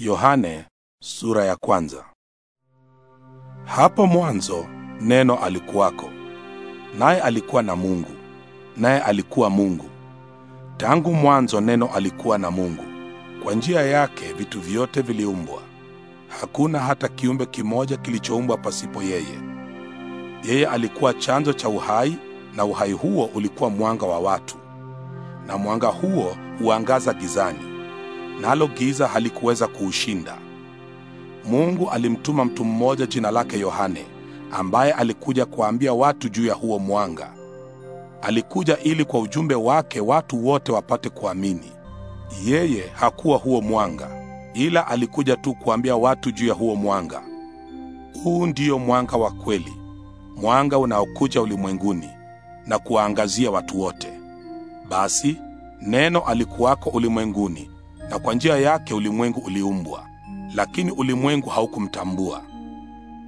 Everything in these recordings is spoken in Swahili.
Yohane sura ya kwanza. Hapo mwanzo neno alikuwako, naye alikuwa na Mungu, naye alikuwa Mungu. Tangu mwanzo neno alikuwa na Mungu. Kwa njia yake vitu vyote viliumbwa, hakuna hata kiumbe kimoja kilichoumbwa pasipo yeye. Yeye alikuwa chanzo cha uhai, na uhai huo ulikuwa mwanga wa watu, na mwanga huo huangaza gizani nalo na giza halikuweza kuushinda. Mungu alimtuma mtu mmoja jina lake Yohane, ambaye alikuja kuambia watu juu ya huo mwanga. Alikuja ili kwa ujumbe wake watu wote wapate kuamini. Yeye hakuwa huo mwanga, ila alikuja tu kuambia watu juu ya huo mwanga. Huu ndiyo mwanga wa kweli, mwanga unaokuja ulimwenguni na kuwaangazia watu wote. Basi neno alikuwako ulimwenguni, na kwa njia yake ulimwengu uliumbwa, lakini ulimwengu haukumtambua.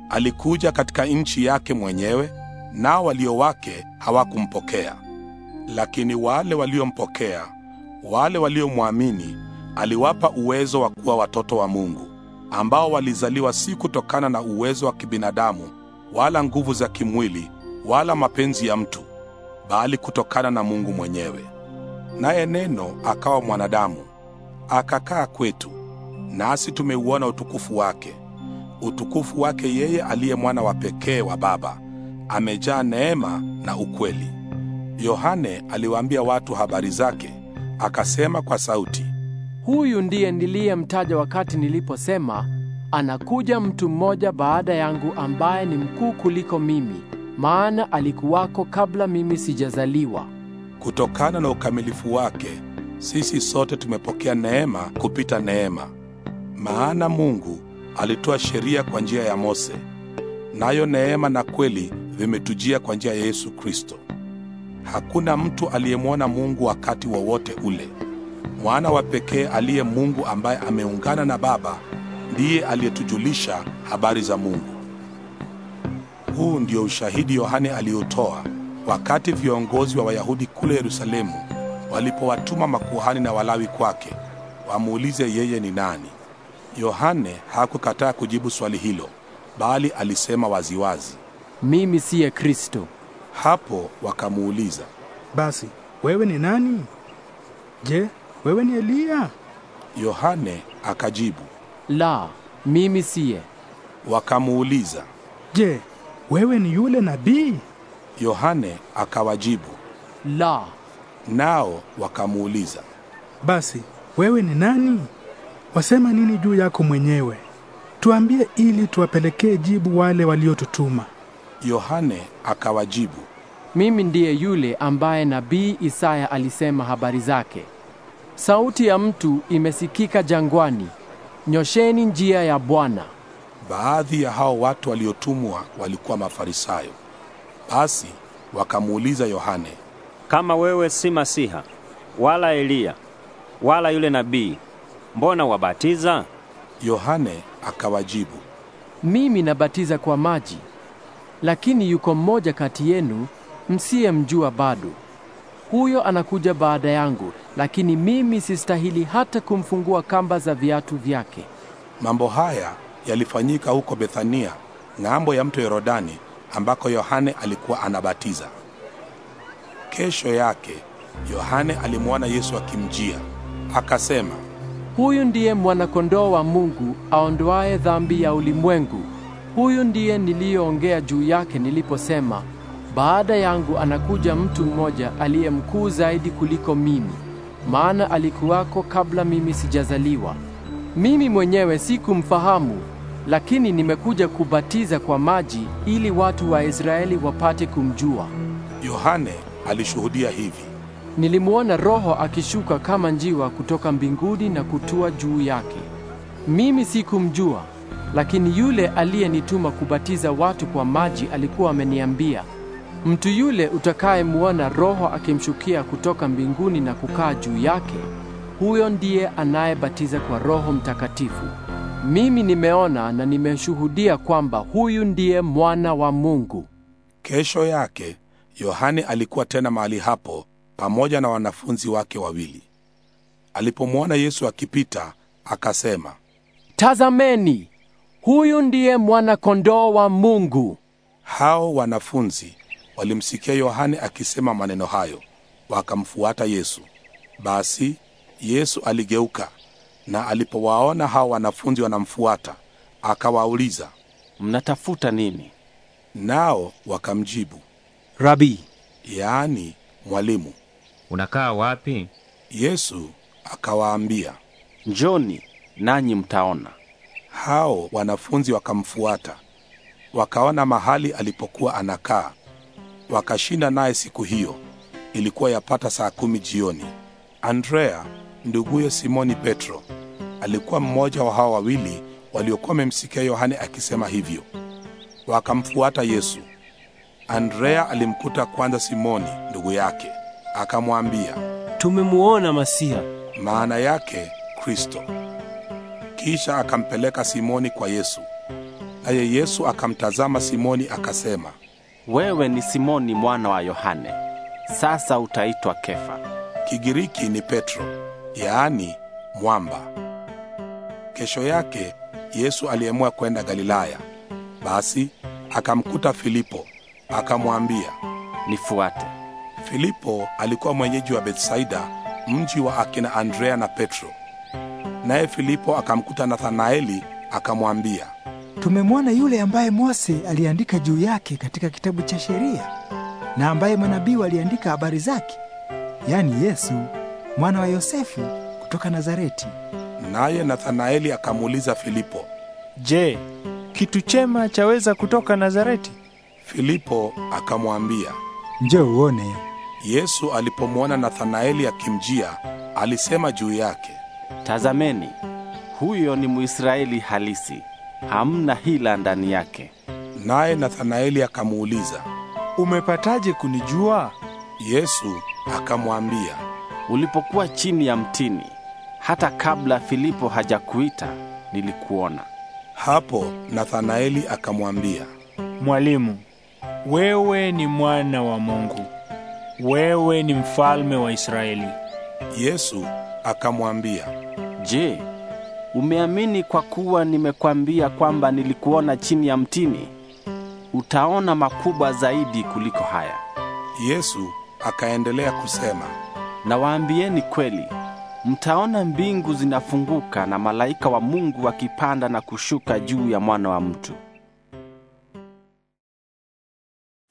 Alikuja katika nchi yake mwenyewe, nao walio wake hawakumpokea. Lakini wale waliompokea, wale waliomwamini, aliwapa uwezo wa kuwa watoto wa Mungu, ambao walizaliwa si kutokana na uwezo wa kibinadamu wala nguvu za kimwili wala mapenzi ya mtu, bali kutokana na Mungu mwenyewe. Naye Neno akawa mwanadamu akakaa kwetu, nasi tumeuona utukufu wake, utukufu wake yeye aliye mwana wa pekee wa Baba, amejaa neema na ukweli. Yohane aliwaambia watu habari zake, akasema kwa sauti, huyu ndiye niliyemtaja wakati niliposema, anakuja mtu mmoja baada yangu ambaye ni mkuu kuliko mimi, maana alikuwako kabla mimi sijazaliwa. Kutokana na ukamilifu wake sisi sote tumepokea neema kupita neema, maana Mungu alitoa sheria kwa njia ya Mose, nayo neema na kweli vimetujia kwa njia ya Yesu Kristo. Hakuna mtu aliyemwona Mungu wakati wowote wa ule. Mwana wa pekee aliye Mungu ambaye ameungana na Baba ndiye aliyetujulisha habari za Mungu. Huu ndio ushahidi Yohane aliotoa wakati viongozi wa Wayahudi kule Yerusalemu walipowatuma makuhani na Walawi kwake wamuulize yeye ni nani. Yohane hakukataa kujibu swali hilo, bali alisema waziwazi, mimi siye Kristo. Hapo wakamuuliza, basi wewe ni nani? Je, wewe ni Eliya? Yohane akajibu, la, mimi siye. Wakamuuliza, je, wewe ni yule nabii? Yohane akawajibu, la, Nao wakamuuliza, basi wewe ni nani? Wasema nini juu yako mwenyewe? Tuambie ili tuwapelekee jibu wale waliotutuma. Yohane akawajibu, mimi ndiye yule ambaye nabii Isaya alisema habari zake. Sauti ya mtu imesikika jangwani, nyosheni njia ya Bwana. Baadhi ya hao watu waliotumwa walikuwa Mafarisayo. Basi wakamuuliza Yohane, kama wewe si Masiha wala Eliya wala yule nabii, mbona wabatiza? Yohane akawajibu, mimi nabatiza kwa maji, lakini yuko mmoja kati yenu msiyemjua bado. Huyo anakuja baada yangu, lakini mimi sistahili hata kumfungua kamba za viatu vyake. Mambo haya yalifanyika huko Bethania, ng'ambo ya mto Yordani, ambako Yohane alikuwa anabatiza. Kesho yake Yohane alimwona Yesu akimjia, akasema, huyu ndiye mwanakondoo wa Mungu aondoaye dhambi ya ulimwengu. Huyu ndiye niliyoongea juu yake niliposema, baada yangu anakuja mtu mmoja aliye mkuu zaidi kuliko mimi, maana alikuwako kabla mimi sijazaliwa. Mimi mwenyewe sikumfahamu, lakini nimekuja kubatiza kwa maji ili watu wa Israeli wapate kumjua. Yohane alishuhudia hivi: nilimwona Roho akishuka kama njiwa kutoka mbinguni na kutua juu yake. Mimi sikumjua, lakini yule aliyenituma kubatiza watu kwa maji alikuwa ameniambia, mtu yule utakayemwona Roho akimshukia kutoka mbinguni na kukaa juu yake, huyo ndiye anayebatiza kwa Roho Mtakatifu. Mimi nimeona na nimeshuhudia kwamba huyu ndiye mwana wa Mungu. Kesho yake Yohane alikuwa tena mahali hapo pamoja na wanafunzi wake wawili. Alipomwona Yesu akipita, akasema, Tazameni, huyu ndiye mwana-kondoo wa Mungu. Hao wanafunzi walimsikia Yohane akisema maneno hayo, wakamfuata Yesu. Basi Yesu aligeuka na alipowaona hao wanafunzi wanamfuata, akawauliza, Mnatafuta nini? Nao wakamjibu, Rabi, yaani mwalimu, unakaa wapi? Yesu akawaambia, njoni nanyi mtaona. Hao wanafunzi wakamfuata, wakaona mahali alipokuwa anakaa, wakashinda naye siku hiyo. Ilikuwa yapata saa kumi jioni. Andrea nduguye Simoni Petro alikuwa mmoja wa hao wawili waliokuwa wamemsikia Yohane akisema hivyo. Wakamfuata Yesu. Andrea alimkuta kwanza Simoni ndugu yake, akamwambia, tumemwona Masiha, maana yake Kristo. Kisha akampeleka Simoni kwa Yesu, naye Yesu akamtazama Simoni akasema, wewe ni Simoni mwana wa Yohane, sasa utaitwa Kefa. Kigiriki ni Petro, yaani mwamba. Kesho yake Yesu aliamua kwenda Galilaya. Basi akamkuta Filipo akamwambia, nifuate. Filipo alikuwa mwenyeji wa Betsaida, mji wa akina Andrea na Petro. Naye Filipo akamkuta Nathanaeli akamwambia, tumemwona yule ambaye Mose aliandika juu yake katika kitabu cha sheria na ambaye manabii waliandika habari zake, yaani Yesu mwana wa Yosefu kutoka Nazareti. Naye Nathanaeli akamuuliza Filipo, Je, kitu chema chaweza kutoka Nazareti? Filipo akamwambia, Nje uone. Yesu alipomwona Nathanaeli akimjia, alisema juu yake, tazameni, huyo ni Mwisraeli halisi, hamna hila ndani yake. Naye Nathanaeli akamuuliza, umepataje kunijua? Yesu akamwambia, ulipokuwa chini ya mtini, hata kabla Filipo hajakuita nilikuona. Hapo Nathanaeli akamwambia, Mwalimu, wewe ni mwana wa Mungu, wewe ni mfalme wa Israeli. Yesu akamwambia, Je, umeamini kwa kuwa nimekwambia kwamba nilikuona chini ya mtini? Utaona makubwa zaidi kuliko haya. Yesu akaendelea kusema, nawaambieni kweli, mtaona mbingu zinafunguka na malaika wa Mungu wakipanda na kushuka juu ya mwana wa mtu.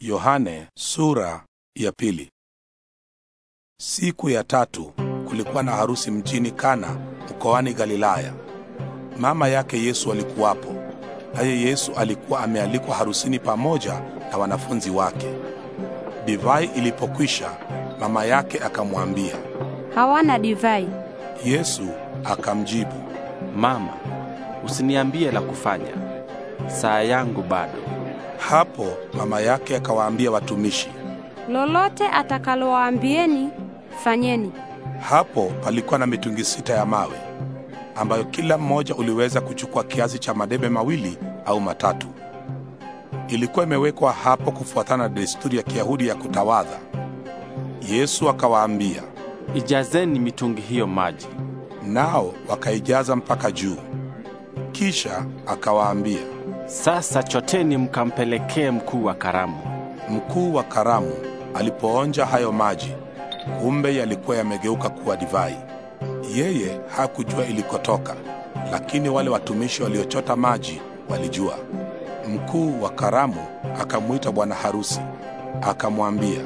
Yohane sura ya pili. Siku ya tatu kulikuwa na harusi mjini Kana mkoani Galilaya. Mama yake Yesu alikuwapo. Naye Yesu alikuwa amealikwa harusini pamoja na wanafunzi wake. Divai ilipokwisha, mama yake akamwambia, hawana divai. Yesu akamjibu, mama, usiniambie la kufanya, saa yangu bado hapo mama yake akawaambia watumishi, lolote atakalowaambieni fanyeni. Hapo palikuwa na mitungi sita ya mawe ambayo kila mmoja uliweza kuchukua kiasi cha madebe mawili au matatu. Ilikuwa imewekwa hapo kufuatana na desturi ya Kiyahudi ya kutawadha. Yesu akawaambia, ijazeni mitungi hiyo maji. Nao wakaijaza mpaka juu. Kisha akawaambia sasa choteni mkampelekee mkuu wa karamu. Mkuu wa karamu alipoonja hayo maji, kumbe yalikuwa yamegeuka kuwa divai. Yeye hakujua ilikotoka, lakini wale watumishi waliochota maji walijua. Mkuu wa karamu akamwita bwana harusi, akamwambia,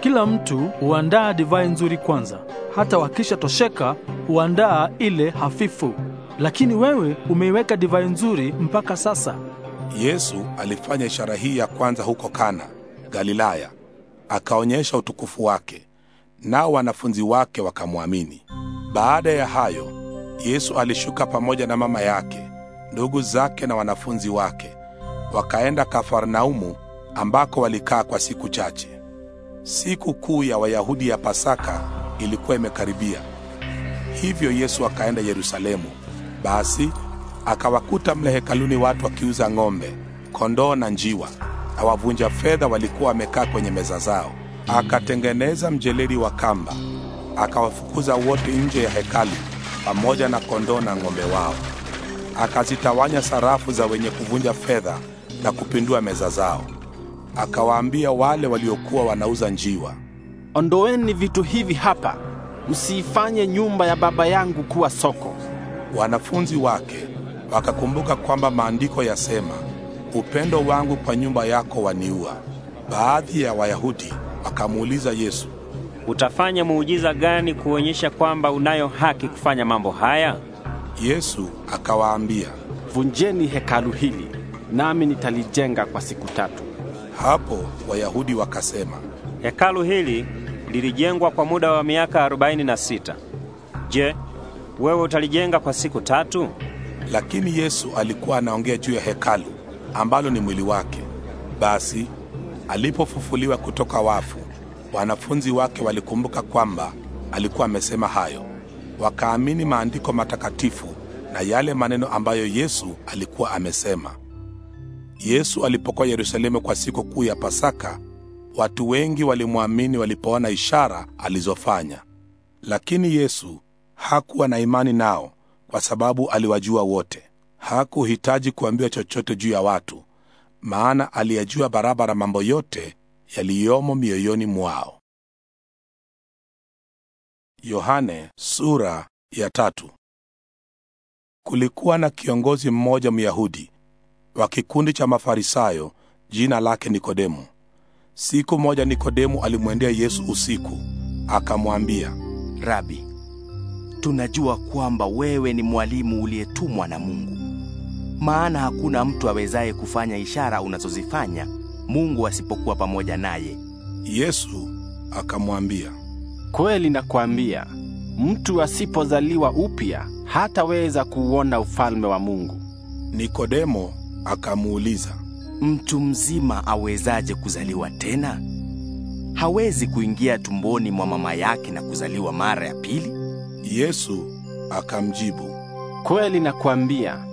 kila mtu huandaa divai nzuri kwanza, hata wakisha tosheka huandaa ile hafifu lakini wewe umeiweka divai nzuri mpaka sasa. Yesu alifanya ishara hii ya kwanza huko Kana Galilaya, akaonyesha utukufu wake, nao wanafunzi wake wakamwamini. Baada ya hayo, Yesu alishuka pamoja na mama yake, ndugu zake na wanafunzi wake, wakaenda Kafarnaumu ambako walikaa kwa siku chache. Siku kuu ya Wayahudi ya Pasaka ilikuwa imekaribia. Hivyo Yesu akaenda Yerusalemu. Basi akawakuta mle hekaluni watu wakiuza ng'ombe, kondoo na njiwa, na wavunja fedha walikuwa wamekaa kwenye meza zao. Akatengeneza mjeledi wa kamba, akawafukuza wote nje ya hekalu, pamoja na kondoo na ng'ombe wao. Akazitawanya sarafu za wenye kuvunja fedha na kupindua meza zao. Akawaambia wale waliokuwa wanauza njiwa, ondoeni vitu hivi hapa, msiifanye nyumba ya Baba yangu kuwa soko. Wanafunzi wake wakakumbuka kwamba maandiko yasema, upendo wangu kwa nyumba yako waniua. Baadhi ya Wayahudi wakamuuliza Yesu, utafanya muujiza gani kuonyesha kwamba unayo haki kufanya mambo haya? Yesu akawaambia, vunjeni hekalu hili nami nitalijenga kwa siku tatu. Hapo Wayahudi wakasema, hekalu hili lilijengwa kwa muda wa miaka arobaini na sita. Je, wewe utalijenga kwa siku tatu? Lakini Yesu alikuwa anaongea juu ya hekalu ambalo ni mwili wake. Basi alipofufuliwa kutoka wafu, wanafunzi wake walikumbuka kwamba alikuwa amesema hayo, wakaamini maandiko matakatifu na yale maneno ambayo Yesu alikuwa amesema. Yesu alipokuwa Yerusalemu kwa siku kuu ya Pasaka, watu wengi walimwamini walipoona ishara alizofanya. Lakini Yesu hakuwa na imani nao kwa sababu aliwajua wote. Hakuhitaji kuambiwa chochote juu ya watu, maana aliyajua barabara mambo yote yaliyomo mioyoni mwao. Yohane sura ya tatu. Kulikuwa na kiongozi mmoja Myahudi wa kikundi cha Mafarisayo, jina lake Nikodemu. Siku moja Nikodemu alimwendea Yesu usiku, akamwambia, Rabi, tunajua kwamba wewe ni mwalimu uliyetumwa na Mungu, maana hakuna mtu awezaye kufanya ishara unazozifanya Mungu asipokuwa pamoja naye. Yesu akamwambia, kweli nakwambia, mtu asipozaliwa upya hataweza kuuona ufalme wa Mungu. Nikodemo akamuuliza, mtu mzima awezaje kuzaliwa tena? Hawezi kuingia tumboni mwa mama yake na kuzaliwa mara ya pili? Yesu akamjibu, kweli nakuambia,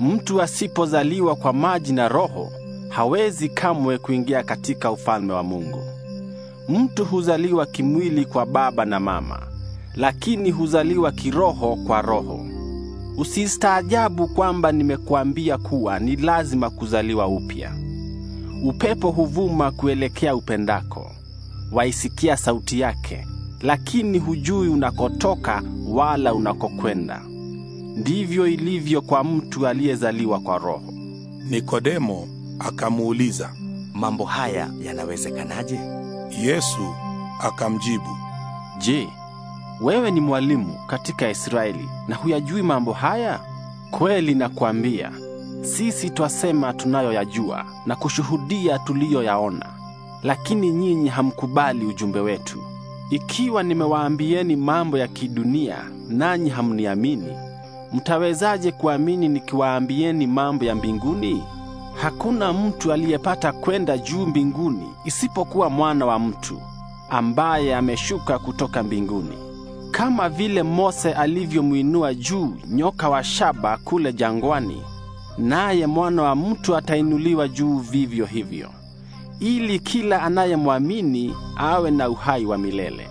mtu asipozaliwa kwa maji na Roho hawezi kamwe kuingia katika ufalme wa Mungu. Mtu huzaliwa kimwili kwa baba na mama, lakini huzaliwa kiroho kwa Roho. Usistaajabu kwamba nimekuambia kuwa ni lazima kuzaliwa upya. Upepo huvuma kuelekea upendako, waisikia sauti yake lakini hujui unakotoka wala unakokwenda. Ndivyo ilivyo kwa mtu aliyezaliwa kwa Roho. Nikodemo akamuuliza, mambo haya yanawezekanaje? Yesu akamjibu, je, wewe ni mwalimu katika Israeli na huyajui mambo haya? Kweli nakuambia, sisi twasema tunayoyajua na kushuhudia tuliyoyaona, lakini nyinyi hamkubali ujumbe wetu. Ikiwa nimewaambieni mambo ya kidunia nanyi hamniamini, mtawezaje kuamini nikiwaambieni mambo ya mbinguni? Hakuna mtu aliyepata kwenda juu mbinguni isipokuwa mwana wa mtu ambaye ameshuka kutoka mbinguni. Kama vile Mose alivyomwinua juu nyoka wa shaba kule jangwani, naye mwana wa mtu atainuliwa juu vivyo hivyo ili kila anayemwamini awe na uhai wa milele.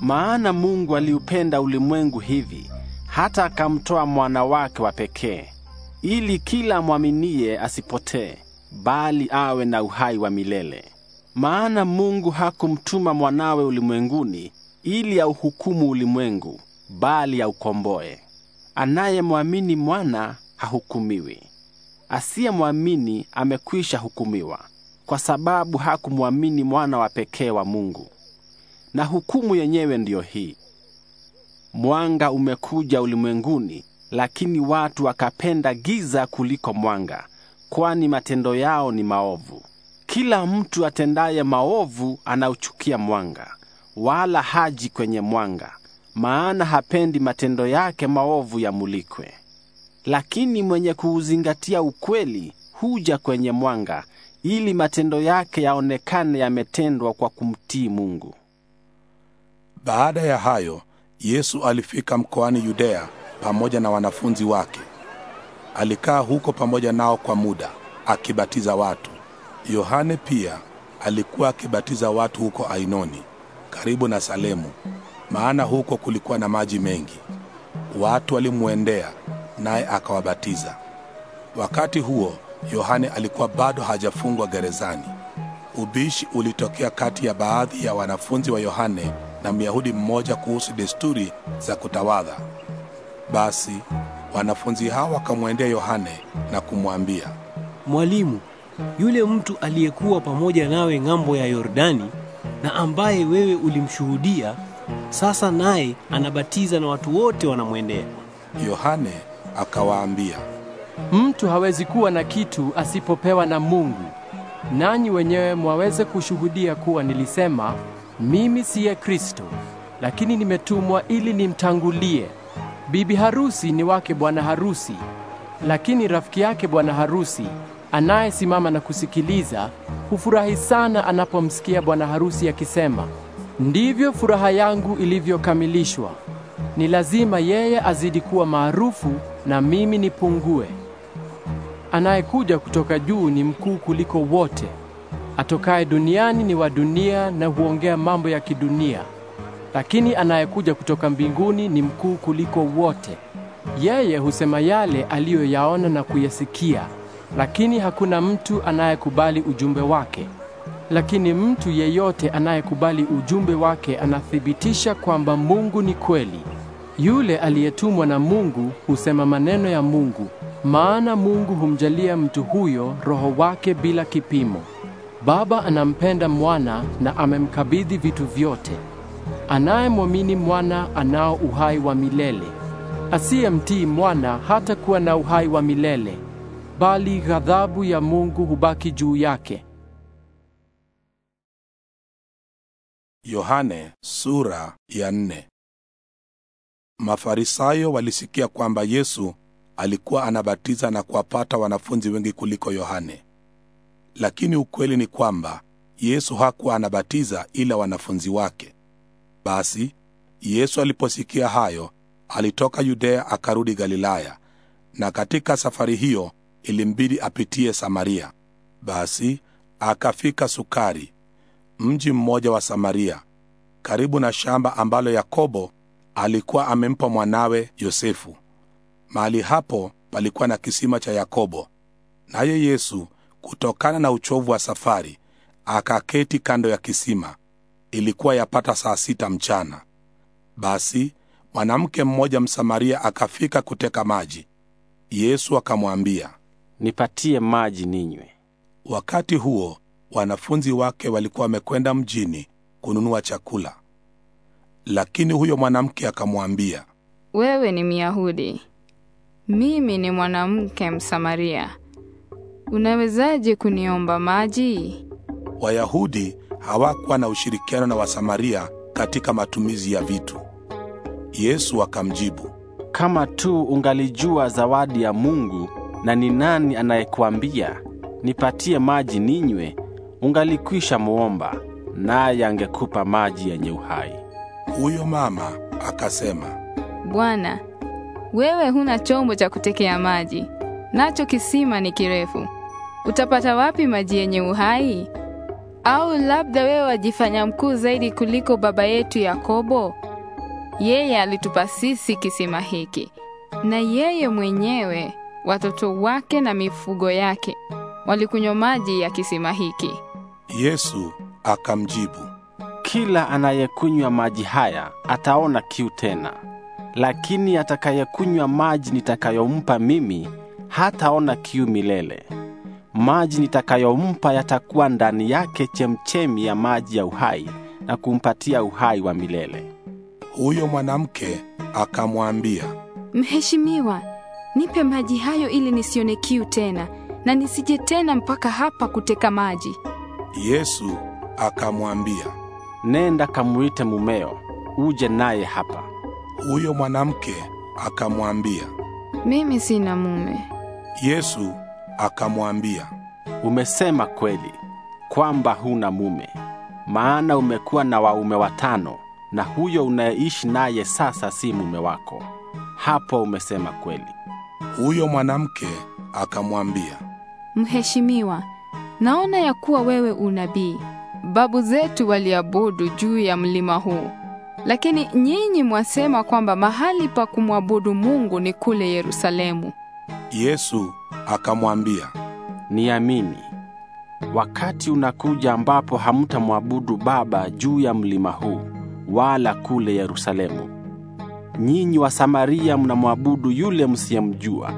Maana Mungu aliupenda ulimwengu hivi hata akamtoa mwana wake wa pekee, ili kila amwaminie asipotee, bali awe na uhai wa milele. Maana Mungu hakumtuma mwanawe ulimwenguni ili auhukumu ulimwengu, bali aukomboe. Anayemwamini mwana hahukumiwi, asiyemwamini amekwisha hukumiwa, kwa sababu hakumwamini mwana wa pekee wa Mungu. Na hukumu yenyewe ndiyo hii: mwanga umekuja ulimwenguni, lakini watu wakapenda giza kuliko mwanga, kwani matendo yao ni maovu. Kila mtu atendaye maovu anauchukia mwanga, wala haji kwenye mwanga, maana hapendi matendo yake maovu yamulikwe. Lakini mwenye kuuzingatia ukweli huja kwenye mwanga ili matendo yake yaonekane yametendwa kwa kumtii Mungu. Baada ya hayo, Yesu alifika mkoani Yudea pamoja na wanafunzi wake. Alikaa huko pamoja nao kwa muda akibatiza watu. Yohane pia alikuwa akibatiza watu huko Ainoni karibu na Salemu, maana huko kulikuwa na maji mengi. Watu walimwendea naye akawabatiza. Wakati huo Yohane alikuwa bado hajafungwa gerezani. Ubishi ulitokea kati ya baadhi ya wanafunzi wa Yohane na Myahudi mmoja kuhusu desturi za kutawadha. Basi wanafunzi hao wakamwendea Yohane na kumwambia, Mwalimu, yule mtu aliyekuwa pamoja nawe ng'ambo ya Yordani na ambaye wewe ulimshuhudia, sasa naye anabatiza na watu wote wanamwendea. Yohane akawaambia Mtu hawezi kuwa na kitu asipopewa na Mungu. Nanyi wenyewe mwaweze kushuhudia kuwa nilisema mimi siye Kristo, lakini nimetumwa ili nimtangulie. Bibi harusi ni wake bwana harusi, lakini rafiki yake bwana harusi anayesimama na kusikiliza hufurahi sana anapomsikia bwana harusi akisema, ndivyo furaha yangu ilivyokamilishwa. Ni lazima yeye azidi kuwa maarufu na mimi nipungue. Anayekuja kutoka juu ni mkuu kuliko wote. Atokaye duniani ni wa dunia na huongea mambo ya kidunia, lakini anayekuja kutoka mbinguni ni mkuu kuliko wote. Yeye husema yale aliyoyaona na kuyasikia, lakini hakuna mtu anayekubali ujumbe wake. Lakini mtu yeyote anayekubali ujumbe wake anathibitisha kwamba Mungu ni kweli. Yule aliyetumwa na Mungu husema maneno ya Mungu maana Mungu humjalia mtu huyo Roho wake bila kipimo. Baba anampenda mwana na amemkabidhi vitu vyote. Anayemwamini mwana anao uhai wa milele. Asiyemtii mwana hata kuwa na uhai wa milele, bali ghadhabu ya Mungu hubaki juu yake. Yohane sura ya nne. Mafarisayo walisikia kwamba Yesu alikuwa anabatiza na kuwapata wanafunzi wengi kuliko Yohane. Lakini ukweli ni kwamba Yesu hakuwa anabatiza ila wanafunzi wake. Basi Yesu aliposikia hayo, alitoka Yudea akarudi Galilaya, na katika safari hiyo ilimbidi apitie Samaria. Basi akafika Sukari, mji mmoja wa Samaria, karibu na shamba ambalo Yakobo alikuwa amempa mwanawe Yosefu. Mahali hapo palikuwa na kisima cha Yakobo, naye Yesu, kutokana na uchovu wa safari, akaketi kando ya kisima. Ilikuwa yapata saa sita mchana. Basi mwanamke mmoja Msamaria akafika kuteka maji. Yesu akamwambia, nipatie maji ninywe. Wakati huo wanafunzi wake walikuwa wamekwenda mjini kununua chakula, lakini huyo mwanamke akamwambia, wewe ni Myahudi, mimi ni mwanamke Msamaria. Unawezaje kuniomba maji? Wayahudi hawakuwa na ushirikiano na Wasamaria katika matumizi ya vitu. Yesu akamjibu, kama tu ungalijua zawadi ya Mungu na ni nani anayekuambia nipatie maji ninywe, ungalikwisha muomba, naye angekupa maji yenye uhai. Huyo mama akasema, Bwana, wewe huna chombo cha kutekea maji, nacho kisima ni kirefu. Utapata wapi maji yenye uhai? Au labda wewe wajifanya mkuu zaidi kuliko baba yetu Yakobo? Yeye alitupa sisi kisima hiki, na yeye mwenyewe, watoto wake na mifugo yake walikunywa maji ya kisima hiki. Yesu akamjibu, kila anayekunywa maji haya ataona kiu tena lakini atakayekunywa maji nitakayompa mimi hataona kiu milele. Maji nitakayompa yatakuwa ndani yake chemchemi ya maji ya uhai na kumpatia uhai wa milele. Huyo mwanamke akamwambia, Mheshimiwa, nipe maji hayo ili nisione kiu tena na nisije tena mpaka hapa kuteka maji. Yesu akamwambia, Nenda kamuite mumeo, uje naye hapa. Huyo mwanamke akamwambia, mimi sina mume. Yesu akamwambia, umesema kweli kwamba huna mume, maana umekuwa na waume watano, na huyo unayeishi naye sasa si mume wako. Hapo umesema kweli. Huyo mwanamke akamwambia, Mheshimiwa, naona ya kuwa wewe unabii. Babu zetu waliabudu juu ya mlima huu, lakini nyinyi mwasema kwamba mahali pa kumwabudu Mungu ni kule Yerusalemu. Yesu akamwambia, niamini, wakati unakuja ambapo hamtamwabudu Baba juu ya mlima huu wala kule Yerusalemu. Nyinyi wa Samaria mnamwabudu yule msiyemjua,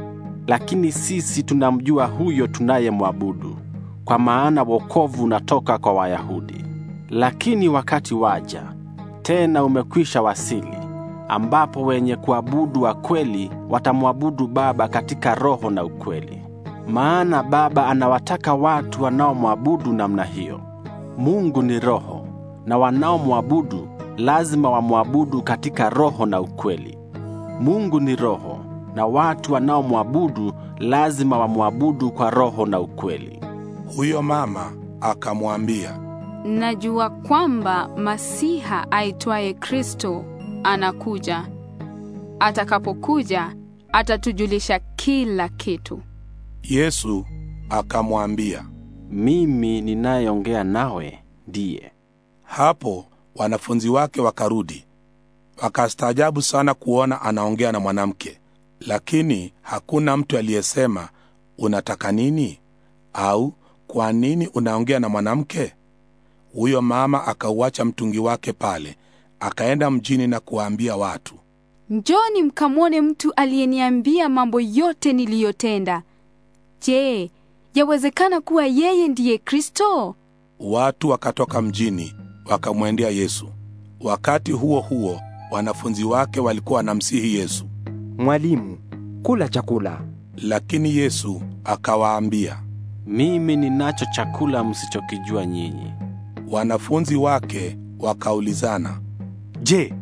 lakini sisi tunamjua huyo tunayemwabudu, kwa maana wokovu unatoka kwa Wayahudi. Lakini wakati waja tena umekwisha wasili, ambapo wenye kuabudu wa kweli watamwabudu Baba katika roho na ukweli, maana Baba anawataka watu wanaomwabudu namna hiyo. Mungu ni roho, na wanaomwabudu lazima wamwabudu katika roho na ukweli. Mungu ni roho, na watu wanaomwabudu lazima wamwabudu kwa roho na ukweli. Huyo mama akamwambia Najua kwamba Masiha aitwaye Kristo anakuja. Atakapokuja atatujulisha kila kitu. Yesu akamwambia, mimi ninayeongea nawe ndiye. Hapo wanafunzi wake wakarudi, wakastaajabu sana kuona anaongea na mwanamke, lakini hakuna mtu aliyesema unataka nini au kwa nini unaongea na mwanamke? Huyo mama akauacha mtungi wake pale, akaenda mjini na kuwaambia watu, njoni mkamwone mtu aliyeniambia mambo yote niliyotenda. Je, yawezekana kuwa yeye ndiye Kristo? Watu wakatoka mjini wakamwendea Yesu. Wakati huo huo, wanafunzi wake walikuwa wanamsihi Yesu, Mwalimu, kula chakula. Lakini Yesu akawaambia, mimi ninacho chakula msichokijua nyinyi. Wanafunzi wake wakaulizana, Je,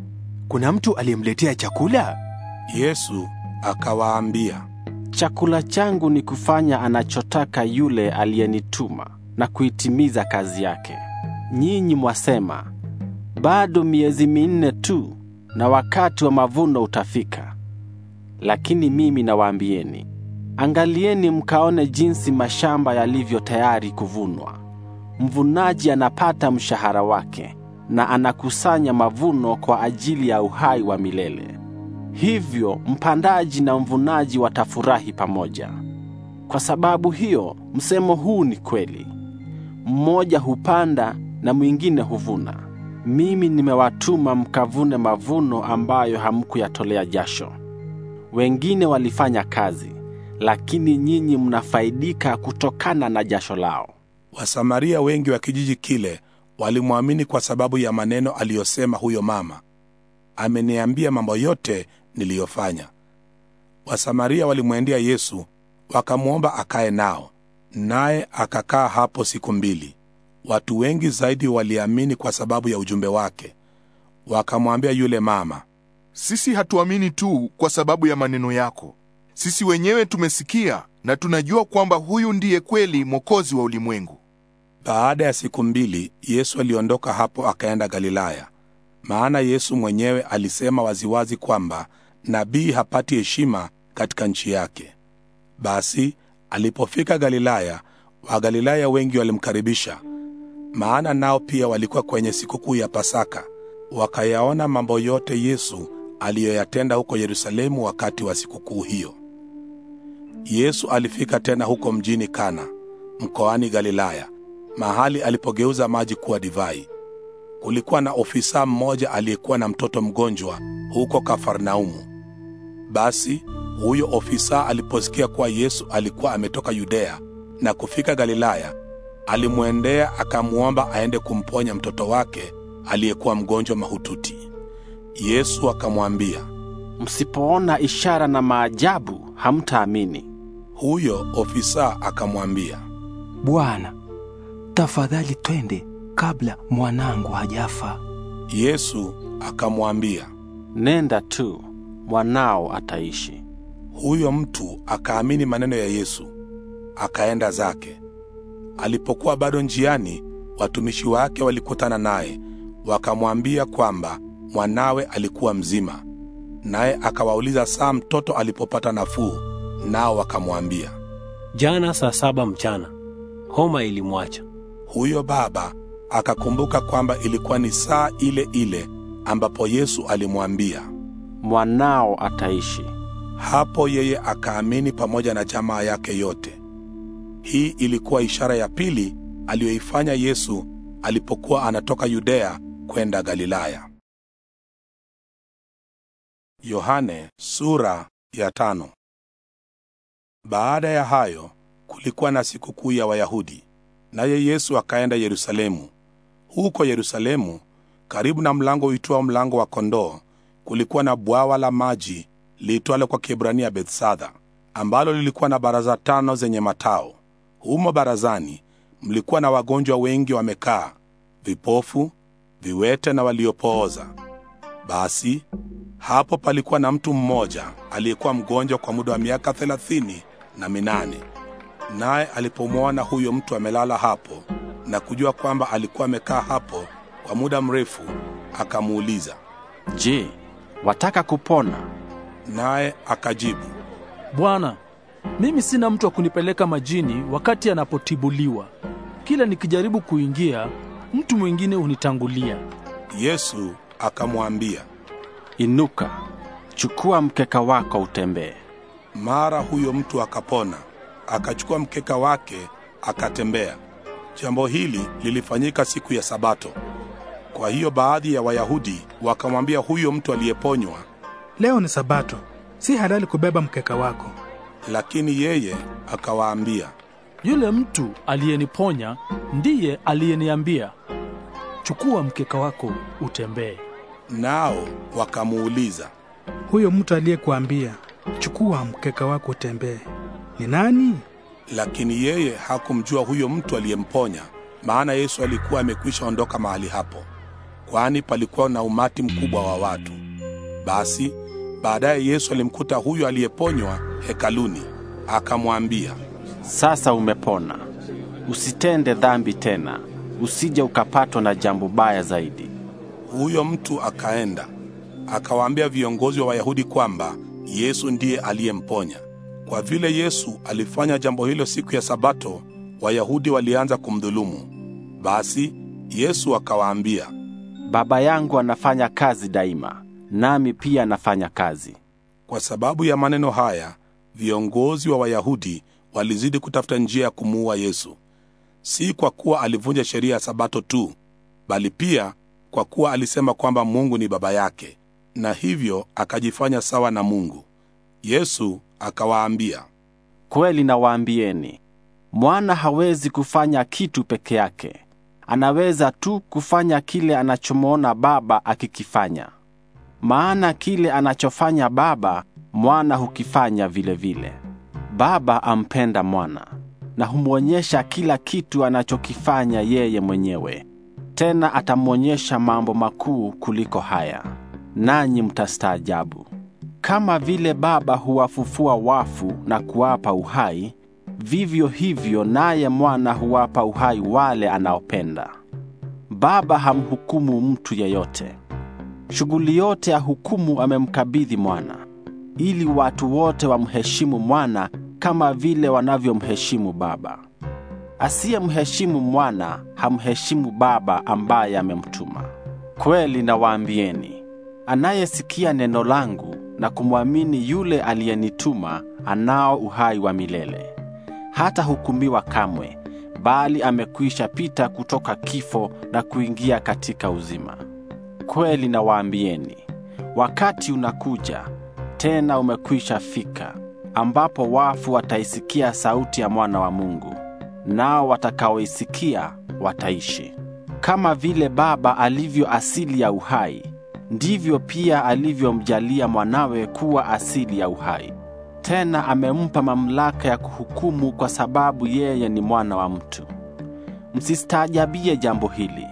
kuna mtu aliyemletea chakula? Yesu akawaambia, chakula changu ni kufanya anachotaka yule aliyenituma na kuitimiza kazi yake. Nyinyi mwasema bado miezi minne tu na wakati wa mavuno utafika. Lakini mimi nawaambieni, angalieni mkaone jinsi mashamba yalivyo tayari kuvunwa mvunaji anapata mshahara wake na anakusanya mavuno kwa ajili ya uhai wa milele. Hivyo mpandaji na mvunaji watafurahi pamoja. Kwa sababu hiyo, msemo huu ni kweli: mmoja hupanda na mwingine huvuna. Mimi nimewatuma mkavune mavuno ambayo hamkuyatolea jasho. Wengine walifanya kazi, lakini nyinyi mnafaidika kutokana na jasho lao. Wasamaria wengi wa kijiji kile walimwamini kwa sababu ya maneno aliyosema huyo mama, ameniambia mambo yote niliyofanya. Wasamaria walimwendea Yesu wakamwomba akae nao, naye akakaa hapo siku mbili. Watu wengi zaidi waliamini kwa sababu ya ujumbe wake. Wakamwambia yule mama, sisi hatuamini tu kwa sababu ya maneno yako, sisi wenyewe tumesikia na tunajua kwamba huyu ndiye kweli Mwokozi wa ulimwengu. Baada ya siku mbili Yesu aliondoka hapo akaenda Galilaya, maana Yesu mwenyewe alisema waziwazi kwamba nabii hapati heshima katika nchi yake. Basi alipofika Galilaya, Wagalilaya wengi walimkaribisha, maana nao pia walikuwa kwenye sikukuu ya Pasaka, wakayaona mambo yote Yesu aliyoyatenda huko Yerusalemu wakati wa sikukuu hiyo. Yesu alifika tena huko mjini Kana mkoani Galilaya mahali alipogeuza maji kuwa divai. Kulikuwa na ofisa mmoja aliyekuwa na mtoto mgonjwa huko Kafarnaumu. Basi huyo ofisa aliposikia kuwa Yesu alikuwa ametoka Yudea na kufika Galilaya, alimwendea akamwomba aende kumponya mtoto wake aliyekuwa mgonjwa mahututi. Yesu akamwambia, msipoona ishara na maajabu hamtaamini. Huyo ofisa akamwambia, Bwana, tafadhali twende kabla mwanangu hajafa. Yesu akamwambia, nenda tu, mwanao ataishi. Huyo mtu akaamini maneno ya Yesu, akaenda zake. Alipokuwa bado njiani, watumishi wake walikutana naye, wakamwambia kwamba mwanawe alikuwa mzima. Naye akawauliza saa mtoto alipopata nafuu, nao wakamwambia, jana saa saba mchana homa ilimwacha. Huyo baba akakumbuka kwamba ilikuwa ni saa ile ile ambapo Yesu alimwambia, mwanao ataishi. Hapo yeye akaamini pamoja na jamaa yake yote. Hii ilikuwa ishara ya pili aliyoifanya Yesu alipokuwa anatoka Yudea kwenda Galilaya. Yohane sura ya tano. Baada ya hayo kulikuwa na sikukuu ya Wayahudi. Naye Yesu akaenda Yerusalemu. Huko Yerusalemu, karibu na mlango uitwao mlango wa kondoo, kulikuwa na bwawa la maji liitwalo kwa Kiebrania Bethsaida, ambalo lilikuwa na baraza tano zenye matao. Humo barazani mlikuwa na wagonjwa wengi wamekaa, vipofu, viwete na waliopooza. Basi hapo palikuwa na mtu mmoja aliyekuwa mgonjwa kwa muda wa miaka thelathini na minane. Naye alipomwona huyo mtu amelala hapo na kujua kwamba alikuwa amekaa hapo kwa muda mrefu, akamuuliza, Je, wataka kupona? Naye akajibu, Bwana, mimi sina mtu wa kunipeleka majini wakati anapotibuliwa. Kila nikijaribu kuingia, mtu mwingine hunitangulia. Yesu akamwambia, Inuka, chukua mkeka wako utembee. Mara huyo mtu akapona akachukua mkeka wake akatembea. Jambo hili lilifanyika siku ya Sabato. Kwa hiyo baadhi ya Wayahudi wakamwambia huyo mtu aliyeponywa, leo ni Sabato, si halali kubeba mkeka wako. Lakini yeye akawaambia, yule mtu aliyeniponya ndiye aliyeniambia, chukua mkeka wako utembee. Nao wakamuuliza, huyo mtu aliyekuambia chukua mkeka wako utembee, ni nani? Lakini yeye hakumjua huyo mtu aliyemponya, maana Yesu alikuwa amekwisha ondoka mahali hapo, kwani palikuwa na umati mkubwa wa watu. Basi baadaye Yesu alimkuta huyo aliyeponywa hekaluni, akamwambia, sasa umepona, usitende dhambi tena, usije ukapatwa na jambo baya zaidi. Huyo mtu akaenda akawaambia viongozi wa Wayahudi kwamba Yesu ndiye aliyemponya. Kwa vile Yesu alifanya jambo hilo siku ya Sabato, Wayahudi walianza kumdhulumu. Basi Yesu akawaambia, Baba yangu anafanya kazi daima, nami pia nafanya kazi. Kwa sababu ya maneno haya, viongozi wa Wayahudi walizidi kutafuta njia ya kumuua Yesu, si kwa kuwa alivunja sheria ya Sabato tu, bali pia kwa kuwa alisema kwamba Mungu ni baba yake na hivyo akajifanya sawa na Mungu. Yesu akawaambia, kweli nawaambieni, mwana hawezi kufanya kitu peke yake, anaweza tu kufanya kile anachomwona Baba akikifanya, maana kile anachofanya Baba mwana hukifanya vilevile vile. Baba ampenda mwana na humwonyesha kila kitu anachokifanya yeye mwenyewe, tena atamwonyesha mambo makuu kuliko haya, nanyi mtastaajabu. Kama vile Baba huwafufua wafu na kuwapa uhai, vivyo hivyo naye Mwana huwapa uhai wale anaopenda. Baba hamhukumu mtu yeyote. Shughuli yote ya hukumu amemkabidhi Mwana, ili watu wote wamheshimu Mwana kama vile wanavyomheshimu Baba. Asiyemheshimu Mwana hamheshimu Baba ambaye amemtuma. Kweli nawaambieni, anayesikia neno langu na kumwamini yule aliyenituma anao uhai wa milele. Hata hukumiwa kamwe, bali amekwisha pita kutoka kifo na kuingia katika uzima. Kweli nawaambieni, wakati unakuja, tena umekwisha fika, ambapo wafu wataisikia sauti ya Mwana wa Mungu, nao watakaoisikia wataishi. Kama vile Baba alivyo asili ya uhai ndivyo pia alivyomjalia mwanawe kuwa asili ya uhai. Tena amempa mamlaka ya kuhukumu kwa sababu yeye ni mwana wa mtu. Msistaajabie jambo hili,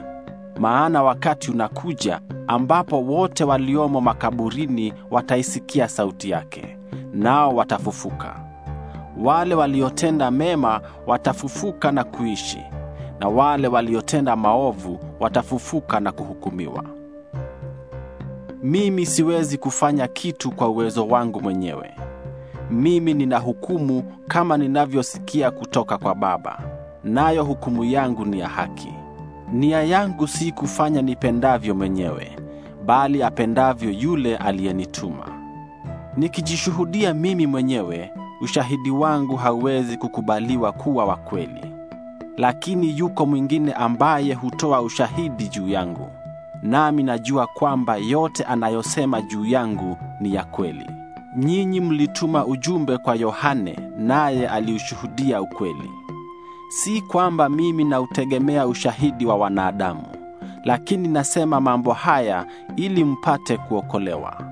maana wakati unakuja ambapo wote waliomo makaburini wataisikia sauti yake, nao watafufuka. Wale waliotenda mema watafufuka na kuishi, na wale waliotenda maovu watafufuka na kuhukumiwa. Mimi siwezi kufanya kitu kwa uwezo wangu mwenyewe. Mimi nina hukumu kama ninavyosikia kutoka kwa Baba, nayo hukumu yangu ni ya haki. Nia yangu si kufanya nipendavyo mwenyewe, bali apendavyo yule aliyenituma. Nikijishuhudia mimi mwenyewe, ushahidi wangu hauwezi kukubaliwa kuwa wa kweli. Lakini yuko mwingine ambaye hutoa ushahidi juu yangu nami najua kwamba yote anayosema juu yangu ni ya kweli. Nyinyi mlituma ujumbe kwa Yohane, naye aliushuhudia ukweli. Si kwamba mimi nautegemea ushahidi wa wanadamu, lakini nasema mambo haya ili mpate kuokolewa.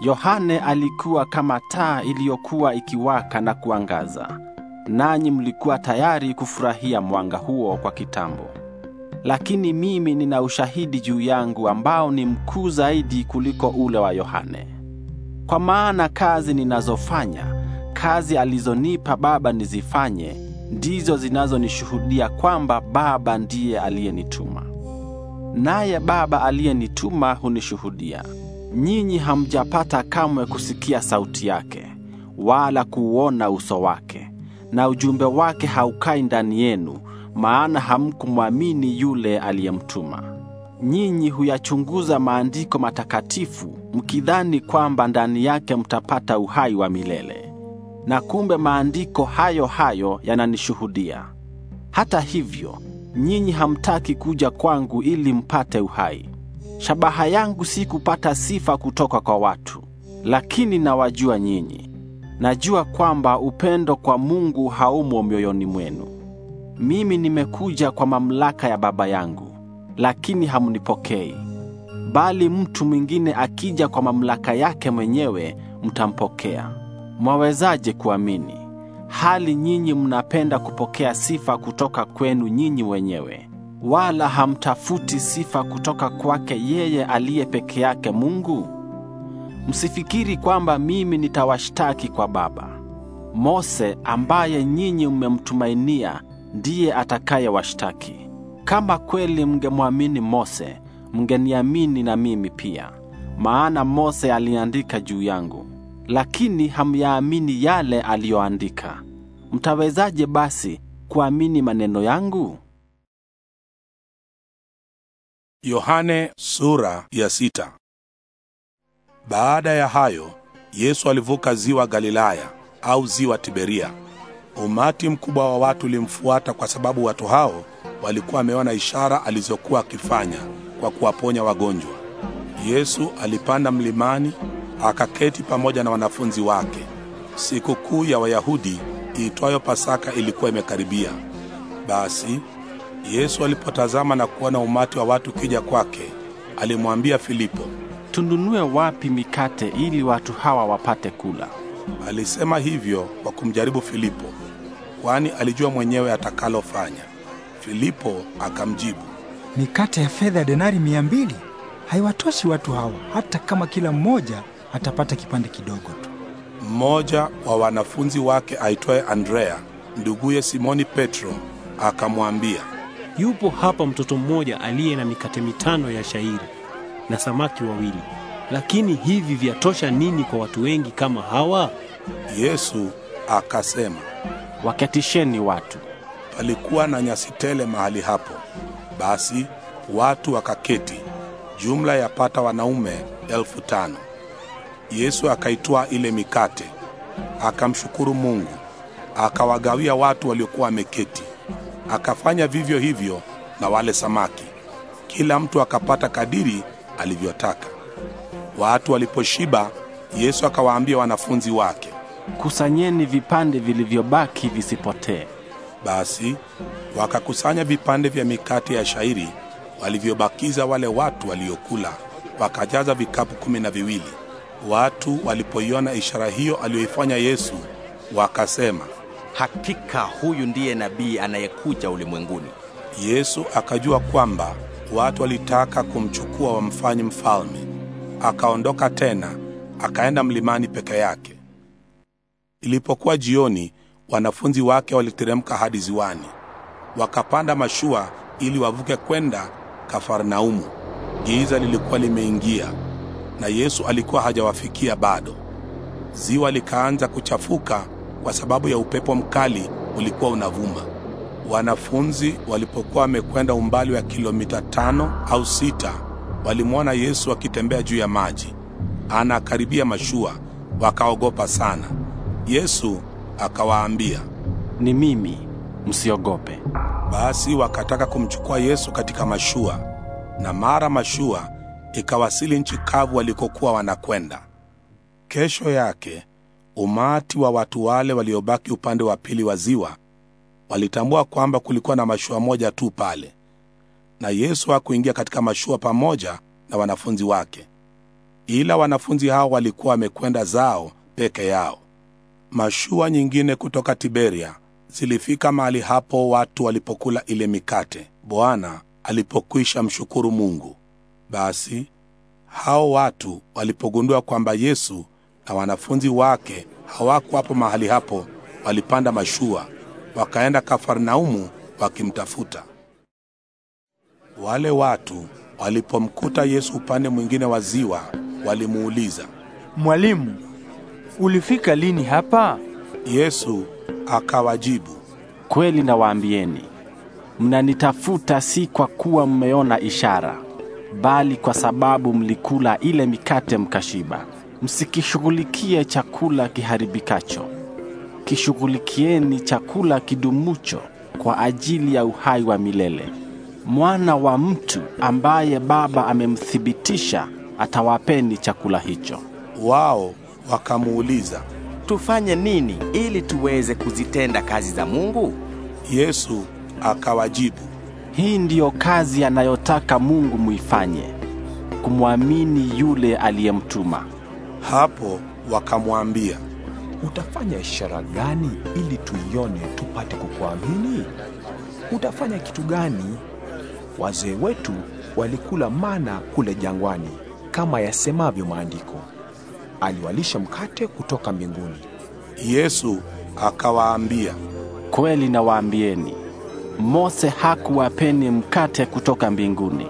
Yohane alikuwa kama taa iliyokuwa ikiwaka na kuangaza, nanyi mlikuwa tayari kufurahia mwanga huo kwa kitambo lakini mimi nina ushahidi juu yangu ambao ni mkuu zaidi kuliko ule wa Yohane. Kwa maana kazi ninazofanya, kazi alizonipa Baba nizifanye, ndizo zinazonishuhudia kwamba Baba ndiye aliyenituma. Naye Baba aliyenituma hunishuhudia. Nyinyi hamjapata kamwe kusikia sauti yake, wala kuuona uso wake, na ujumbe wake haukai ndani yenu maana hamkumwamini yule aliyemtuma. Nyinyi huyachunguza maandiko matakatifu mkidhani kwamba ndani yake mtapata uhai wa milele, na kumbe maandiko hayo hayo yananishuhudia. Hata hivyo, nyinyi hamtaki kuja kwangu ili mpate uhai. Shabaha yangu si kupata sifa kutoka kwa watu, lakini nawajua nyinyi. Najua kwamba upendo kwa Mungu haumo mioyoni mwenu mimi nimekuja kwa mamlaka ya Baba yangu, lakini hamnipokei. Bali mtu mwingine akija kwa mamlaka yake mwenyewe mtampokea. Mwawezaje kuamini hali nyinyi mnapenda kupokea sifa kutoka kwenu nyinyi wenyewe, wala hamtafuti sifa kutoka kwake yeye aliye peke yake Mungu? Msifikiri kwamba mimi nitawashtaki kwa Baba. Mose ambaye nyinyi mmemtumainia ndiye atakayewashtaki. Kama kweli mngemwamini Mose, mngeniamini na mimi pia, maana Mose aliandika juu yangu. Lakini hamyaamini yale aliyoandika. Mtawezaje basi kuamini maneno yangu? Yohane sura ya sita. Baada ya hayo Yesu alivuka ziwa Galilaya au ziwa Tiberia Umati mkubwa wa watu ulimfuata kwa sababu watu hao walikuwa wameona ishara alizokuwa akifanya kwa kuwaponya wagonjwa. Yesu alipanda mlimani akaketi pamoja na wanafunzi wake. Sikukuu ya Wayahudi iitwayo Pasaka ilikuwa imekaribia. Basi Yesu alipotazama na kuona umati wa watu kija kwake, alimwambia Filipo, tununue wapi mikate ili watu hawa wapate kula? Alisema hivyo kwa kumjaribu Filipo, kwani alijua mwenyewe atakalofanya. Filipo akamjibu, mikate ya fedha ya denari mia mbili haiwatoshi watu hawa, hata kama kila mmoja atapata kipande kidogo tu. Mmoja wa wanafunzi wake aitwaye Andrea, nduguye Simoni Petro, akamwambia, yupo hapa mtoto mmoja aliye na mikate mitano ya shairi na samaki wawili, lakini hivi vyatosha nini kwa watu wengi kama hawa? Yesu akasema waketisheni watu. Palikuwa na nyasi tele mahali hapo. Basi watu wakaketi, jumla yapata wanaume elfu tano. Yesu akaitoa ile mikate, akamshukuru Mungu, akawagawia watu waliokuwa wameketi. Akafanya vivyo hivyo na wale samaki. Kila mtu akapata kadiri alivyotaka. Watu waliposhiba, Yesu akawaambia wanafunzi wake, kusanyeni vipande vilivyobaki visipotee. Basi wakakusanya vipande vya mikate ya shairi walivyobakiza wale watu waliokula, wakajaza vikapu kumi na viwili. Watu walipoiona ishara hiyo aliyoifanya Yesu wakasema, hakika huyu ndiye nabii anayekuja ulimwenguni. Yesu akajua kwamba watu walitaka kumchukua wamfanye mfalme, akaondoka tena akaenda mlimani peke yake. Ilipokuwa jioni, wanafunzi wake waliteremka hadi ziwani, wakapanda mashua ili wavuke kwenda Kafarnaumu. Giza lilikuwa limeingia na Yesu alikuwa hajawafikia bado. Ziwa likaanza kuchafuka kwa sababu ya upepo mkali ulikuwa unavuma. Wanafunzi walipokuwa wamekwenda umbali wa kilomita tano au sita, walimwona Yesu akitembea juu ya maji. Anakaribia mashua, wakaogopa sana. Yesu akawaambia, ni mimi, msiogope. Basi wakataka kumchukua Yesu katika mashua, na mara mashua ikawasili nchi kavu walikokuwa wanakwenda. Kesho yake umati wa watu wale waliobaki upande wa pili wa ziwa walitambua kwamba kulikuwa na mashua moja tu pale, na Yesu hakuingia katika mashua pamoja na wanafunzi wake, ila wanafunzi hao walikuwa wamekwenda zao peke yao. Mashua nyingine kutoka Tiberia zilifika mahali hapo watu walipokula ile mikate Bwana alipokwisha mshukuru Mungu. Basi hao watu walipogundua kwamba Yesu na wanafunzi wake hapo mahali hapo, walipanda mashua wakaenda Kafarnaumu wakimtafuta. Wale watu walipomkuta Yesu upande mwingine wa ziwa, walimuuliza, Mwalimu, ulifika lini hapa? Yesu akawajibu, kweli nawaambieni, mnanitafuta si kwa kuwa mmeona ishara, bali kwa sababu mlikula ile mikate mkashiba. Msikishughulikie chakula kiharibikacho, kishughulikieni chakula kidumucho kwa ajili ya uhai wa milele. Mwana wa mtu ambaye Baba amemthibitisha atawapeni chakula hicho. Wao wakamuuliza, tufanye nini ili tuweze kuzitenda kazi za Mungu? Yesu akawajibu, hii ndiyo kazi anayotaka Mungu muifanye, kumwamini yule aliyemtuma. Hapo wakamwambia, utafanya ishara gani ili tuione tupate kukuamini? Utafanya kitu gani? Wazee wetu walikula mana kule jangwani, kama yasemavyo maandiko aliwalisha mkate kutoka mbinguni. Yesu akawaambia, kweli nawaambieni, Mose hakuwapeni mkate kutoka mbinguni.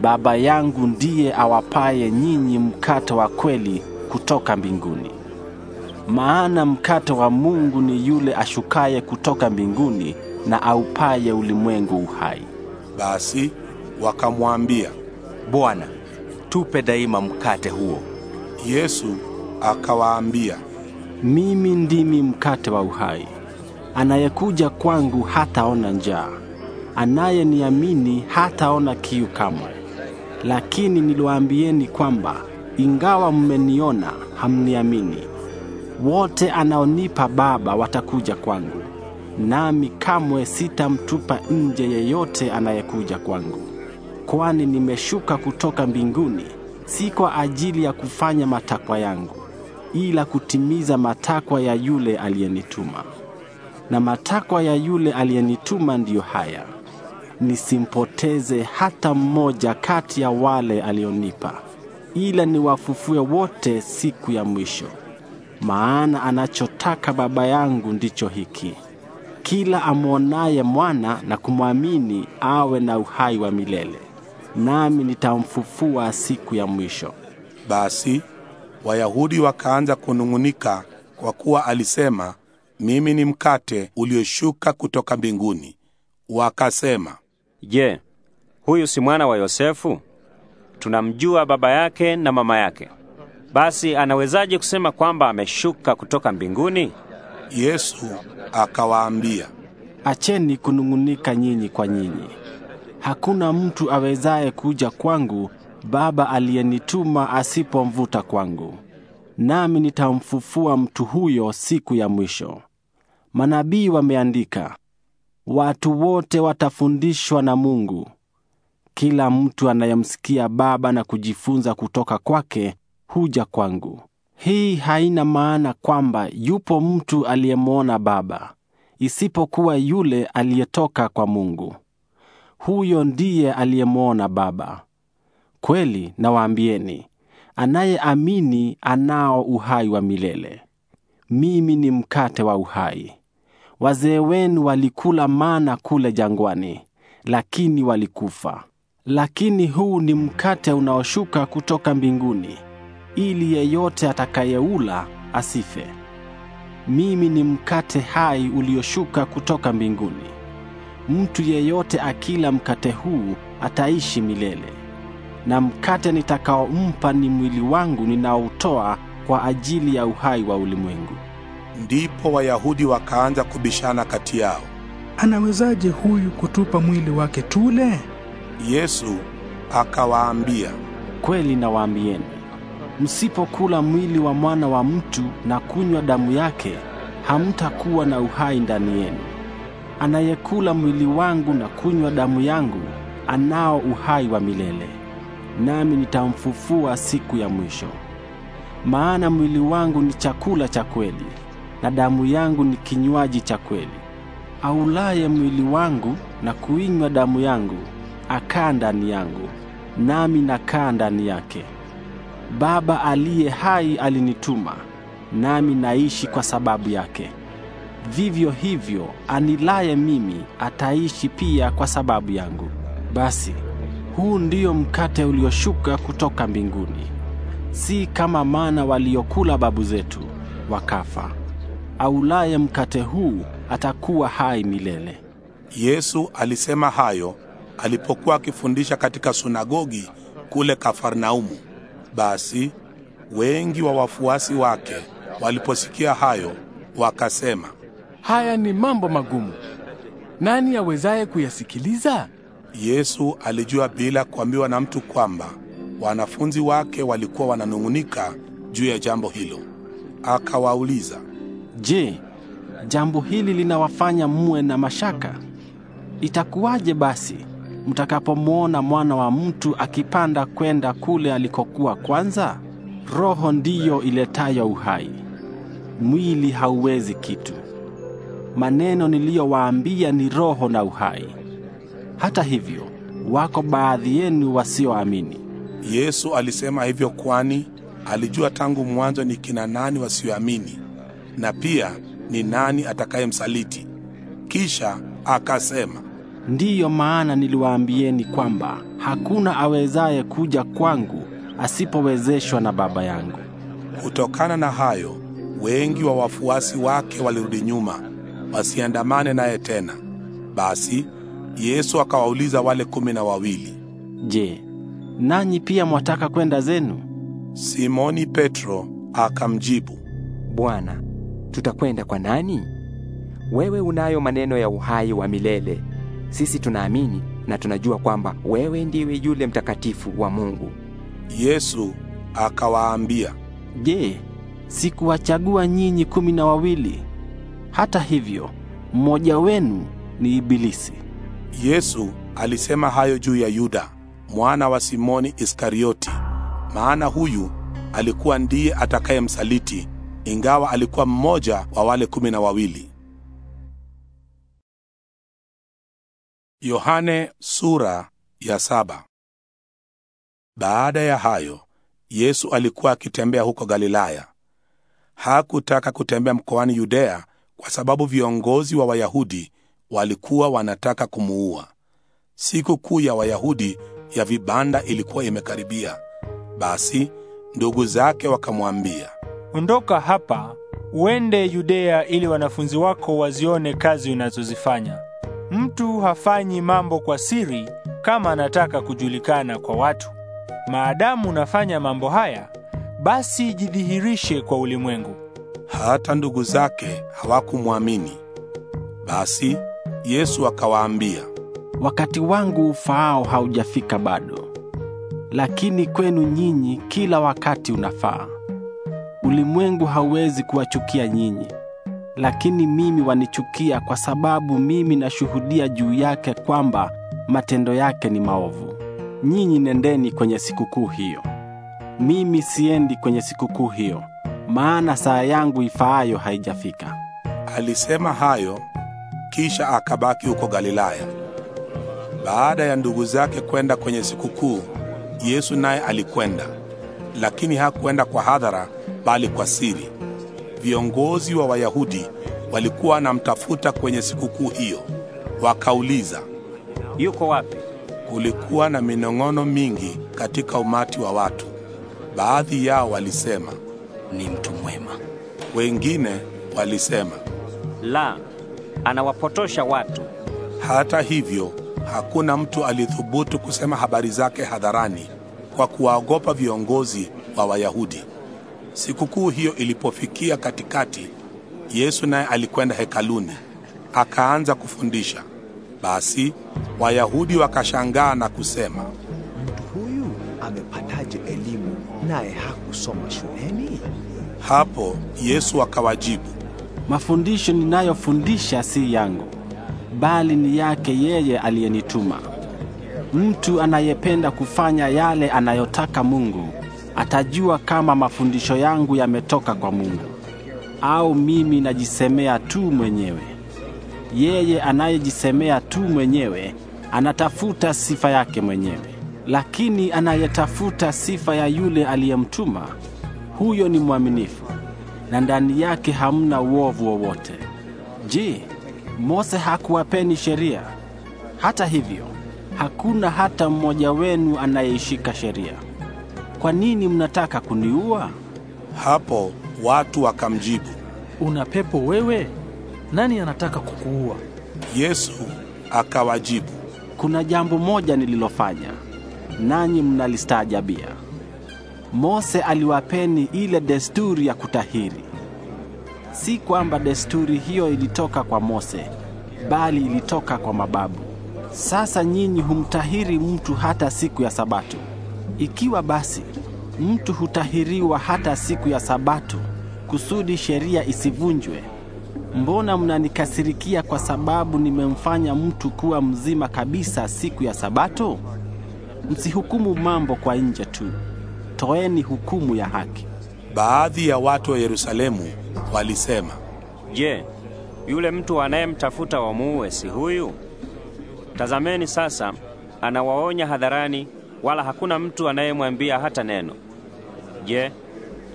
Baba yangu ndiye awapaye nyinyi mkate wa kweli kutoka mbinguni. Maana mkate wa Mungu ni yule ashukaye kutoka mbinguni na aupaye ulimwengu uhai. Basi wakamwambia, Bwana, tupe daima mkate huo. Yesu akawaambia, mimi ndimi mkate wa uhai. Anayekuja kwangu hataona njaa, anayeniamini hataona kiu kamwe. Lakini niliwaambieni kwamba ingawa mmeniona, hamniamini. Wote anaonipa Baba watakuja kwangu, nami kamwe sitamtupa nje yeyote anayekuja kwangu, kwani nimeshuka kutoka mbinguni si kwa ajili ya kufanya matakwa yangu, ila kutimiza matakwa ya yule aliyenituma. Na matakwa ya yule aliyenituma ndiyo haya: nisimpoteze hata mmoja kati ya wale alionipa, ila niwafufue wote siku ya mwisho. Maana anachotaka Baba yangu ndicho hiki, kila amwonaye mwana na kumwamini awe na uhai wa milele nami nitamfufua siku ya mwisho. Basi Wayahudi wakaanza kunung'unika kwa kuwa alisema, mimi ni mkate ulioshuka kutoka mbinguni. Wakasema, je, huyu si mwana wa Yosefu? Tunamjua baba yake na mama yake, basi anawezaje kusema kwamba ameshuka kutoka mbinguni? Yesu akawaambia, acheni kunung'unika nyinyi kwa nyinyi hakuna mtu awezaye kuja kwangu Baba aliyenituma asipomvuta kwangu, nami nitamfufua mtu huyo siku ya mwisho. Manabii wameandika, watu wote watafundishwa na Mungu. Kila mtu anayemsikia Baba na kujifunza kutoka kwake huja kwangu. Hii haina maana kwamba yupo mtu aliyemwona Baba, isipokuwa yule aliyetoka kwa Mungu huyo ndiye aliyemwona Baba. Kweli nawaambieni, anayeamini anao uhai wa milele. Mimi ni mkate wa uhai. Wazee wenu walikula mana kule jangwani, lakini walikufa. Lakini huu ni mkate unaoshuka kutoka mbinguni, ili yeyote atakayeula asife. Mimi ni mkate hai ulioshuka kutoka mbinguni mtu yeyote akila mkate huu ataishi milele, na mkate nitakaompa ni mwili wangu ninaoutoa kwa ajili ya uhai wa ulimwengu. Ndipo Wayahudi wakaanza kubishana kati yao, anawezaje huyu kutupa mwili wake tule? Yesu akawaambia, kweli nawaambieni, msipokula mwili wa mwana wa mtu na kunywa damu yake, hamtakuwa na uhai ndani yenu anayekula mwili wangu na kunywa damu yangu anao uhai wa milele, nami nitamfufua siku ya mwisho. Maana mwili wangu ni chakula cha kweli na damu yangu ni kinywaji cha kweli. Aulaye mwili wangu na kuinywa damu yangu akaa ndani yangu, nami nakaa ndani yake. Baba aliye hai alinituma, nami naishi kwa sababu yake. Vivyo hivyo anilaye mimi ataishi pia kwa sababu yangu. Basi huu ndiyo mkate ulioshuka kutoka mbinguni, si kama mana waliokula babu zetu wakafa. Aulaye mkate huu atakuwa hai milele. Yesu alisema hayo alipokuwa akifundisha katika sunagogi kule Kafarnaumu. Basi wengi wa wafuasi wake waliposikia hayo wakasema, haya ni mambo magumu, nani awezaye kuyasikiliza? Yesu alijua bila kuambiwa na mtu kwamba wanafunzi wake walikuwa wananung'unika juu ya jambo hilo. Akawauliza, je, jambo hili linawafanya muwe na mashaka? Itakuwaje basi mtakapomwona mwana wa mtu akipanda kwenda kule alikokuwa kwanza? Roho ndiyo iletayo uhai, mwili hauwezi kitu maneno niliyowaambia ni roho na uhai. Hata hivyo, wako baadhi yenu wasioamini. Yesu alisema hivyo kwani alijua tangu mwanzo ni kina nani wasioamini na pia ni nani atakayemsaliti. Kisha akasema, ndiyo maana niliwaambieni kwamba hakuna awezaye kuja kwangu asipowezeshwa na Baba yangu. Kutokana na hayo, wengi wa wafuasi wake walirudi nyuma wasiandamane naye tena. Basi Yesu akawauliza wale kumi na wawili, Je, nanyi pia mwataka kwenda zenu? Simoni Petro akamjibu, Bwana, tutakwenda kwa nani? Wewe unayo maneno ya uhai wa milele. Sisi tunaamini na tunajua kwamba wewe ndiwe yule mtakatifu wa Mungu. Yesu akawaambia, Je, sikuwachagua nyinyi kumi na wawili hata hivyo, mmoja wenu ni Ibilisi. Yesu alisema hayo juu ya Yuda, mwana wa Simoni Iskarioti, maana huyu alikuwa ndiye atakayemsaliti, ingawa alikuwa mmoja wa wale kumi na wawili. Yohane sura ya saba. Baada ya hayo Yesu alikuwa akitembea huko Galilaya. Hakutaka kutembea mkoani Yudea kwa sababu viongozi wa Wayahudi walikuwa wanataka kumuua. Siku kuu ya Wayahudi ya vibanda ilikuwa imekaribia. Basi ndugu zake wakamwambia, ondoka hapa uende Yudea ili wanafunzi wako wazione kazi unazozifanya. Mtu hafanyi mambo kwa siri kama anataka kujulikana kwa watu. Maadamu unafanya mambo haya, basi jidhihirishe kwa ulimwengu hata ndugu zake hawakumwamini. Basi Yesu akawaambia, wakati wangu ufaao haujafika bado, lakini kwenu nyinyi kila wakati unafaa. Ulimwengu hauwezi kuwachukia nyinyi, lakini mimi wanichukia kwa sababu mimi nashuhudia juu yake kwamba matendo yake ni maovu. Nyinyi nendeni kwenye sikukuu hiyo, mimi siendi kwenye sikukuu hiyo maana saa yangu ifaayo haijafika. Alisema hayo kisha akabaki huko Galilaya. Baada ya ndugu zake kwenda kwenye sikukuu, Yesu naye alikwenda, lakini hakwenda kwa hadhara, bali kwa siri. Viongozi wa Wayahudi walikuwa wanamtafuta kwenye sikukuu hiyo, wakauliza, yuko wapi? Kulikuwa na minong'ono mingi katika umati wa watu. Baadhi yao walisema ni mtu mwema. Wengine walisema, la, anawapotosha watu. Hata hivyo, hakuna mtu alithubutu kusema habari zake hadharani kwa kuwaogopa viongozi wa Wayahudi. Sikukuu hiyo ilipofikia katikati, Yesu naye alikwenda hekaluni akaanza kufundisha. Basi Wayahudi wakashangaa na kusema, mtu huyu amepataje elimu naye hakusoma shuleni? Hapo Yesu akawajibu, mafundisho ninayofundisha si yangu, bali ni yake yeye aliyenituma. Mtu anayependa kufanya yale anayotaka Mungu atajua kama mafundisho yangu yametoka kwa Mungu au mimi najisemea tu mwenyewe. Yeye anayejisemea tu mwenyewe anatafuta sifa yake mwenyewe, lakini anayetafuta sifa ya yule aliyemtuma huyo ni mwaminifu na ndani yake hamna uovu wowote. Je, Mose hakuwapeni sheria? Hata hivyo, hakuna hata mmoja wenu anayeishika sheria. Kwa nini mnataka kuniua? Hapo watu wakamjibu, una pepo wewe? Nani anataka kukuua? Yesu akawajibu, kuna jambo moja nililofanya, nanyi mnalistaajabia. Mose aliwapeni ile desturi ya kutahiri. Si kwamba desturi hiyo ilitoka kwa Mose, bali ilitoka kwa mababu. Sasa nyinyi humtahiri mtu hata siku ya Sabato. Ikiwa basi mtu hutahiriwa hata siku ya Sabato kusudi sheria isivunjwe, mbona mnanikasirikia kwa sababu nimemfanya mtu kuwa mzima kabisa siku ya Sabato? Msihukumu mambo kwa nje tu, toeni hukumu ya haki. Baadhi ya watu wa Yerusalemu walisema, Je, yule mtu anayemtafuta wamuue si huyu? Tazameni sasa, anawaonya hadharani, wala hakuna mtu anayemwambia hata neno. Je,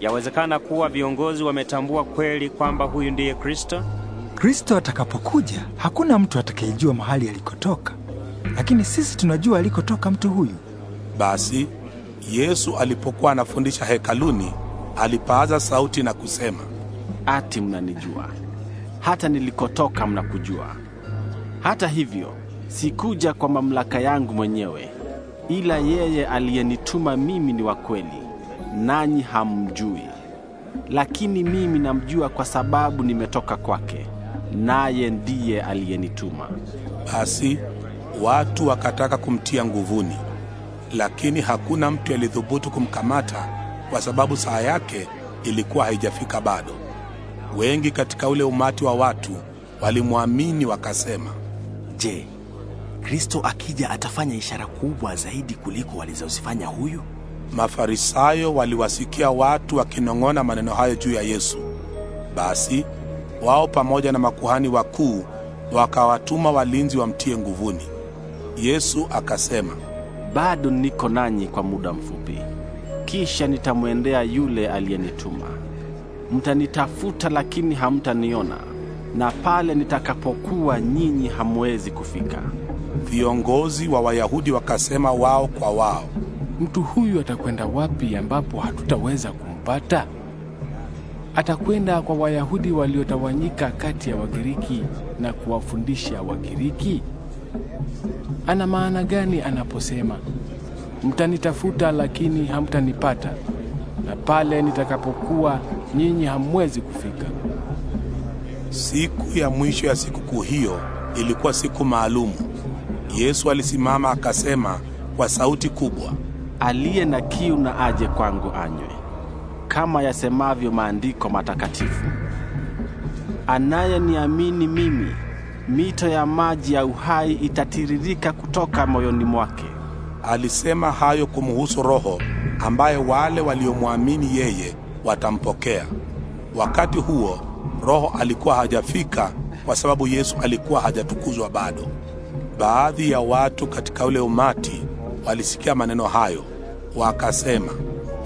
yawezekana kuwa viongozi wametambua kweli kwamba huyu ndiye Kristo? Kristo atakapokuja, hakuna mtu atakayejua mahali alikotoka, lakini sisi tunajua alikotoka mtu huyu. Basi Yesu alipokuwa anafundisha hekaluni, alipaaza sauti na kusema, ati mnanijua, hata nilikotoka mnakujua. Hata hivyo, sikuja kwa mamlaka yangu mwenyewe, ila yeye aliyenituma mimi ni wa kweli, nanyi hamjui Lakini mimi namjua kwa sababu nimetoka kwake, naye ndiye aliyenituma. Basi watu wakataka kumtia nguvuni, lakini hakuna mtu alithubutu kumkamata kwa sababu saa yake ilikuwa haijafika bado. Wengi katika ule umati wa watu walimwamini wakasema, je, Kristo akija atafanya ishara kubwa zaidi kuliko walizozifanya huyu? Mafarisayo waliwasikia watu wakinong'ona maneno hayo juu ya Yesu. Basi wao pamoja na makuhani wakuu wakawatuma walinzi wamtie nguvuni. Yesu akasema, bado niko nanyi kwa muda mfupi, kisha nitamwendea yule aliyenituma. Mtanitafuta lakini hamtaniona, na pale nitakapokuwa nyinyi hamwezi kufika. Viongozi wa Wayahudi wakasema wao kwa wao, mtu huyu atakwenda wapi ambapo hatutaweza kumpata? Atakwenda kwa Wayahudi waliotawanyika kati ya Wagiriki na kuwafundisha Wagiriki? Ana maana gani anaposema mtanitafuta lakini hamtanipata, na pale nitakapokuwa nyinyi hamwezi kufika? Siku ya mwisho ya sikukuu hiyo ilikuwa siku maalumu. Yesu alisimama akasema kwa sauti kubwa, aliye na kiu na aje kwangu anywe, kama yasemavyo maandiko matakatifu. Anayeniamini mimi mito ya maji ya uhai itatiririka kutoka moyoni mwake. Alisema hayo kumhusu Roho ambaye wale waliomwamini yeye watampokea. Wakati huo Roho alikuwa hajafika kwa sababu Yesu alikuwa hajatukuzwa bado. Baadhi ya watu katika ule umati walisikia maneno hayo, wakasema,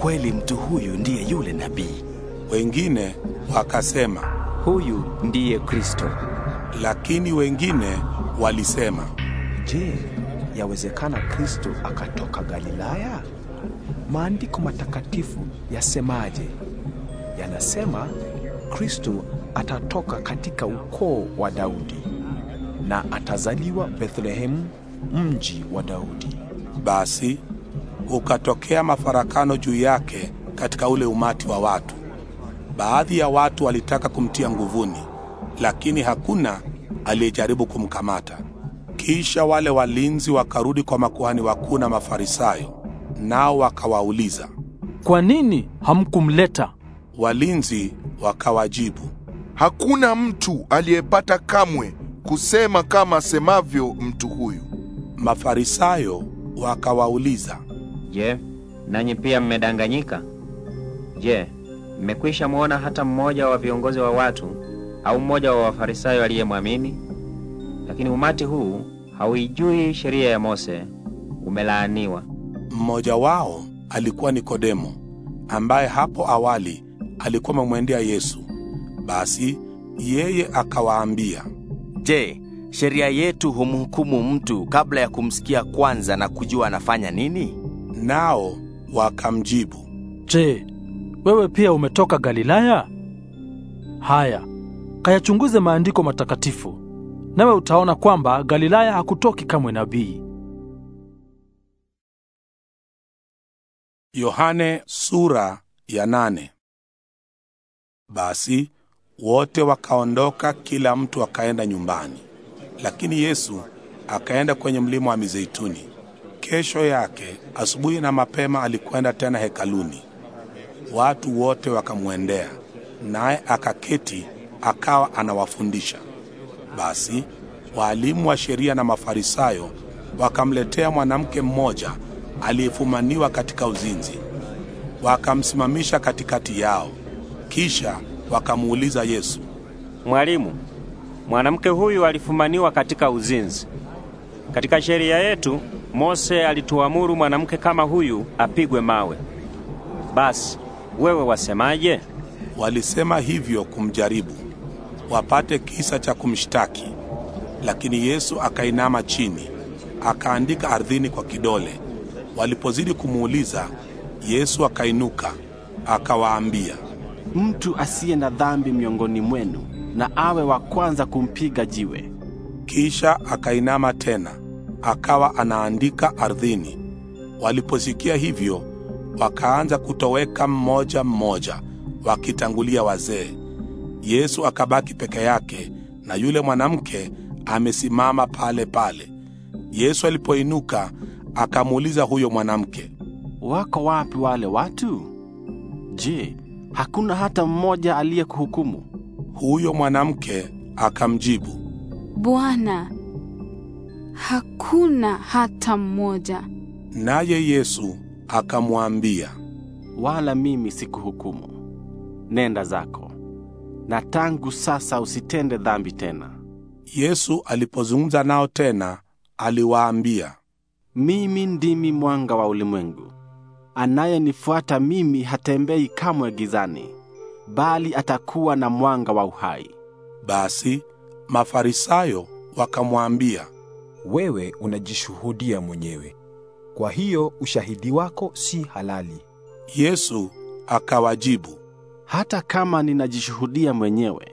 kweli mtu huyu ndiye yule nabii. Wengine wakasema, huyu ndiye Kristo. Lakini wengine walisema, Je, yawezekana Kristo akatoka Galilaya? Maandiko matakatifu yasemaje? Yanasema Kristo atatoka katika ukoo wa Daudi na atazaliwa Bethlehemu, mji wa Daudi. Basi ukatokea mafarakano juu yake katika ule umati wa watu. Baadhi ya watu walitaka kumtia nguvuni, lakini hakuna aliyejaribu kumkamata. Kisha wale walinzi wakarudi kwa makuhani wakuu na Mafarisayo, nao wakawauliza, kwa nini hamkumleta? Walinzi wakawajibu, hakuna mtu aliyepata kamwe kusema kama asemavyo mtu huyu. Mafarisayo wakawauliza, je, nanyi pia mmedanganyika? Je, mmekwisha mwona hata mmoja wa viongozi wa watu au mmoja wa Wafarisayo aliyemwamini, lakini umati huu hauijui sheria ya Mose, umelaaniwa. Mmoja wao alikuwa Nikodemo, ambaye hapo awali alikuwa amemwendea Yesu. Basi yeye akawaambia, Je, sheria yetu humhukumu mtu kabla ya kumsikia kwanza na kujua anafanya nini? Nao wakamjibu, Je, wewe pia umetoka Galilaya? Haya, kayachunguze maandiko matakatifu, nawe utaona kwamba Galilaya hakutoki kamwe nabii. Yohane sura ya nane. Basi wote wakaondoka, kila mtu akaenda nyumbani, lakini Yesu akaenda kwenye mlima wa Mizeituni. Kesho yake asubuhi na mapema alikwenda tena hekaluni, watu wote wakamwendea, naye akaketi akawa anawafundisha. Basi waalimu wa sheria na Mafarisayo wakamletea mwanamke mmoja aliyefumaniwa katika uzinzi, wakamsimamisha katikati yao. Kisha wakamuuliza Yesu, Mwalimu, mwanamke huyu alifumaniwa katika uzinzi. Katika sheria yetu Mose alituamuru mwanamke kama huyu apigwe mawe. Basi wewe wasemaje? Walisema hivyo kumjaribu, wapate kisa cha kumshtaki. Lakini Yesu akainama chini, akaandika ardhini kwa kidole. Walipozidi kumuuliza, Yesu akainuka, akawaambia, mtu asiye na dhambi miongoni mwenu na awe wa kwanza kumpiga jiwe. Kisha akainama tena, akawa anaandika ardhini. Waliposikia hivyo, wakaanza kutoweka mmoja mmoja, wakitangulia wazee. Yesu akabaki peke yake na yule mwanamke amesimama pale pale. Yesu alipoinuka akamuuliza huyo mwanamke, wako wapi wale watu? Je, hakuna hata mmoja aliyekuhukumu? Huyo mwanamke akamjibu, Bwana, hakuna hata mmoja. Naye Yesu akamwambia, wala mimi sikuhukumu, nenda zako na tangu sasa usitende dhambi tena. Yesu alipozungumza nao tena, aliwaambia, mimi ndimi mwanga wa ulimwengu. Anayenifuata mimi hatembei kamwe gizani, bali atakuwa na mwanga wa uhai. Basi Mafarisayo wakamwambia, wewe unajishuhudia mwenyewe, kwa hiyo ushahidi wako si halali. Yesu akawajibu hata kama ninajishuhudia mwenyewe,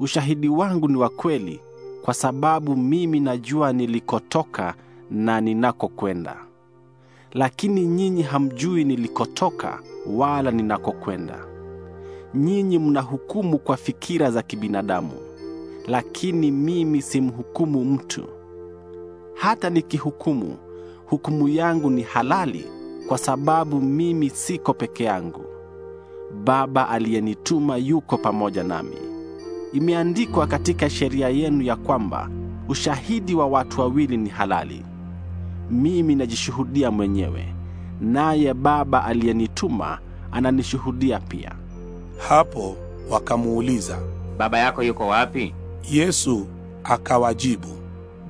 ushahidi wangu ni wa kweli, kwa sababu mimi najua nilikotoka na ninakokwenda. Lakini nyinyi hamjui nilikotoka wala ninakokwenda. Nyinyi mnahukumu kwa fikira za kibinadamu, lakini mimi simhukumu mtu. Hata nikihukumu, hukumu yangu ni halali, kwa sababu mimi siko peke yangu, Baba aliyenituma yuko pamoja nami. Imeandikwa katika sheria yenu ya kwamba ushahidi wa watu wawili ni halali. Mimi najishuhudia mwenyewe, naye Baba aliyenituma ananishuhudia pia. Hapo wakamuuliza, baba yako yuko wapi? Yesu akawajibu,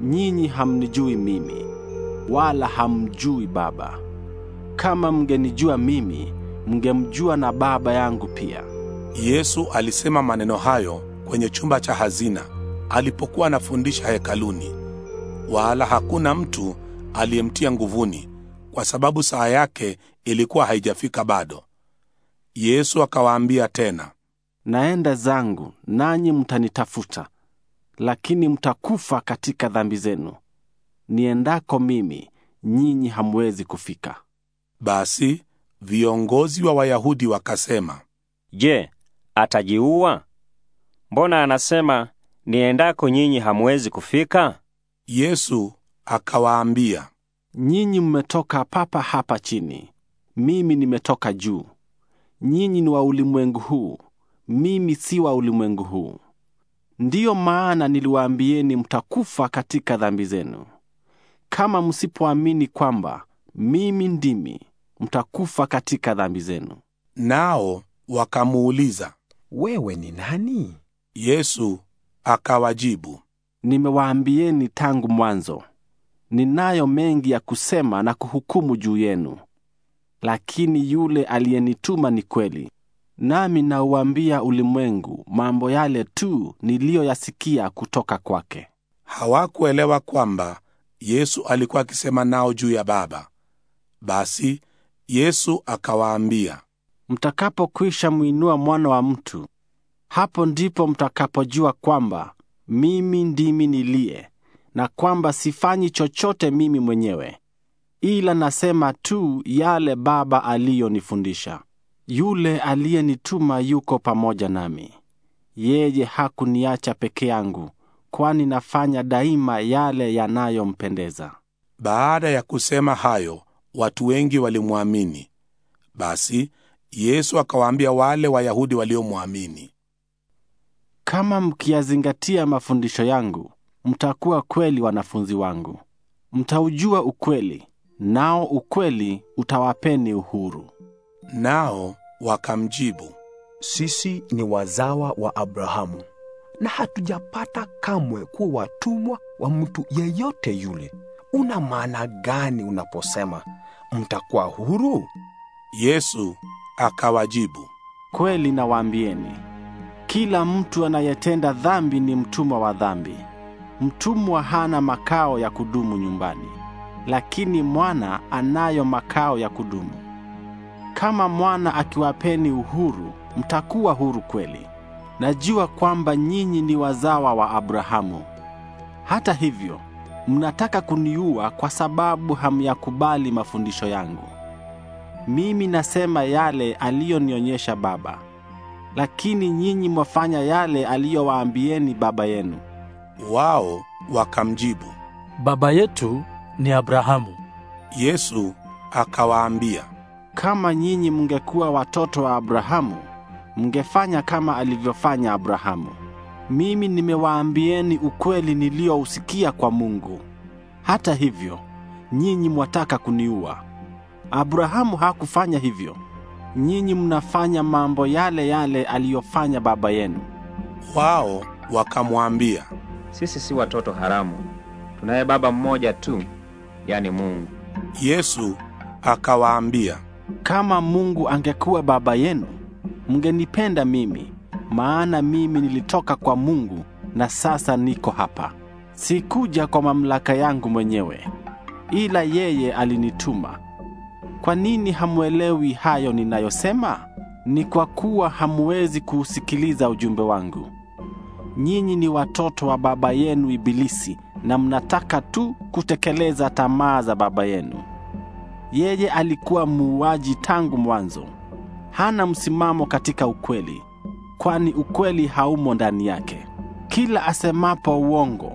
nyinyi hamnijui mimi wala hamjui Baba. Kama mngenijua mimi mngemjua na Baba yangu pia. Yesu alisema maneno hayo kwenye chumba cha hazina alipokuwa anafundisha hekaluni. Wala hakuna mtu aliyemtia nguvuni, kwa sababu saa yake ilikuwa haijafika bado. Yesu akawaambia tena, naenda zangu, nanyi mtanitafuta, lakini mtakufa katika dhambi zenu. Niendako mimi, nyinyi hamwezi kufika. Basi Viongozi wa Wayahudi wakasema, "Je, atajiua? Mbona anasema niendako nyinyi hamwezi kufika?" Yesu akawaambia, "Nyinyi mmetoka papa hapa chini. Mimi nimetoka juu. Nyinyi ni wa ulimwengu huu. Mimi si wa ulimwengu huu. Ndiyo maana niliwaambieni mtakufa katika dhambi zenu. Kama msipoamini kwamba mimi ndimi mtakufa katika dhambi zenu. Nao wakamuuliza, wewe ni nani? Yesu akawajibu, nimewaambieni tangu mwanzo, ninayo mengi ya kusema na kuhukumu juu yenu, lakini yule aliyenituma ni kweli, nami nauambia ulimwengu mambo yale tu niliyoyasikia kutoka kwake. Hawakuelewa kwamba Yesu alikuwa akisema nao juu ya Baba. Basi Yesu akawaambia, mtakapokwisha mwinua mwana wa mtu, hapo ndipo mtakapojua kwamba mimi ndimi niliye na kwamba sifanyi chochote mimi mwenyewe, ila nasema tu yale Baba aliyonifundisha. Yule aliyenituma yuko pamoja nami. Yeye hakuniacha peke yangu, kwani nafanya daima yale yanayompendeza. Baada ya kusema hayo, watu wengi walimwamini. Basi Yesu akawaambia wale Wayahudi waliomwamini, kama mkiyazingatia mafundisho yangu, mtakuwa kweli wanafunzi wangu, mtaujua ukweli, nao ukweli utawapeni uhuru. Nao wakamjibu, sisi ni wazawa wa Abrahamu na hatujapata kamwe kuwa watumwa wa mtu yeyote yule una maana gani unaposema mtakuwa huru? Yesu akawajibu, kweli nawaambieni, kila mtu anayetenda dhambi ni mtumwa wa dhambi. Mtumwa hana makao ya kudumu nyumbani, lakini mwana anayo makao ya kudumu. Kama mwana akiwapeni uhuru, mtakuwa huru kweli. Najua kwamba nyinyi ni wazawa wa Abrahamu. Hata hivyo mnataka kuniua kwa sababu hamyakubali mafundisho yangu. Mimi nasema yale aliyonionyesha Baba, lakini nyinyi mwafanya yale aliyowaambieni baba yenu. Wao wakamjibu, baba yetu ni Abrahamu. Yesu akawaambia, kama nyinyi mngekuwa watoto wa Abrahamu, mngefanya kama alivyofanya Abrahamu. Mimi nimewaambieni ukweli niliyousikia kwa Mungu. Hata hivyo, nyinyi mwataka kuniua. Abrahamu hakufanya hivyo. Nyinyi mnafanya mambo yale yale aliyofanya baba yenu. Wao wakamwambia, sisi si watoto haramu, tunaye baba mmoja tu, yaani Mungu. Yesu akawaambia, kama Mungu angekuwa baba yenu, mngenipenda mimi maana mimi nilitoka kwa Mungu na sasa niko hapa. Sikuja kwa mamlaka yangu mwenyewe, ila yeye alinituma. Kwa nini hamwelewi hayo ninayosema? Ni kwa kuwa hamwezi kuusikiliza ujumbe wangu. Nyinyi ni watoto wa baba yenu Ibilisi, na mnataka tu kutekeleza tamaa za baba yenu. Yeye alikuwa muuaji tangu mwanzo, hana msimamo katika ukweli, kwani ukweli haumo ndani yake. Kila asemapo uongo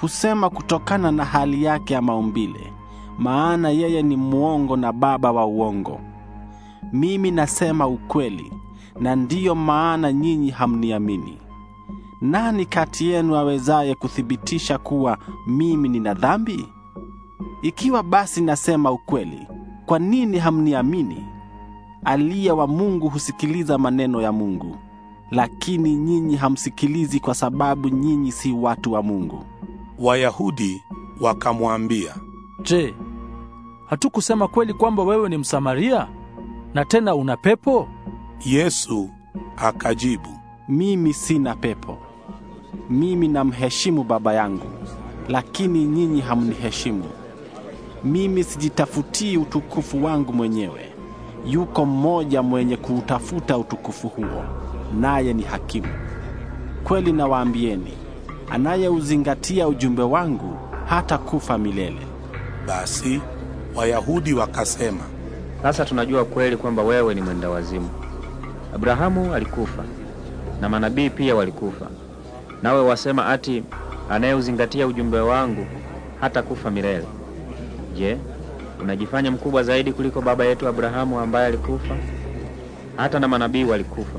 husema kutokana na hali yake ya maumbile, maana yeye ni mwongo na baba wa uongo. Mimi nasema ukweli, na ndiyo maana nyinyi hamniamini. Nani kati yenu awezaye kuthibitisha kuwa mimi nina dhambi? Ikiwa basi nasema ukweli, kwa nini hamniamini? Aliye wa Mungu husikiliza maneno ya Mungu lakini nyinyi hamsikilizi kwa sababu nyinyi si watu wa Mungu. Wayahudi wakamwambia, Je, hatukusema kweli kwamba wewe ni Msamaria na tena una pepo? Yesu akajibu, mimi sina pepo. Mimi namheshimu Baba yangu, lakini nyinyi hamniheshimu. Mimi sijitafutii utukufu wangu mwenyewe. Yuko mmoja mwenye kuutafuta utukufu huo naye ni hakimu. Kweli nawaambieni, anayeuzingatia ujumbe wangu hata kufa milele. Basi Wayahudi wakasema, sasa tunajua kweli kwamba wewe ni mwenda wazimu. Abrahamu alikufa na manabii pia walikufa, nawe wasema ati anayeuzingatia ujumbe wangu hata kufa milele. Je, unajifanya mkubwa zaidi kuliko baba yetu Abrahamu ambaye alikufa? Hata na manabii walikufa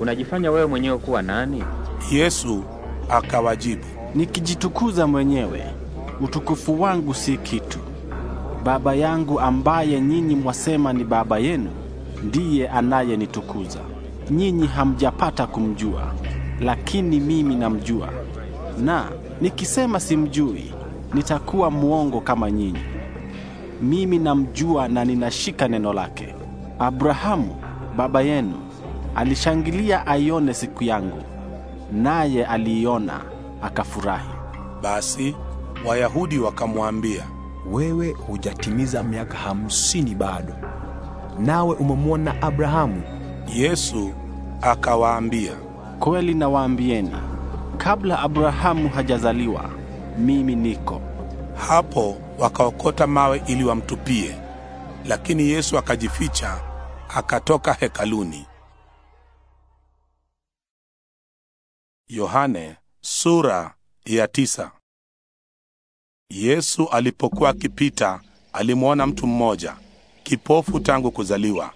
unajifanya wewe mwenyewe kuwa nani? Yesu akawajibu, nikijitukuza mwenyewe, utukufu wangu si kitu. Baba yangu ambaye nyinyi mwasema ni baba yenu ndiye anayenitukuza. Nyinyi hamjapata kumjua, lakini mimi namjua, na nikisema simjui nitakuwa mwongo kama nyinyi. Mimi namjua na ninashika neno lake. Abrahamu baba yenu Alishangilia aione siku yangu, naye aliiona akafurahi. Basi Wayahudi wakamwambia, wewe hujatimiza miaka hamsini bado, nawe umemwona Abrahamu? Yesu akawaambia, kweli nawaambieni, kabla Abrahamu hajazaliwa mimi niko hapo. Wakaokota mawe ili wamtupie, lakini Yesu akajificha, akatoka hekaluni. Yohane sura ya tisa. Yesu alipokuwa akipita alimwona mtu mmoja kipofu tangu kuzaliwa.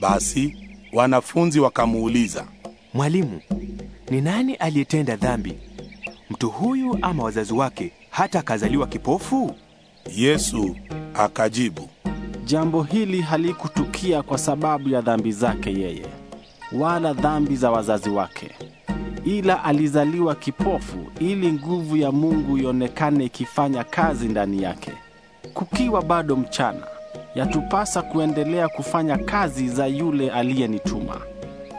Basi wanafunzi wakamuuliza, Mwalimu, ni nani aliyetenda dhambi, mtu huyu ama wazazi wake, hata akazaliwa kipofu? Yesu akajibu, jambo hili halikutukia kwa sababu ya dhambi zake yeye, wala dhambi za wazazi wake ila alizaliwa kipofu ili nguvu ya Mungu ionekane ikifanya kazi ndani yake. Kukiwa bado mchana, yatupasa kuendelea kufanya kazi za yule aliyenituma,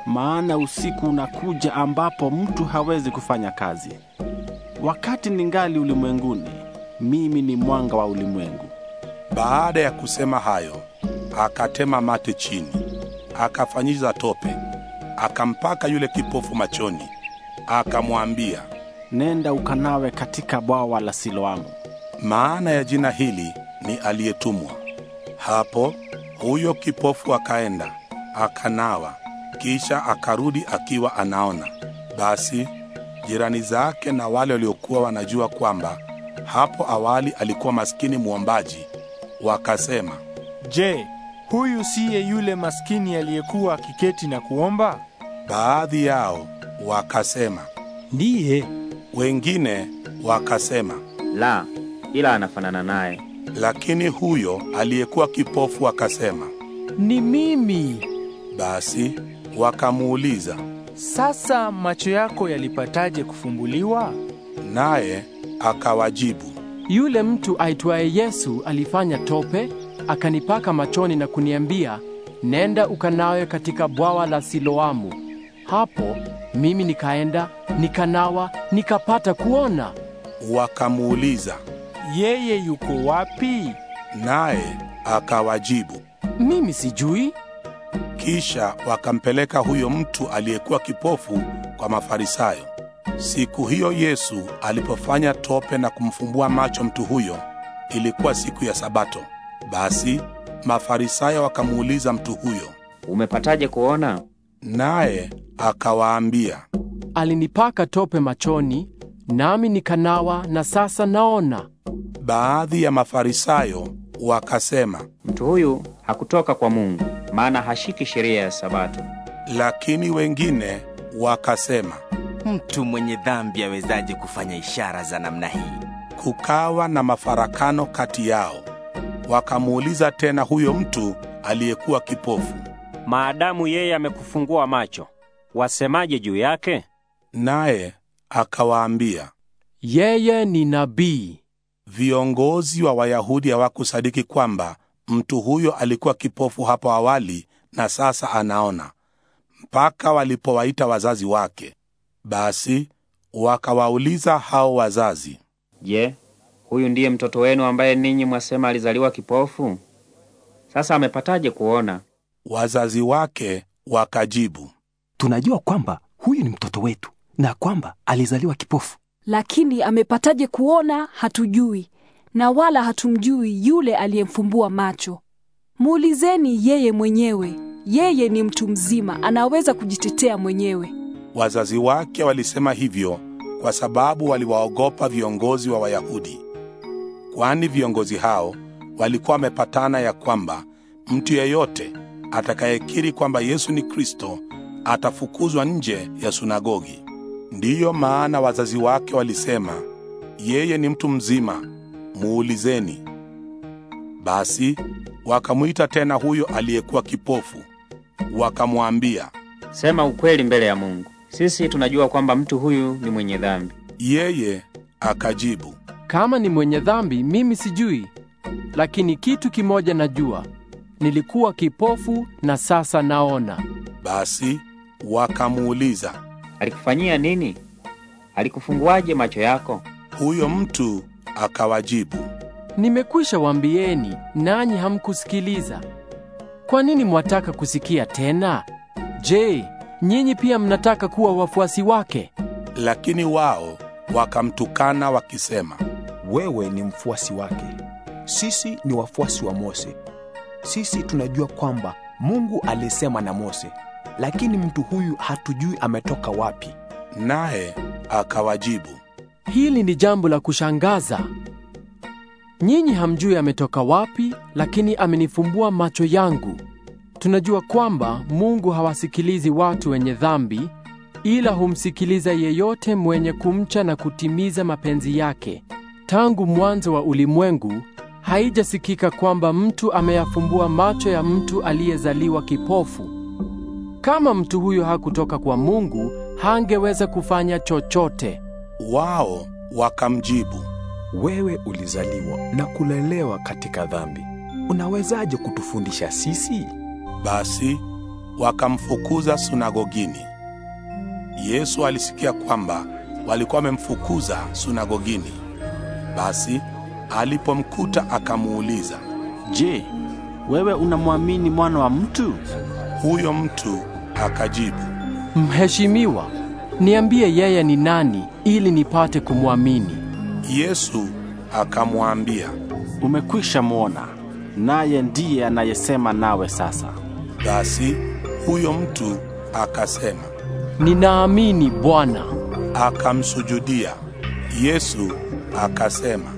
maana usiku unakuja ambapo mtu hawezi kufanya kazi. Wakati ningali ulimwenguni, mimi ni mwanga wa ulimwengu. Baada ya kusema hayo, akatema mate chini, akafanyiza tope, akampaka yule kipofu machoni akamwambia, nenda ukanawe katika bwawa la Siloamu. Maana ya jina hili ni aliyetumwa. Hapo huyo kipofu akaenda akanawa, kisha akarudi akiwa anaona. Basi jirani zake na wale waliokuwa wanajua kwamba hapo awali alikuwa maskini mwombaji wakasema, je, huyu siye yule maskini aliyekuwa akiketi na kuomba? Baadhi yao wakasema ndiye. Wengine wakasema la, ila anafanana naye. Lakini huyo aliyekuwa kipofu akasema ni mimi. Basi wakamuuliza, sasa macho yako yalipataje kufumbuliwa? Naye akawajibu, yule mtu aitwaye Yesu alifanya tope akanipaka machoni na kuniambia, nenda ukanawe katika bwawa la Siloamu. Hapo mimi nikaenda nikanawa, nikapata kuona. Wakamuuliza, yeye yuko wapi? Naye akawajibu, mimi sijui. Kisha wakampeleka huyo mtu aliyekuwa kipofu kwa Mafarisayo. Siku hiyo Yesu alipofanya tope na kumfumbua macho mtu huyo, ilikuwa siku ya Sabato. Basi Mafarisayo wakamuuliza mtu huyo, umepataje kuona? Naye akawaambia, alinipaka tope machoni, nami nikanawa, na sasa naona. Baadhi ya Mafarisayo wakasema, mtu huyu hakutoka kwa Mungu, maana hashiki sheria ya Sabato. Lakini wengine wakasema, mtu mwenye dhambi awezaje kufanya ishara za namna hii? Kukawa na mafarakano kati yao. Wakamuuliza tena huyo mtu aliyekuwa kipofu, maadamu yeye amekufungua macho, wasemaje juu yake? Naye akawaambia, yeye ni nabii. Viongozi wa Wayahudi hawakusadiki kwamba mtu huyo alikuwa kipofu hapo awali na sasa anaona, mpaka walipowaita wazazi wake. Basi wakawauliza hao wazazi, Je, huyu ndiye mtoto wenu ambaye ninyi mwasema alizaliwa kipofu? Sasa amepataje kuona? Wazazi wake wakajibu, tunajua kwamba huyu ni mtoto wetu na kwamba alizaliwa kipofu, lakini amepataje kuona hatujui, na wala hatumjui yule aliyemfumbua macho. Muulizeni yeye mwenyewe, yeye ni mtu mzima, anaweza kujitetea mwenyewe. Wazazi wake walisema hivyo kwa sababu waliwaogopa viongozi wa Wayahudi, kwani viongozi hao walikuwa wamepatana ya kwamba mtu yeyote atakayekiri kwamba Yesu ni Kristo atafukuzwa nje ya sunagogi. Ndiyo maana wazazi wake walisema, yeye ni mtu mzima, muulizeni. Basi wakamwita tena huyo aliyekuwa kipofu, wakamwambia, sema ukweli mbele ya Mungu, sisi tunajua kwamba mtu huyu ni mwenye dhambi. Yeye akajibu, kama ni mwenye dhambi mimi sijui, lakini kitu kimoja najua nilikuwa kipofu na sasa naona. Basi wakamuuliza, alikufanyia nini? Alikufunguaje macho yako? Huyo mtu akawajibu, nimekwisha waambieni nanyi hamkusikiliza. Kwa nini mwataka kusikia tena? Je, nyinyi pia mnataka kuwa wafuasi wake? Lakini wao wakamtukana wakisema, wewe ni mfuasi wake, sisi ni wafuasi wa Mose. Sisi tunajua kwamba Mungu alisema na Mose, lakini mtu huyu hatujui ametoka wapi. Naye akawajibu, hili ni jambo la kushangaza. Nyinyi hamjui ametoka wapi, lakini amenifumbua macho yangu. Tunajua kwamba Mungu hawasikilizi watu wenye dhambi, ila humsikiliza yeyote mwenye kumcha na kutimiza mapenzi yake. Tangu mwanzo wa ulimwengu haijasikika kwamba mtu ameyafumbua macho ya mtu aliyezaliwa kipofu. Kama mtu huyo hakutoka kwa Mungu, hangeweza kufanya chochote. Wao wakamjibu, wewe ulizaliwa na kulelewa katika dhambi, unawezaje kutufundisha sisi? Basi wakamfukuza sunagogini. Yesu alisikia kwamba walikuwa wamemfukuza sunagogini. Basi Alipomkuta akamuuliza, Je, wewe unamwamini mwana wa mtu? Huyo mtu akajibu, Mheshimiwa, niambie yeye ni nani ili nipate kumwamini. Yesu akamwambia, Umekwisha mwona, naye ndiye anayesema nawe sasa. Basi huyo mtu akasema, Ninaamini Bwana. Akamsujudia. Yesu akasema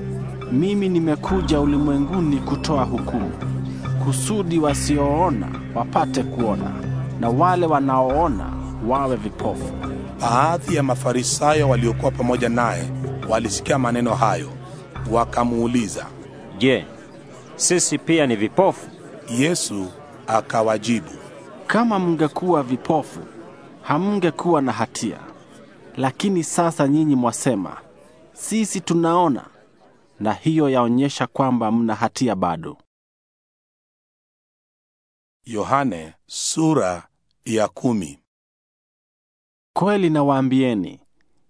mimi nimekuja ulimwenguni kutoa hukumu, kusudi wasioona wapate kuona na wale wanaoona wawe vipofu. Baadhi ya Mafarisayo waliokuwa pamoja naye walisikia maneno hayo, wakamuuliza, Je, sisi pia ni vipofu? Yesu akawajibu, kama mngekuwa vipofu hamngekuwa na hatia, lakini sasa nyinyi mwasema sisi tunaona na hiyo yaonyesha kwamba mna hatia bado. Yohane sura ya kumi. Kweli nawaambieni,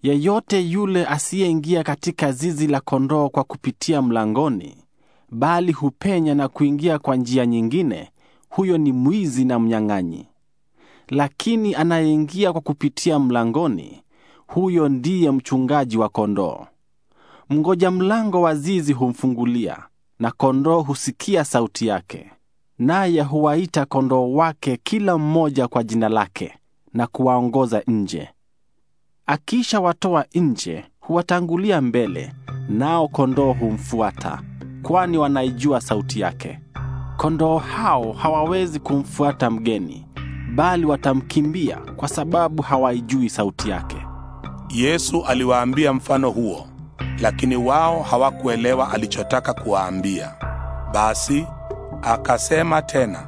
yeyote yule asiyeingia katika zizi la kondoo kwa kupitia mlangoni, bali hupenya na kuingia kwa njia nyingine, huyo ni mwizi na mnyang'anyi. Lakini anayeingia kwa kupitia mlangoni, huyo ndiye mchungaji wa kondoo. Mngoja mlango wa zizi humfungulia, na kondoo husikia sauti yake. Naye huwaita kondoo wake kila mmoja kwa jina lake na kuwaongoza nje. Akishawatoa nje, huwatangulia mbele, nao kondoo humfuata, kwani wanaijua sauti yake. Kondoo hao hawawezi kumfuata mgeni, bali watamkimbia kwa sababu hawaijui sauti yake. Yesu aliwaambia mfano huo: lakini wao hawakuelewa alichotaka kuwaambia. Basi akasema tena,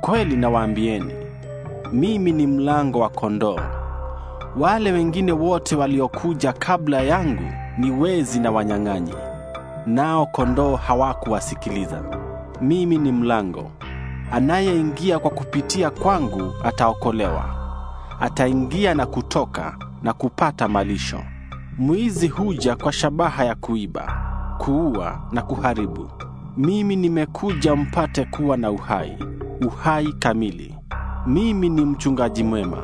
kweli nawaambieni, mimi ni mlango wa kondoo. Wale wengine wote waliokuja kabla yangu ni wezi na wanyang'anyi, nao kondoo hawakuwasikiliza. Mimi ni mlango. Anayeingia kwa kupitia kwangu ataokolewa, ataingia na kutoka na kupata malisho. Mwizi huja kwa shabaha ya kuiba, kuua na kuharibu. Mimi nimekuja mpate kuwa na uhai, uhai kamili. Mimi ni mchungaji mwema.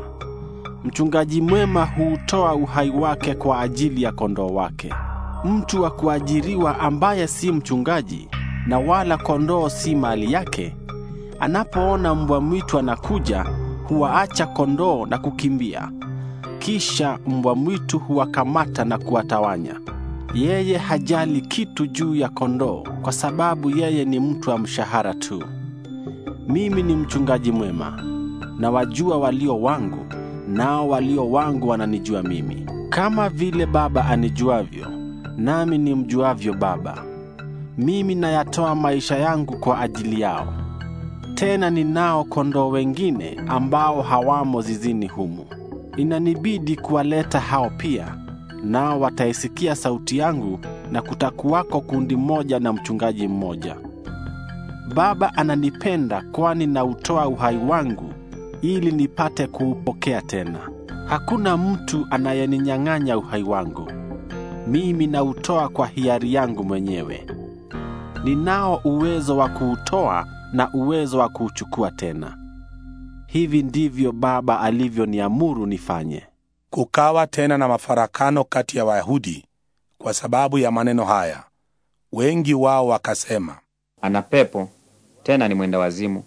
Mchungaji mwema huutoa uhai wake kwa ajili ya kondoo wake. Mtu wa kuajiriwa ambaye si mchungaji na wala kondoo si mali yake, anapoona mbwa mwitu anakuja, huwaacha kondoo na kukimbia kisha mbwa mwitu huwakamata na kuwatawanya. Yeye hajali kitu juu ya kondoo, kwa sababu yeye ni mtu wa mshahara tu. Mimi ni mchungaji mwema, na wajua walio wangu, nao walio wangu wananijua mimi, kama vile Baba anijuavyo, nami nimjuavyo Baba. Mimi nayatoa maisha yangu kwa ajili yao. Tena ninao kondoo wengine ambao hawamo zizini humu inanibidi kuwaleta hao pia, nao wataisikia sauti yangu, na kutakuwako kundi moja na mchungaji mmoja. Baba ananipenda, kwani nautoa uhai wangu ili nipate kuupokea tena. Hakuna mtu anayeninyang'anya uhai wangu, mimi nautoa kwa hiari yangu mwenyewe. Ninao uwezo wa kuutoa na uwezo wa kuuchukua tena hivi ndivyo Baba alivyoniamuru nifanye. Kukawa tena na mafarakano kati ya Wayahudi kwa sababu ya maneno haya. Wengi wao wakasema, ana pepo tena ni mwenda wazimu,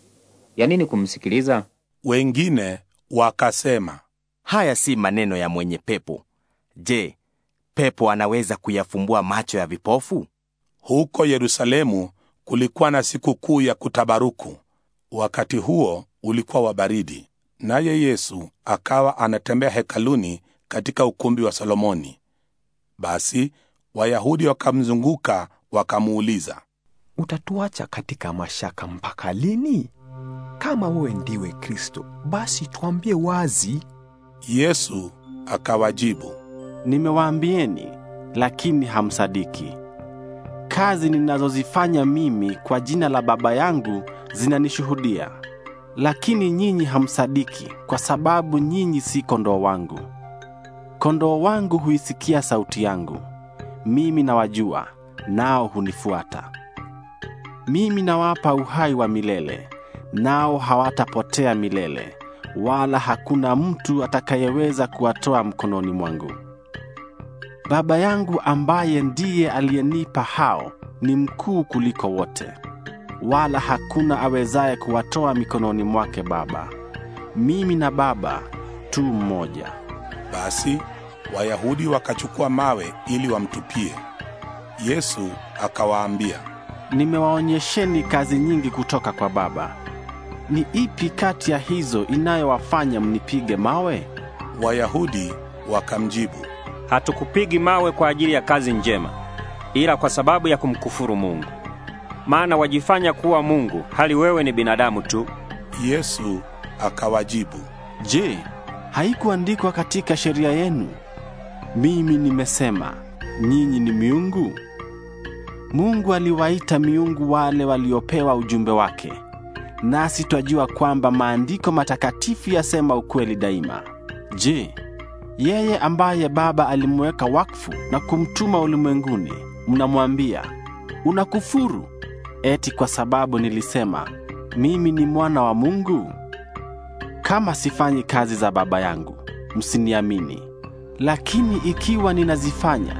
ya nini kumsikiliza? Wengine wakasema, haya si maneno ya mwenye pepo. Je, pepo anaweza kuyafumbua macho ya vipofu? Huko Yerusalemu kulikuwa na siku kuu ya kutabaruku. Wakati huo ulikuwa wa baridi, naye Yesu akawa anatembea hekaluni katika ukumbi wa Solomoni. Basi Wayahudi wakamzunguka wakamuuliza, utatuacha katika mashaka mpaka lini? Kama wewe ndiwe Kristo, basi tuambie wazi. Yesu akawajibu, nimewaambieni, lakini hamsadiki. Kazi ninazozifanya mimi kwa jina la Baba yangu zinanishuhudia lakini nyinyi hamsadiki, kwa sababu nyinyi si kondoo wangu. Kondoo wangu huisikia sauti yangu, mimi nawajua, nao hunifuata. Mimi nawapa uhai wa milele, nao hawatapotea milele, wala hakuna mtu atakayeweza kuwatoa mkononi mwangu. Baba yangu ambaye ndiye aliyenipa hao ni mkuu kuliko wote, wala hakuna awezaye kuwatoa mikononi mwake Baba. Mimi na Baba tu mmoja. Basi Wayahudi wakachukua mawe ili wamtupie. Yesu akawaambia, nimewaonyesheni kazi nyingi kutoka kwa Baba. Ni ipi kati ya hizo inayowafanya mnipige mawe? Wayahudi wakamjibu, hatukupigi mawe kwa ajili ya kazi njema, ila kwa sababu ya kumkufuru Mungu maana wajifanya kuwa Mungu hali wewe ni binadamu tu. Yesu akawajibu, Je, haikuandikwa katika sheria yenu, mimi nimesema nyinyi ni miungu? Mungu aliwaita miungu wale waliopewa ujumbe wake, nasi twajua kwamba maandiko matakatifu yasema ukweli daima. Je, yeye ambaye Baba alimweka wakfu na kumtuma ulimwenguni, mnamwambia unakufuru eti kwa sababu nilisema mimi ni mwana wa Mungu? Kama sifanyi kazi za Baba yangu, msiniamini. Lakini ikiwa ninazifanya,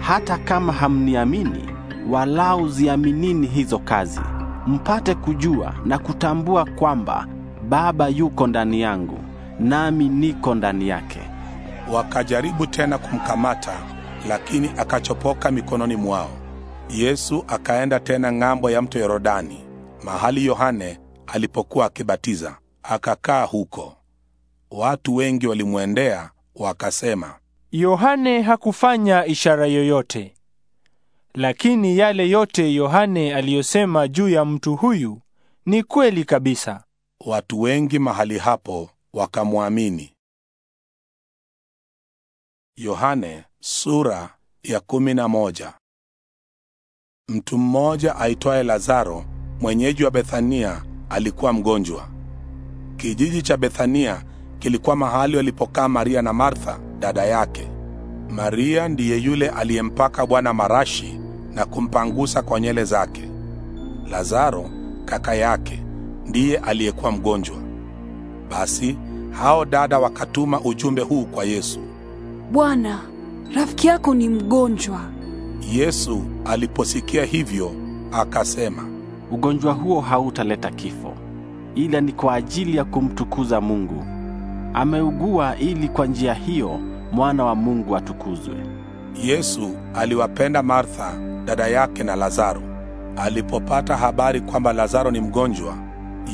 hata kama hamniamini, walau ziaminini hizo kazi, mpate kujua na kutambua kwamba Baba yuko ndani yangu, nami niko ndani yake. Wakajaribu tena kumkamata, lakini akachopoka mikononi mwao. Yesu akaenda tena ng'ambo ya mto Yordani, mahali Yohane alipokuwa akibatiza, akakaa huko. Watu wengi walimwendea wakasema, Yohane hakufanya ishara yoyote, lakini yale yote Yohane aliyosema juu ya mtu huyu ni kweli kabisa. Watu wengi mahali hapo wakamwamini. Yohane sura ya kumi na moja mtu mmoja aitwaye Lazaro mwenyeji wa Bethania alikuwa mgonjwa. Kijiji cha Bethania kilikuwa mahali walipokaa Maria na Martha dada yake. Maria ndiye yule aliyempaka Bwana marashi na kumpangusa kwa nywele zake. Lazaro kaka yake ndiye aliyekuwa mgonjwa. Basi hao dada wakatuma ujumbe huu kwa Yesu: Bwana, rafiki yako ni mgonjwa. Yesu aliposikia hivyo akasema, ugonjwa huo hautaleta kifo, ila ni kwa ajili ya kumtukuza Mungu. Ameugua ili kwa njia hiyo mwana wa Mungu atukuzwe. Yesu aliwapenda Martha, dada yake na Lazaro. Alipopata habari kwamba Lazaro ni mgonjwa,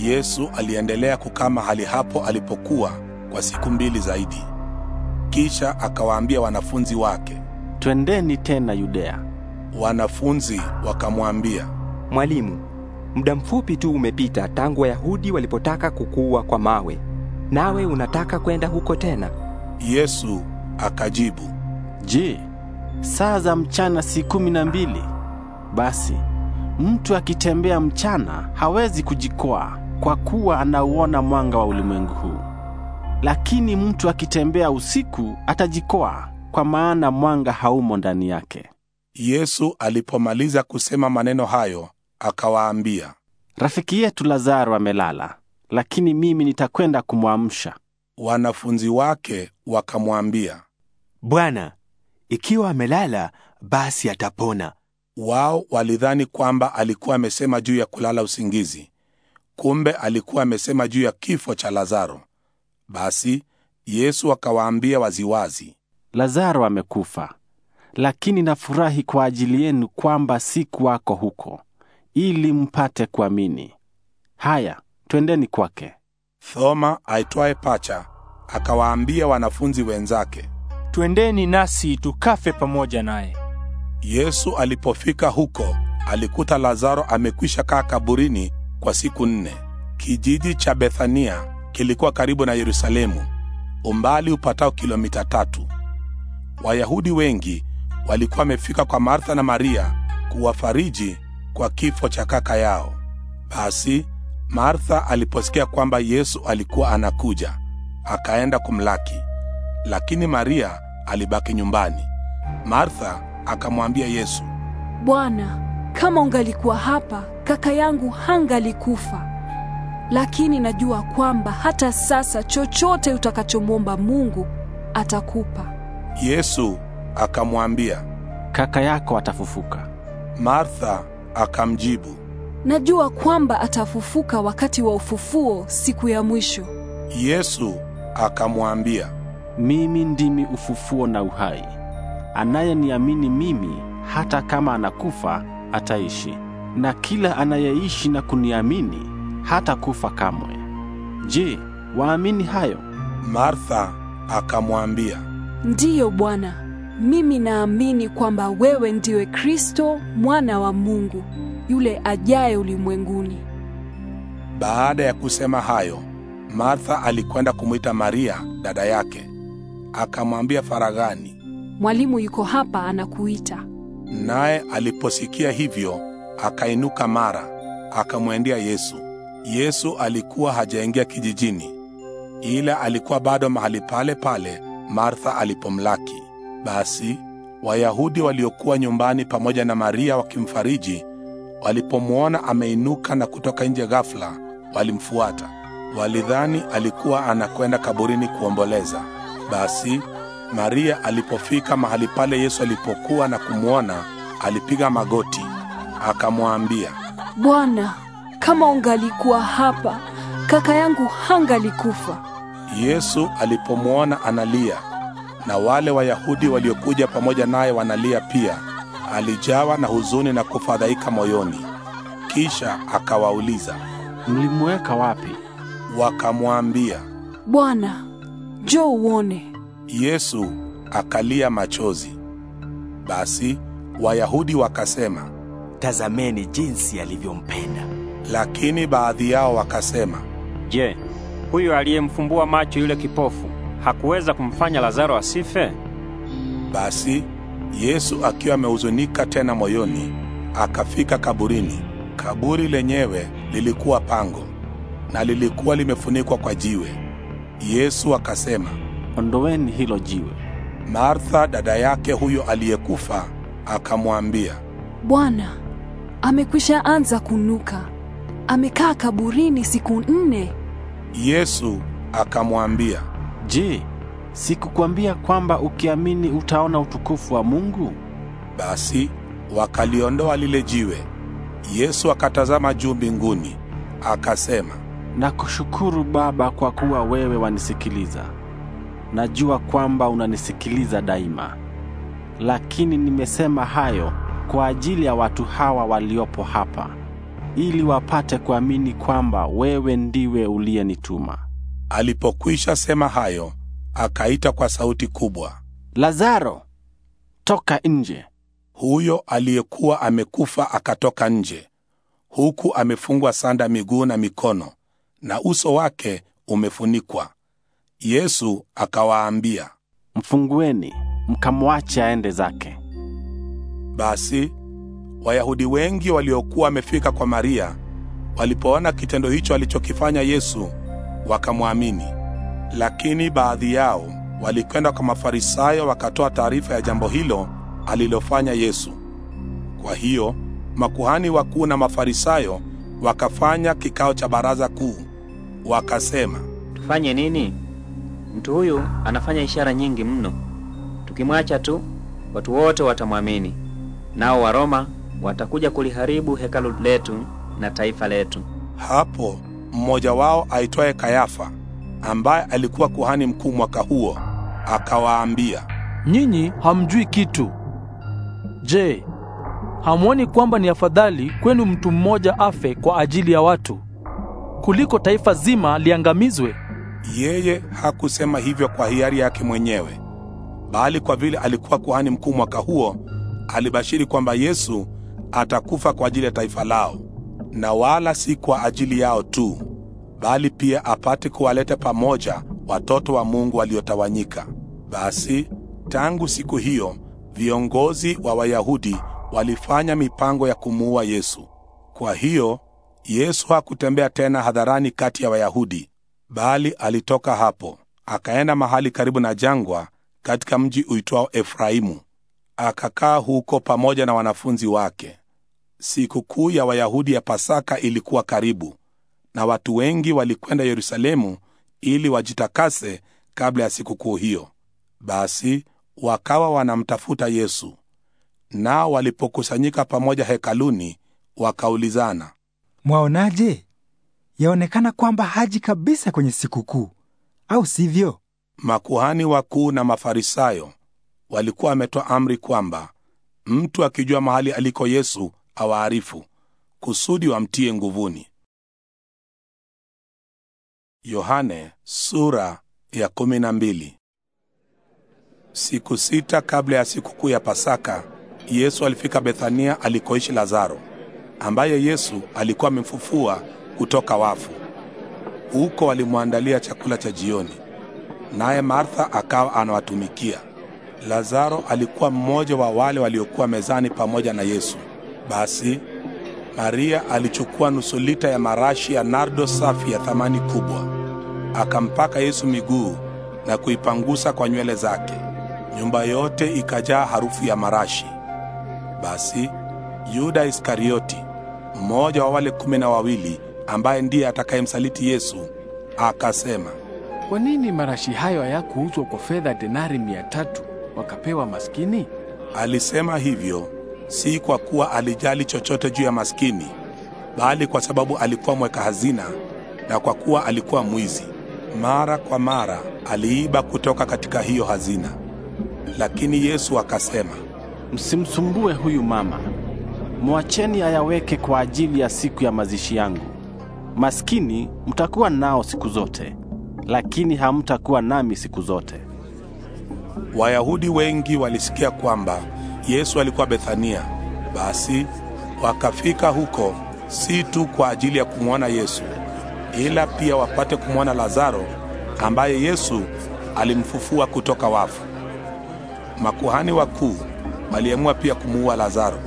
Yesu aliendelea kukaa mahali hapo alipokuwa kwa siku mbili zaidi. Kisha akawaambia wanafunzi wake, twendeni tena Yudea. Wanafunzi wakamwambia, Mwalimu, muda mfupi tu umepita tangu Wayahudi walipotaka kukuua kwa mawe, nawe unataka kwenda huko tena? Yesu akajibu, Je, saa za mchana si kumi na mbili? Basi mtu akitembea mchana hawezi kujikwaa, kwa kuwa anauona mwanga wa ulimwengu huu. Lakini mtu akitembea usiku atajikwaa, kwa maana mwanga haumo ndani yake. Yesu alipomaliza kusema maneno hayo, akawaambia, rafiki yetu Lazaro amelala, lakini mimi nitakwenda kumwamsha. Wanafunzi wake wakamwambia, Bwana, ikiwa amelala basi atapona. Wao walidhani kwamba alikuwa amesema juu ya kulala usingizi, kumbe alikuwa amesema juu ya kifo cha Lazaro. Basi Yesu akawaambia waziwazi, Lazaro amekufa, lakini nafurahi kwa ajili yenu kwamba si kwako huko, ili mpate kuamini. Haya, twendeni kwake. Thoma aitwaye Pacha akawaambia wanafunzi wenzake, twendeni nasi tukafe pamoja naye. Yesu alipofika huko, alikuta Lazaro amekwisha kaa kaburini kwa siku nne. Kijiji cha Bethania kilikuwa karibu na Yerusalemu, umbali upatao kilomita tatu. Wayahudi wengi walikuwa wamefika kwa Martha na Maria kuwafariji kwa kifo cha kaka yao. Basi Martha aliposikia kwamba Yesu alikuwa anakuja, akaenda kumlaki, lakini Maria alibaki nyumbani. Martha akamwambia Yesu, Bwana, kama ungalikuwa hapa, kaka yangu hangalikufa. Lakini najua kwamba hata sasa chochote utakachomwomba Mungu atakupa. Yesu akamwambia, kaka yako atafufuka. Martha akamjibu, najua kwamba atafufuka wakati wa ufufuo siku ya mwisho. Yesu akamwambia, mimi ndimi ufufuo na uhai. Anayeniamini mimi, hata kama anakufa, ataishi. Na kila anayeishi na kuniamini, hata kufa kamwe. Je, waamini hayo? Martha akamwambia Ndiyo Bwana, mimi naamini kwamba wewe ndiwe Kristo mwana wa Mungu, yule ajaye ulimwenguni. Baada ya kusema hayo, Martha alikwenda kumwita Maria dada yake, akamwambia faraghani, Mwalimu yuko hapa anakuita. Naye aliposikia hivyo, akainuka mara akamwendea Yesu. Yesu alikuwa hajaingia kijijini, ila alikuwa bado mahali pale pale Martha alipomlaki. Basi Wayahudi waliokuwa nyumbani pamoja na Maria wakimfariji, walipomwona ameinuka na kutoka nje ghafla, walimfuata. Walidhani alikuwa anakwenda kaburini kuomboleza. Basi Maria alipofika mahali pale Yesu alipokuwa na kumwona, alipiga magoti akamwambia, Bwana, kama ungalikuwa hapa, kaka yangu hangalikufa. Yesu alipomwona analia na wale Wayahudi waliokuja pamoja naye wanalia pia, alijawa na huzuni na kufadhaika moyoni. Kisha akawauliza, mlimweka wapi? Wakamwambia, Bwana, njoo uone. Yesu akalia machozi. Basi Wayahudi wakasema, tazameni jinsi alivyompenda. Lakini baadhi yao wakasema, je, huyo aliyemfumbua macho yule kipofu hakuweza kumfanya Lazaro asife? Basi Yesu akiwa amehuzunika tena moyoni, akafika kaburini. Kaburi lenyewe lilikuwa pango na lilikuwa limefunikwa kwa jiwe. Yesu akasema, ondoweni hilo jiwe. Martha, dada yake huyo aliyekufa, akamwambia, Bwana, amekwisha anza kunuka, amekaa kaburini siku nne. Yesu akamwambia, Je, sikukwambia kwamba ukiamini utaona utukufu wa Mungu? Basi wakaliondoa lile jiwe. Yesu akatazama juu mbinguni, akasema, Nakushukuru Baba kwa kuwa wewe wanisikiliza. Najua kwamba unanisikiliza daima. Lakini nimesema hayo kwa ajili ya watu hawa waliopo hapa ili wapate kuamini kwamba wewe ndiwe uliyenituma. Alipokwisha sema hayo, akaita kwa sauti kubwa, Lazaro, toka nje. Huyo aliyekuwa amekufa akatoka nje, huku amefungwa sanda miguu na mikono, na uso wake umefunikwa. Yesu akawaambia, mfungueni mkamwache aende zake. Basi Wayahudi wengi waliokuwa wamefika kwa Maria walipoona kitendo hicho alichokifanya Yesu wakamwamini, lakini baadhi yao walikwenda kwa Mafarisayo wakatoa taarifa ya jambo hilo alilofanya Yesu. Kwa hiyo makuhani wakuu na Mafarisayo wakafanya kikao cha baraza kuu, wakasema, tufanye nini? Mtu huyu anafanya ishara nyingi mno. Tukimwacha tu, watu wote watamwamini, nao Waroma watakuja kuliharibu hekalu letu na taifa letu. Hapo mmoja wao aitwaye Kayafa, ambaye alikuwa kuhani mkuu mwaka huo, akawaambia, nyinyi hamjui kitu. Je, hamwoni kwamba ni afadhali kwenu mtu mmoja afe kwa ajili ya watu kuliko taifa zima liangamizwe? Yeye hakusema hivyo kwa hiari yake mwenyewe, bali kwa vile alikuwa kuhani mkuu mwaka huo, alibashiri kwamba Yesu atakufa kwa ajili ya taifa lao, na wala si kwa ajili yao tu, bali pia apate kuwaleta pamoja watoto wa Mungu waliotawanyika. Basi tangu siku hiyo viongozi wa Wayahudi walifanya mipango ya kumuua Yesu. Kwa hiyo Yesu hakutembea tena hadharani kati ya Wayahudi, bali alitoka hapo akaenda mahali karibu na jangwa katika mji uitwao Efraimu, akakaa huko pamoja na wanafunzi wake. Sikukuu ya Wayahudi ya Pasaka ilikuwa karibu, na watu wengi walikwenda Yerusalemu ili wajitakase kabla ya sikukuu hiyo. Basi wakawa wanamtafuta Yesu. Nao walipokusanyika pamoja hekaluni, wakaulizana, mwaonaje? Yaonekana kwamba haji kabisa kwenye sikukuu, au sivyo? Makuhani wakuu na Mafarisayo walikuwa wametoa amri kwamba mtu akijua mahali aliko Yesu awaarifu kusudi wamtie nguvuni. Yohane sura ya kumi na mbili. Siku sita kabla ya sikukuu ya Pasaka, Yesu alifika Bethania alikoishi Lazaro, ambaye Yesu alikuwa amemfufua kutoka wafu. Huko walimwandalia chakula cha jioni, naye Martha akawa anawatumikia. Lazaro alikuwa mmoja wa wale waliokuwa mezani pamoja na Yesu. Basi Maria alichukua nusu lita ya marashi ya nardo safi ya thamani kubwa, akampaka Yesu miguu na kuipangusa kwa nywele zake. Nyumba yote ikajaa harufu ya marashi. Basi Yuda Iskarioti, mmoja wa wale kumi na wawili, ambaye ndiye atakayemsaliti Yesu, akasema, kwa nini marashi hayo hayakuuzwa kwa fedha denari mia tatu wakapewa maskini? Alisema hivyo si kwa kuwa alijali chochote juu ya maskini, bali kwa sababu alikuwa mweka hazina na kwa kuwa alikuwa mwizi. Mara kwa mara aliiba kutoka katika hiyo hazina. Lakini Yesu akasema, msimsumbue huyu mama, mwacheni ayaweke kwa ajili ya siku ya mazishi yangu. Maskini mtakuwa nao siku zote, lakini hamtakuwa nami siku zote. Wayahudi wengi walisikia kwamba Yesu alikuwa Bethania, basi wakafika huko si tu kwa ajili ya kumwona Yesu, ila pia wapate kumwona Lazaro ambaye Yesu alimfufua kutoka wafu. Makuhani wakuu waliamua pia kumuua Lazaro,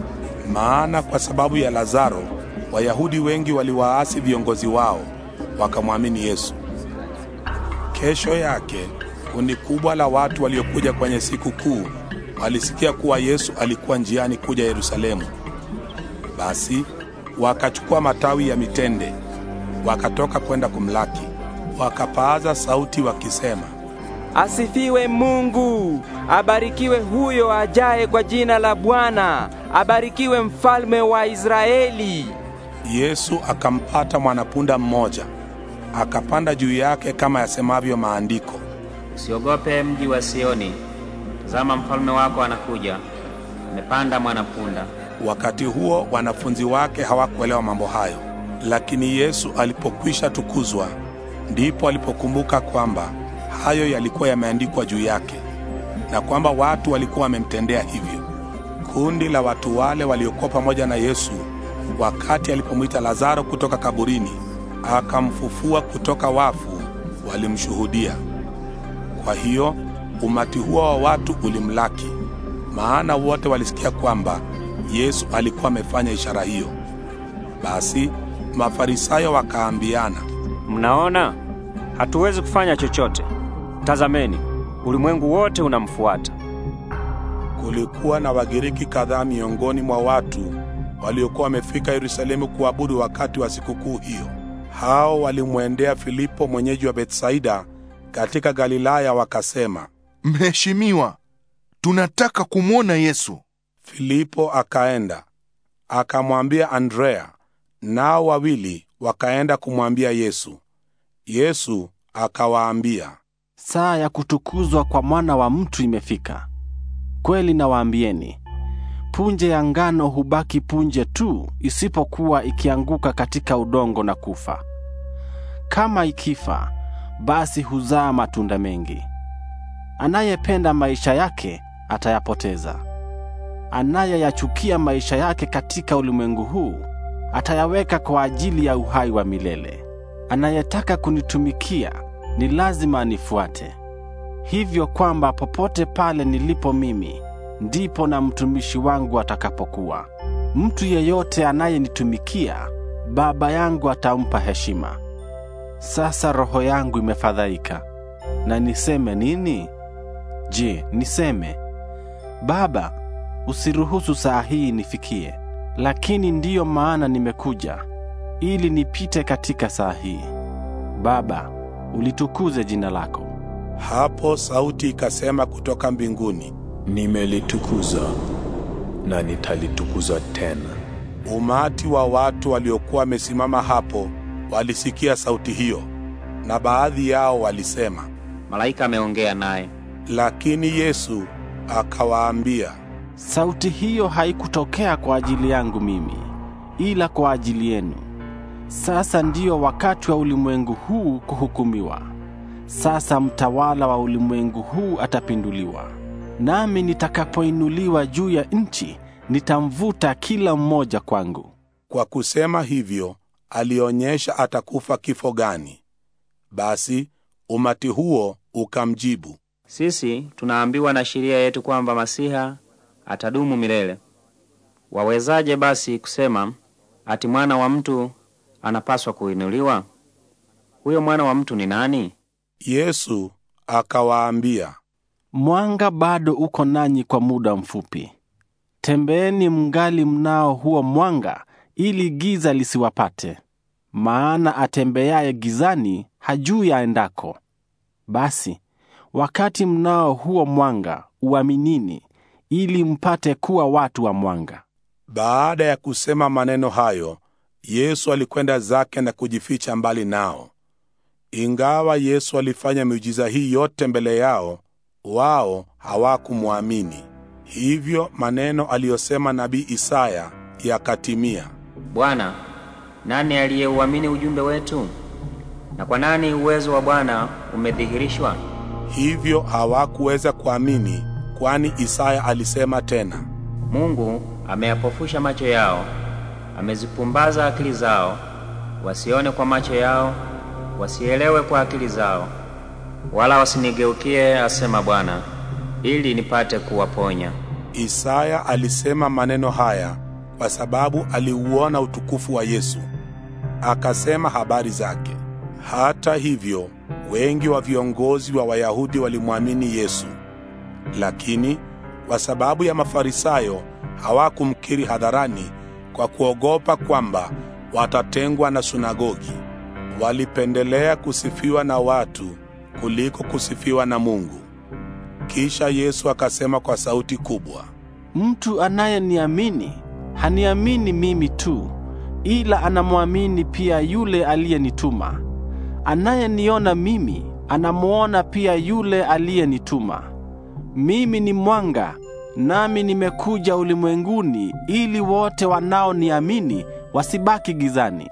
maana kwa sababu ya Lazaro Wayahudi wengi waliwaasi viongozi wao wakamwamini Yesu. Kesho yake Kundi kubwa la watu waliokuja kwenye siku kuu walisikia kuwa Yesu alikuwa njiani kuja Yerusalemu. Basi wakachukua matawi ya mitende, wakatoka kwenda kumlaki, wakapaaza sauti wakisema, Asifiwe Mungu! Abarikiwe huyo ajaye kwa jina la Bwana! Abarikiwe mfalme wa Israeli! Yesu akampata mwanapunda mmoja, akapanda juu yake kama yasemavyo maandiko. Usiogope mji wa Sioni, tazama mfalme wako anakuja, amepanda mwanapunda. Wakati huo wanafunzi wake hawakuelewa mambo hayo, lakini Yesu alipokwisha tukuzwa, ndipo alipokumbuka kwamba hayo yalikuwa yameandikwa juu yake na kwamba watu walikuwa wamemtendea hivyo. Kundi la watu wale waliokuwa pamoja na Yesu wakati alipomwita Lazaro kutoka kaburini akamfufua kutoka wafu, walimshuhudia. Kwa hiyo umati huo wa watu ulimlaki, maana wote walisikia kwamba Yesu alikuwa amefanya ishara hiyo. Basi Mafarisayo wakaambiana, mnaona, hatuwezi kufanya chochote. Tazameni, ulimwengu wote unamfuata. Kulikuwa na Wagiriki kadhaa miongoni mwa watu waliokuwa wamefika Yerusalemu kuabudu wakati wa sikukuu hiyo. Hao walimwendea Filipo mwenyeji wa Betsaida katika Galilaya wakasema, Mheshimiwa, tunataka kumwona Yesu. Filipo akaenda akamwambia Andrea, nao wawili wakaenda kumwambia Yesu. Yesu akawaambia, saa ya kutukuzwa kwa mwana wa mtu imefika. Kweli nawaambieni, punje ya ngano hubaki punje tu, isipokuwa ikianguka katika udongo na kufa. Kama ikifa basi huzaa matunda mengi. Anayependa maisha yake atayapoteza. Anayeyachukia maisha yake katika ulimwengu huu atayaweka kwa ajili ya uhai wa milele. Anayetaka kunitumikia ni lazima anifuate, hivyo kwamba popote pale nilipo mimi ndipo na mtumishi wangu atakapokuwa. Mtu yeyote anayenitumikia Baba yangu atampa heshima. Sasa roho yangu imefadhaika, na niseme nini? Je, niseme Baba, usiruhusu saa hii nifikie, lakini ndiyo maana nimekuja ili nipite katika saa hii. Baba, ulitukuze jina lako. Hapo sauti ikasema kutoka mbinguni, nimelitukuza na nitalitukuza tena. Umati wa watu waliokuwa wamesimama hapo walisikia sauti hiyo, na baadhi yao walisema, malaika ameongea naye. Lakini Yesu akawaambia, sauti hiyo haikutokea kwa ajili yangu mimi, ila kwa ajili yenu. Sasa ndiyo wakati wa ulimwengu huu kuhukumiwa. Sasa mtawala wa ulimwengu huu atapinduliwa, nami nitakapoinuliwa juu ya nchi nitamvuta kila mmoja kwangu. Kwa kusema hivyo alionyesha atakufa kifo gani. Basi umati huo ukamjibu, sisi tunaambiwa na sheria yetu kwamba Masiha atadumu milele. Wawezaje basi kusema ati mwana wa mtu anapaswa kuinuliwa? Huyo mwana wa mtu ni nani? Yesu akawaambia, mwanga bado uko nanyi kwa muda mfupi. Tembeeni mngali mnao huo mwanga, ili giza lisiwapate, maana atembeaye gizani hajui aendako. Basi wakati mnao huo mwanga uaminini, ili mpate kuwa watu wa mwanga. Baada ya kusema maneno hayo, Yesu alikwenda zake na kujificha mbali nao. Ingawa Yesu alifanya miujiza hii yote mbele yao, wao hawakumwamini. Hivyo maneno aliyosema nabii Isaya yakatimia. Bwana, nani aliyeuamini ujumbe wetu? Na kwa nani uwezo wa Bwana umedhihirishwa? Hivyo hawakuweza kuamini, kwani Isaya alisema tena, Mungu ameyapofusha macho yao, amezipumbaza akili zao, wasione kwa macho yao, wasielewe kwa akili zao, wala wasinigeukie, asema Bwana, ili nipate kuwaponya. Isaya alisema maneno haya kwa sababu aliuona utukufu wa Yesu, akasema habari zake. Hata hivyo, wengi wa viongozi wa Wayahudi walimwamini Yesu, lakini kwa sababu ya Mafarisayo hawakumkiri hadharani kwa kuogopa kwamba watatengwa na sunagogi. Walipendelea kusifiwa na watu kuliko kusifiwa na Mungu. Kisha Yesu akasema kwa sauti kubwa, Mtu anayeniamini haniamini mimi tu, ila anamwamini pia yule aliyenituma. Anayeniona mimi anamwona pia yule aliyenituma. Mimi ni mwanga, nami nimekuja ulimwenguni ili wote wanaoniamini wasibaki gizani.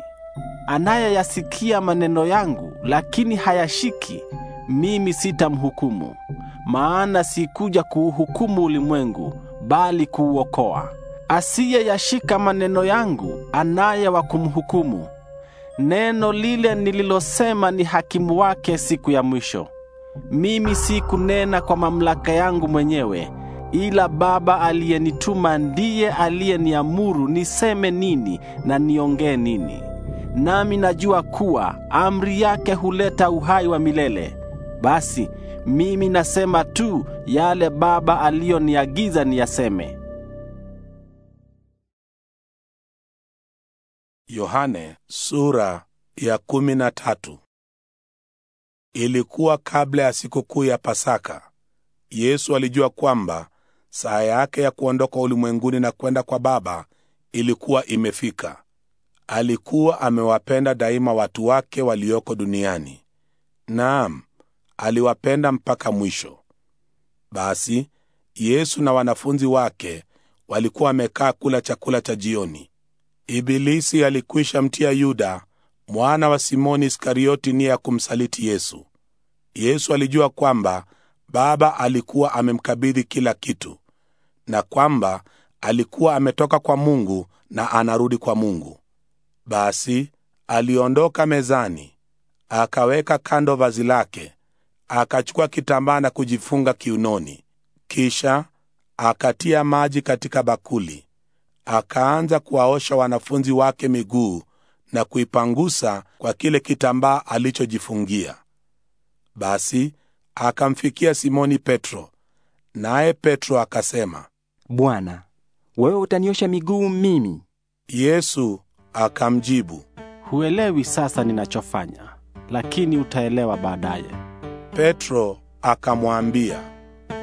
Anayeyasikia maneno yangu lakini hayashiki, mimi sitamhukumu, maana sikuja kuuhukumu ulimwengu, bali kuuokoa asiyeyashika maneno yangu anaye wa kumhukumu. Neno lile nililosema ni hakimu wake siku ya mwisho. Mimi sikunena kwa mamlaka yangu mwenyewe, ila Baba aliyenituma ndiye aliyeniamuru niseme nini na niongee nini. Nami najua kuwa amri yake huleta uhai wa milele. Basi mimi nasema tu yale Baba aliyoniagiza niyaseme. Yohane sura ya kumi na tatu. Ilikuwa kabla ya sikukuu ya Pasaka. Yesu alijua kwamba saa yake ya kuondoka ulimwenguni na kwenda kwa Baba ilikuwa imefika. Alikuwa amewapenda daima watu wake walioko duniani. Naam, aliwapenda mpaka mwisho. Basi Yesu na wanafunzi wake walikuwa wamekaa kula chakula cha jioni. Ibilisi alikwisha mtia Yuda mwana wa Simoni Iskarioti nia ya kumsaliti Yesu. Yesu alijua kwamba Baba alikuwa amemkabidhi kila kitu na kwamba alikuwa ametoka kwa Mungu na anarudi kwa Mungu. Basi aliondoka mezani, akaweka kando vazi lake, akachukua kitambaa na kujifunga kiunoni, kisha akatia maji katika bakuli akaanza kuwaosha wanafunzi wake miguu na kuipangusa kwa kile kitambaa alichojifungia. Basi akamfikia Simoni Petro, naye Petro akasema, Bwana, wewe utaniosha miguu mimi? Yesu akamjibu, huelewi sasa ninachofanya, lakini utaelewa baadaye. Petro akamwambia,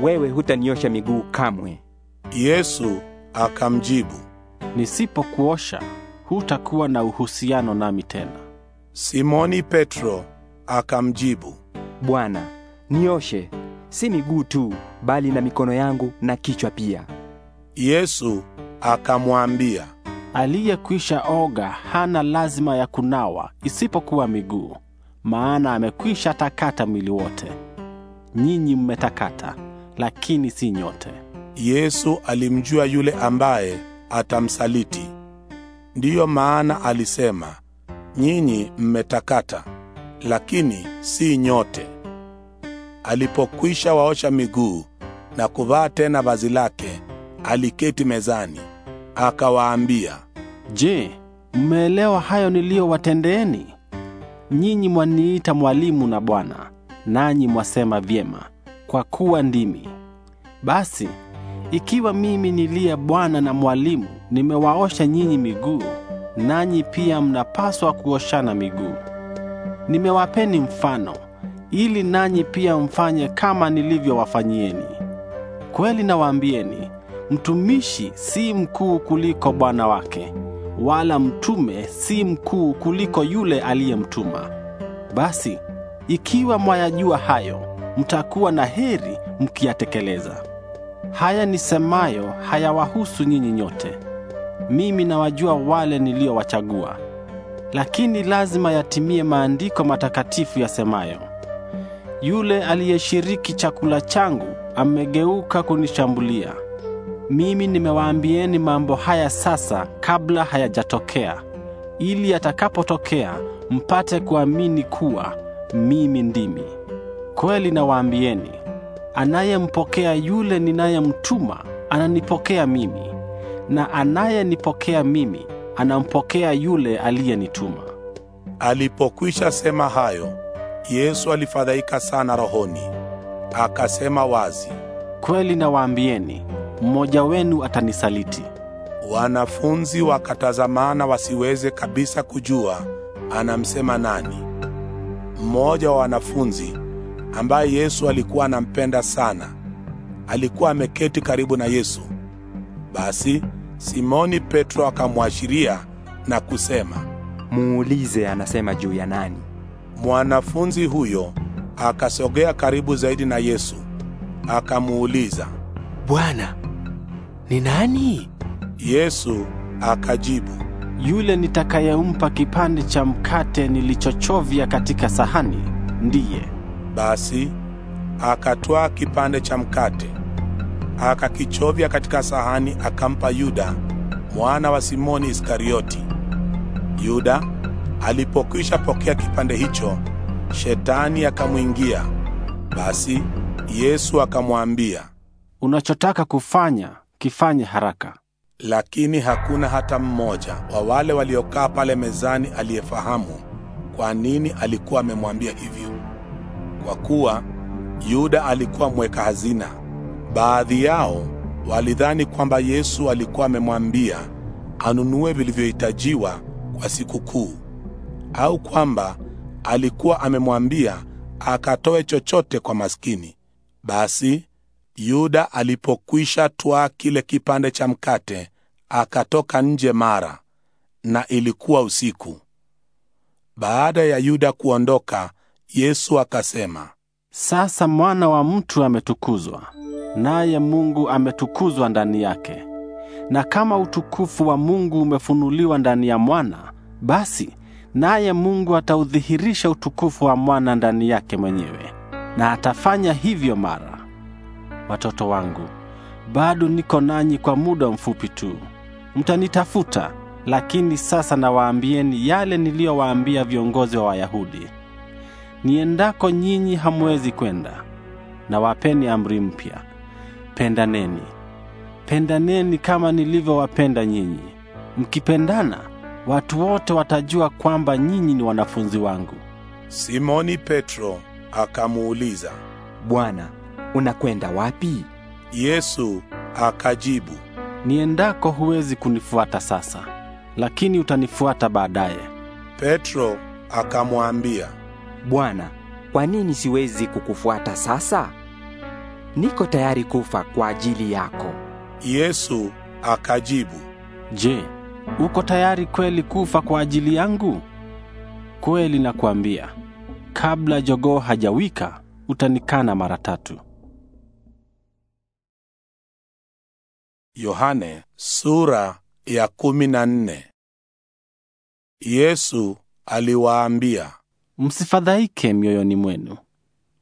wewe hutaniosha miguu kamwe. Yesu akamjibu nisipokuosha hutakuwa na uhusiano nami tena. Simoni Petro akamjibu, Bwana, nioshe si miguu tu, bali na mikono yangu na kichwa pia. Yesu akamwambia, aliyekwisha oga hana lazima ya kunawa isipokuwa miguu, maana amekwisha takata mwili wote. Nyinyi mmetakata, lakini si nyote. Yesu alimjua yule ambaye atamsaliti. Ndiyo maana alisema, nyinyi mmetakata, lakini si nyote. Alipokwisha waosha miguu na kuvaa tena vazi lake, aliketi mezani, akawaambia, Je, mmeelewa hayo niliyowatendeeni? Nyinyi mwaniita mwalimu na Bwana, nanyi mwasema vyema, kwa kuwa ndimi. Basi ikiwa mimi niliye Bwana na mwalimu nimewaosha nyinyi miguu, nanyi pia mnapaswa kuoshana miguu. Nimewapeni mfano ili nanyi pia mfanye kama nilivyowafanyieni. Kweli nawaambieni, mtumishi si mkuu kuliko bwana wake, wala mtume si mkuu kuliko yule aliyemtuma. Basi ikiwa mwayajua hayo, mtakuwa na heri mkiyatekeleza. Haya nisemayo hayawahusu nyinyi nyote. Mimi nawajua wale niliowachagua. Lakini lazima yatimie maandiko matakatifu yasemayo, yule aliyeshiriki chakula changu amegeuka kunishambulia. Mimi nimewaambieni mambo haya sasa kabla hayajatokea, ili yatakapotokea mpate kuamini kuwa mimi ndimi. Kweli nawaambieni Anayempokea yule ninayemtuma ananipokea mimi, na anayenipokea mimi anampokea yule aliyenituma. Alipokwisha sema hayo, Yesu alifadhaika sana rohoni, akasema wazi, kweli nawaambieni, mmoja wenu atanisaliti. Wanafunzi wakatazamana wasiweze kabisa kujua anamsema nani. Mmoja wa wanafunzi ambaye Yesu alikuwa anampenda sana, alikuwa ameketi karibu na Yesu. Basi Simoni Petro akamwashiria na kusema, muulize anasema juu ya nani? Mwanafunzi huyo akasogea karibu zaidi na Yesu akamuuliza, Bwana, ni nani? Yesu akajibu, yule nitakayempa kipande cha mkate nilichochovya katika sahani ndiye. Basi akatwa kipande cha mkate, akakichovya katika sahani, akampa Yuda mwana wa Simoni Iskarioti. Yuda alipokwisha pokea kipande hicho, shetani akamwingia. Basi Yesu akamwambia, unachotaka kufanya kifanye haraka. Lakini hakuna hata mmoja wa wale waliokaa pale mezani aliyefahamu kwa nini alikuwa amemwambia hivyo kwa kuwa Yuda alikuwa mweka hazina. Baadhi yao walidhani kwamba Yesu alikuwa amemwambia anunue vilivyohitajiwa kwa sikukuu au kwamba alikuwa amemwambia akatoe chochote kwa maskini. Basi Yuda alipokwisha twaa kile kipande cha mkate, akatoka nje mara, na ilikuwa usiku. Baada ya Yuda kuondoka, Yesu akasema, sasa mwana wa mtu ametukuzwa, naye Mungu ametukuzwa ndani yake. Na kama utukufu wa Mungu umefunuliwa ndani ya mwana, basi naye Mungu ataudhihirisha utukufu wa mwana ndani yake mwenyewe, na atafanya hivyo mara. Watoto wangu, bado niko nanyi kwa muda mfupi tu. Mtanitafuta, lakini sasa nawaambieni yale niliyowaambia viongozi wa Wayahudi niendako nyinyi hamwezi kwenda. Na wapeni amri mpya, pendaneni. Pendaneni kama nilivyowapenda nyinyi. Mkipendana, watu wote watajua kwamba nyinyi ni wanafunzi wangu. Simoni Petro akamuuliza, Bwana, unakwenda wapi? Yesu akajibu, niendako huwezi kunifuata sasa, lakini utanifuata baadaye. Petro akamwambia Bwana, kwa nini siwezi kukufuata sasa? Niko tayari kufa kwa ajili yako. Yesu akajibu, Je, uko tayari kweli kufa kwa ajili yangu? Kweli nakuambia, kabla jogoo hajawika utanikana mara tatu. Yohane sura ya kumi na nne. Yesu aliwaambia, Msifadhaike mioyoni mwenu,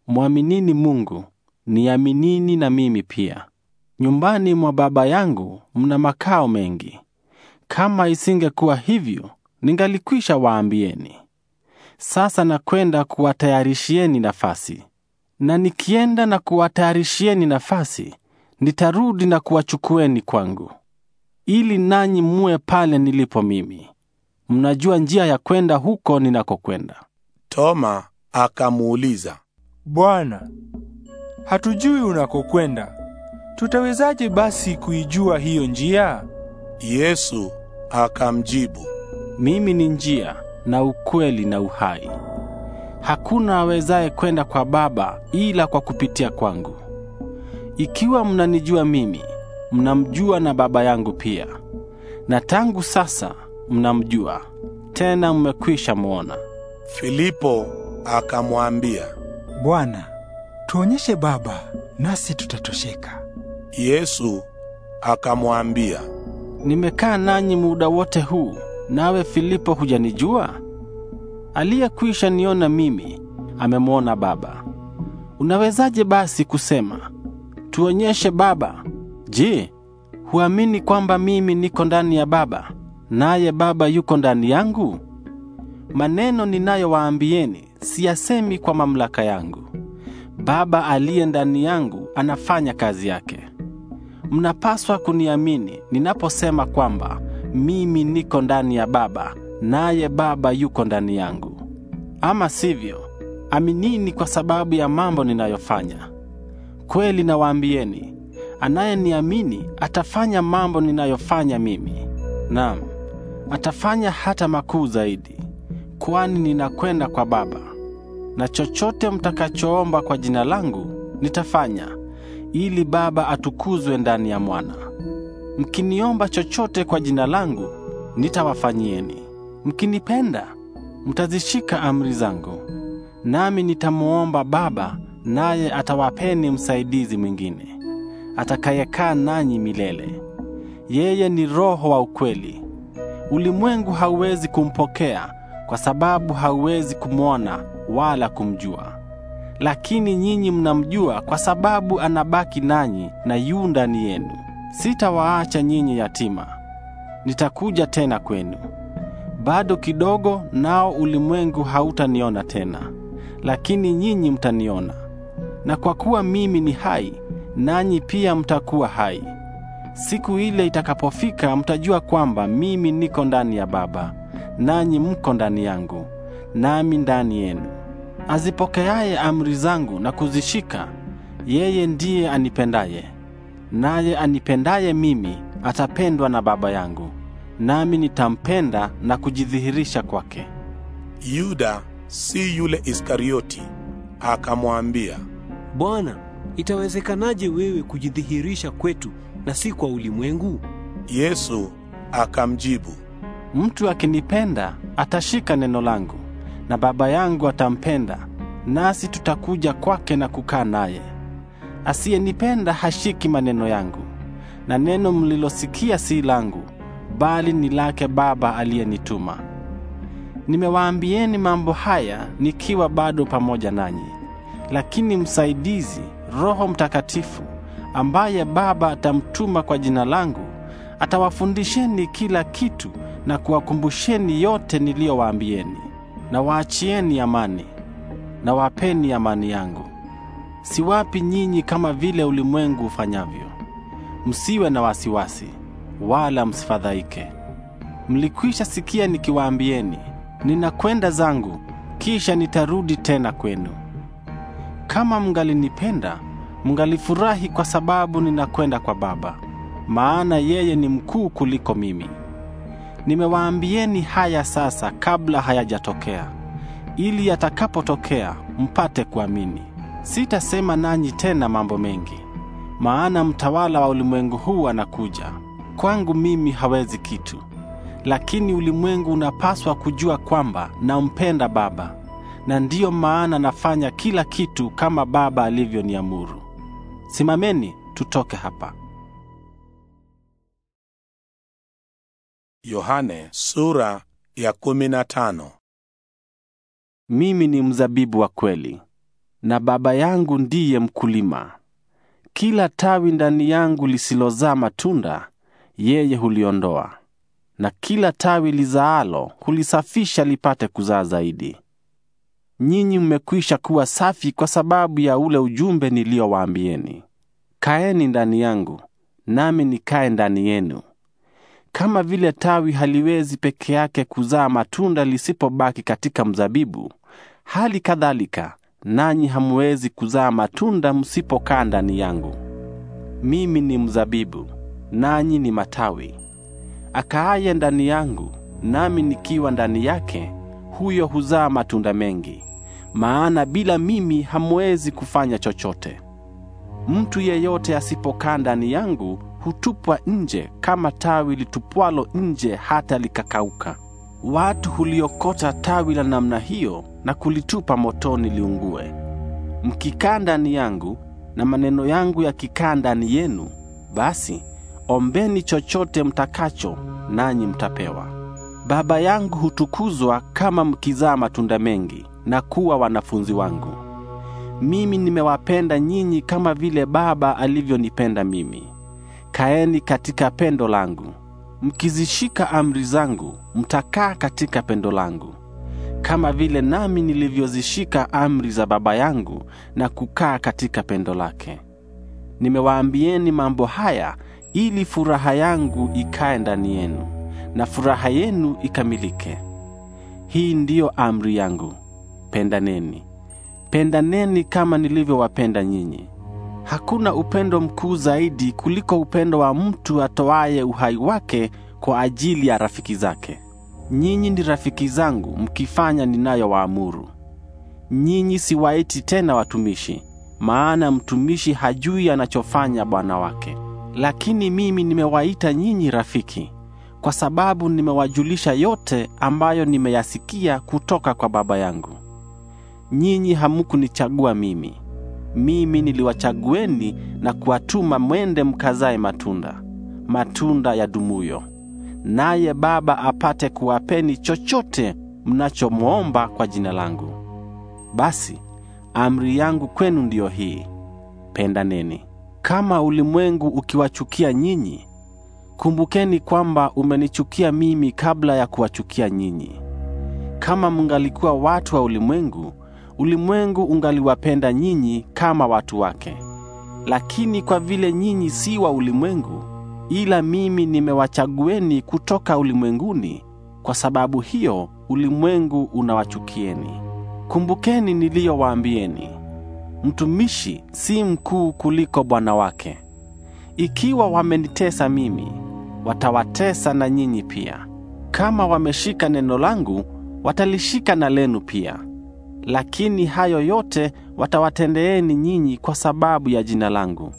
mwaminini Mungu, niaminini na mimi pia. Nyumbani mwa Baba yangu mna makao mengi; kama isingekuwa hivyo, ningalikwisha waambieni. Sasa nakwenda kuwatayarishieni nafasi, na nikienda na kuwatayarishieni nafasi, nitarudi na kuwachukueni kwangu, ili nanyi muwe pale nilipo mimi. Mnajua njia ya kwenda huko ninakokwenda. Toma akamuuliza, Bwana, hatujui unakokwenda. Tutawezaje basi kuijua hiyo njia? Yesu akamjibu, Mimi ni njia na ukweli na uhai. Hakuna awezaye kwenda kwa Baba ila kwa kupitia kwangu. Ikiwa mnanijua mimi, mnamjua na Baba yangu pia. Na tangu sasa mnamjua, tena mmekwisha mwona. Filipo akamwambia, Bwana, tuonyeshe Baba nasi tutatosheka. Yesu akamwambia, nimekaa nanyi muda wote huu, nawe Filipo hujanijua? Aliyekwisha niona mimi amemwona Baba. Unawezaje basi kusema tuonyeshe Baba? Je, huamini kwamba mimi niko ndani ya Baba naye Baba yuko ndani yangu? Maneno ninayowaambieni siyasemi kwa mamlaka yangu. Baba aliye ndani yangu anafanya kazi yake. Mnapaswa kuniamini ninaposema kwamba mimi niko ndani ya Baba naye Baba yuko ndani yangu. Ama sivyo, aminini kwa sababu ya mambo ninayofanya. Kweli nawaambieni, anayeniamini atafanya mambo ninayofanya mimi. Naam, atafanya hata makuu zaidi kwani ninakwenda kwa Baba. Na chochote mtakachoomba kwa jina langu nitafanya, ili Baba atukuzwe ndani ya Mwana. Mkiniomba chochote kwa jina langu nitawafanyieni. Mkinipenda mtazishika amri zangu, nami nitamwomba Baba, naye atawapeni msaidizi mwingine atakayekaa nanyi milele. Yeye ni Roho wa ukweli. Ulimwengu hauwezi kumpokea kwa sababu hauwezi kumwona wala kumjua. Lakini nyinyi mnamjua kwa sababu anabaki nanyi na yu ndani yenu. Sitawaacha nyinyi yatima, nitakuja tena kwenu. Bado kidogo, nao ulimwengu hautaniona tena, lakini nyinyi mtaniona. Na kwa kuwa mimi ni hai, nanyi pia mtakuwa hai. Siku ile itakapofika, mtajua kwamba mimi niko ndani ya Baba nanyi mko ndani yangu, nami ndani yenu. Azipokeaye amri zangu na kuzishika, yeye ndiye anipendaye, naye anipendaye mimi atapendwa na Baba yangu, nami nitampenda na kujidhihirisha kwake. Yuda si yule Iskarioti akamwambia, Bwana, itawezekanaje wewe kujidhihirisha kwetu na si kwa ulimwengu? Yesu akamjibu, Mtu akinipenda atashika neno langu, na Baba yangu atampenda, nasi tutakuja kwake na kukaa naye. Asiyenipenda hashiki maneno yangu, na neno mlilosikia si langu, bali ni lake Baba aliyenituma. Nimewaambieni mambo haya nikiwa bado pamoja nanyi. Lakini msaidizi, Roho Mtakatifu, ambaye Baba atamtuma kwa jina langu, atawafundisheni kila kitu na kuwakumbusheni yote niliyowaambieni. Na waachieni amani, na wapeni amani yangu. Siwapi nyinyi kama vile ulimwengu ufanyavyo. Msiwe na wasiwasi wala msifadhaike. Mlikwisha sikia nikiwaambieni, ninakwenda zangu, kisha nitarudi tena kwenu. Kama mngalinipenda, mngalifurahi kwa sababu ninakwenda kwa Baba maana yeye ni mkuu kuliko mimi. Nimewaambieni haya sasa kabla hayajatokea, ili yatakapotokea mpate kuamini. Sitasema nanyi tena mambo mengi, maana mtawala wa ulimwengu huu anakuja. Kwangu mimi hawezi kitu, lakini ulimwengu unapaswa kujua kwamba nampenda Baba, na ndiyo maana nafanya kila kitu kama Baba alivyoniamuru. Simameni, tutoke hapa. Yohane sura ya kumi na tano. Mimi ni mzabibu wa kweli na Baba yangu ndiye mkulima. Kila tawi ndani yangu lisilozaa matunda yeye huliondoa, na kila tawi lizaalo hulisafisha lipate kuzaa zaidi. Nyinyi mmekwisha kuwa safi kwa sababu ya ule ujumbe niliowaambieni. Kaeni ndani yangu, nami nikae ndani yenu. Kama vile tawi haliwezi peke yake kuzaa matunda lisipobaki katika mzabibu, hali kadhalika nanyi hamwezi kuzaa matunda msipokaa ndani yangu. Mimi ni mzabibu, nanyi ni matawi. Akaaye ndani yangu, nami nikiwa ndani yake, huyo huzaa matunda mengi, maana bila mimi hamwezi kufanya chochote. Mtu yeyote asipokaa ndani yangu hutupwa nje kama tawi litupwalo nje hata likakauka. Watu huliokota tawi la namna hiyo na kulitupa motoni liungue. Mkikaa ndani yangu na maneno yangu yakikaa ndani yenu, basi ombeni chochote mtakacho, nanyi mtapewa. Baba yangu hutukuzwa kama mkizaa matunda mengi na kuwa wanafunzi wangu. Mimi nimewapenda nyinyi kama vile Baba alivyonipenda mimi kaeni katika pendo langu. Mkizishika amri zangu, mtakaa katika pendo langu, kama vile nami nilivyozishika amri za Baba yangu na kukaa katika pendo lake. Nimewaambieni mambo haya ili furaha yangu ikae ndani yenu na furaha yenu ikamilike. Hii ndiyo amri yangu, pendaneni. Pendaneni kama nilivyowapenda nyinyi. Hakuna upendo mkuu zaidi kuliko upendo wa mtu atoaye uhai wake kwa ajili ya rafiki zake. Nyinyi ni rafiki zangu mkifanya ninayowaamuru. Nyinyi siwaiti tena watumishi, maana mtumishi hajui anachofanya bwana wake. Lakini mimi nimewaita nyinyi rafiki, kwa sababu nimewajulisha yote ambayo nimeyasikia kutoka kwa Baba yangu. Nyinyi hamukunichagua mimi mimi niliwachagueni na kuwatuma mwende mkazae matunda, matunda ya dumuyo, naye Baba apate kuwapeni chochote mnachomwomba kwa jina langu. Basi amri yangu kwenu ndiyo hii: pendaneni. Kama ulimwengu ukiwachukia nyinyi, kumbukeni kwamba umenichukia mimi kabla ya kuwachukia nyinyi. Kama mngalikuwa watu wa ulimwengu ulimwengu ungaliwapenda nyinyi kama watu wake. Lakini kwa vile nyinyi si wa ulimwengu, ila mimi nimewachagueni kutoka ulimwenguni, kwa sababu hiyo ulimwengu unawachukieni. Kumbukeni niliyowaambieni, mtumishi si mkuu kuliko bwana wake. Ikiwa wamenitesa mimi, watawatesa na nyinyi pia. Kama wameshika neno langu, watalishika na lenu pia lakini hayo yote watawatendeeni nyinyi kwa sababu ya jina langu,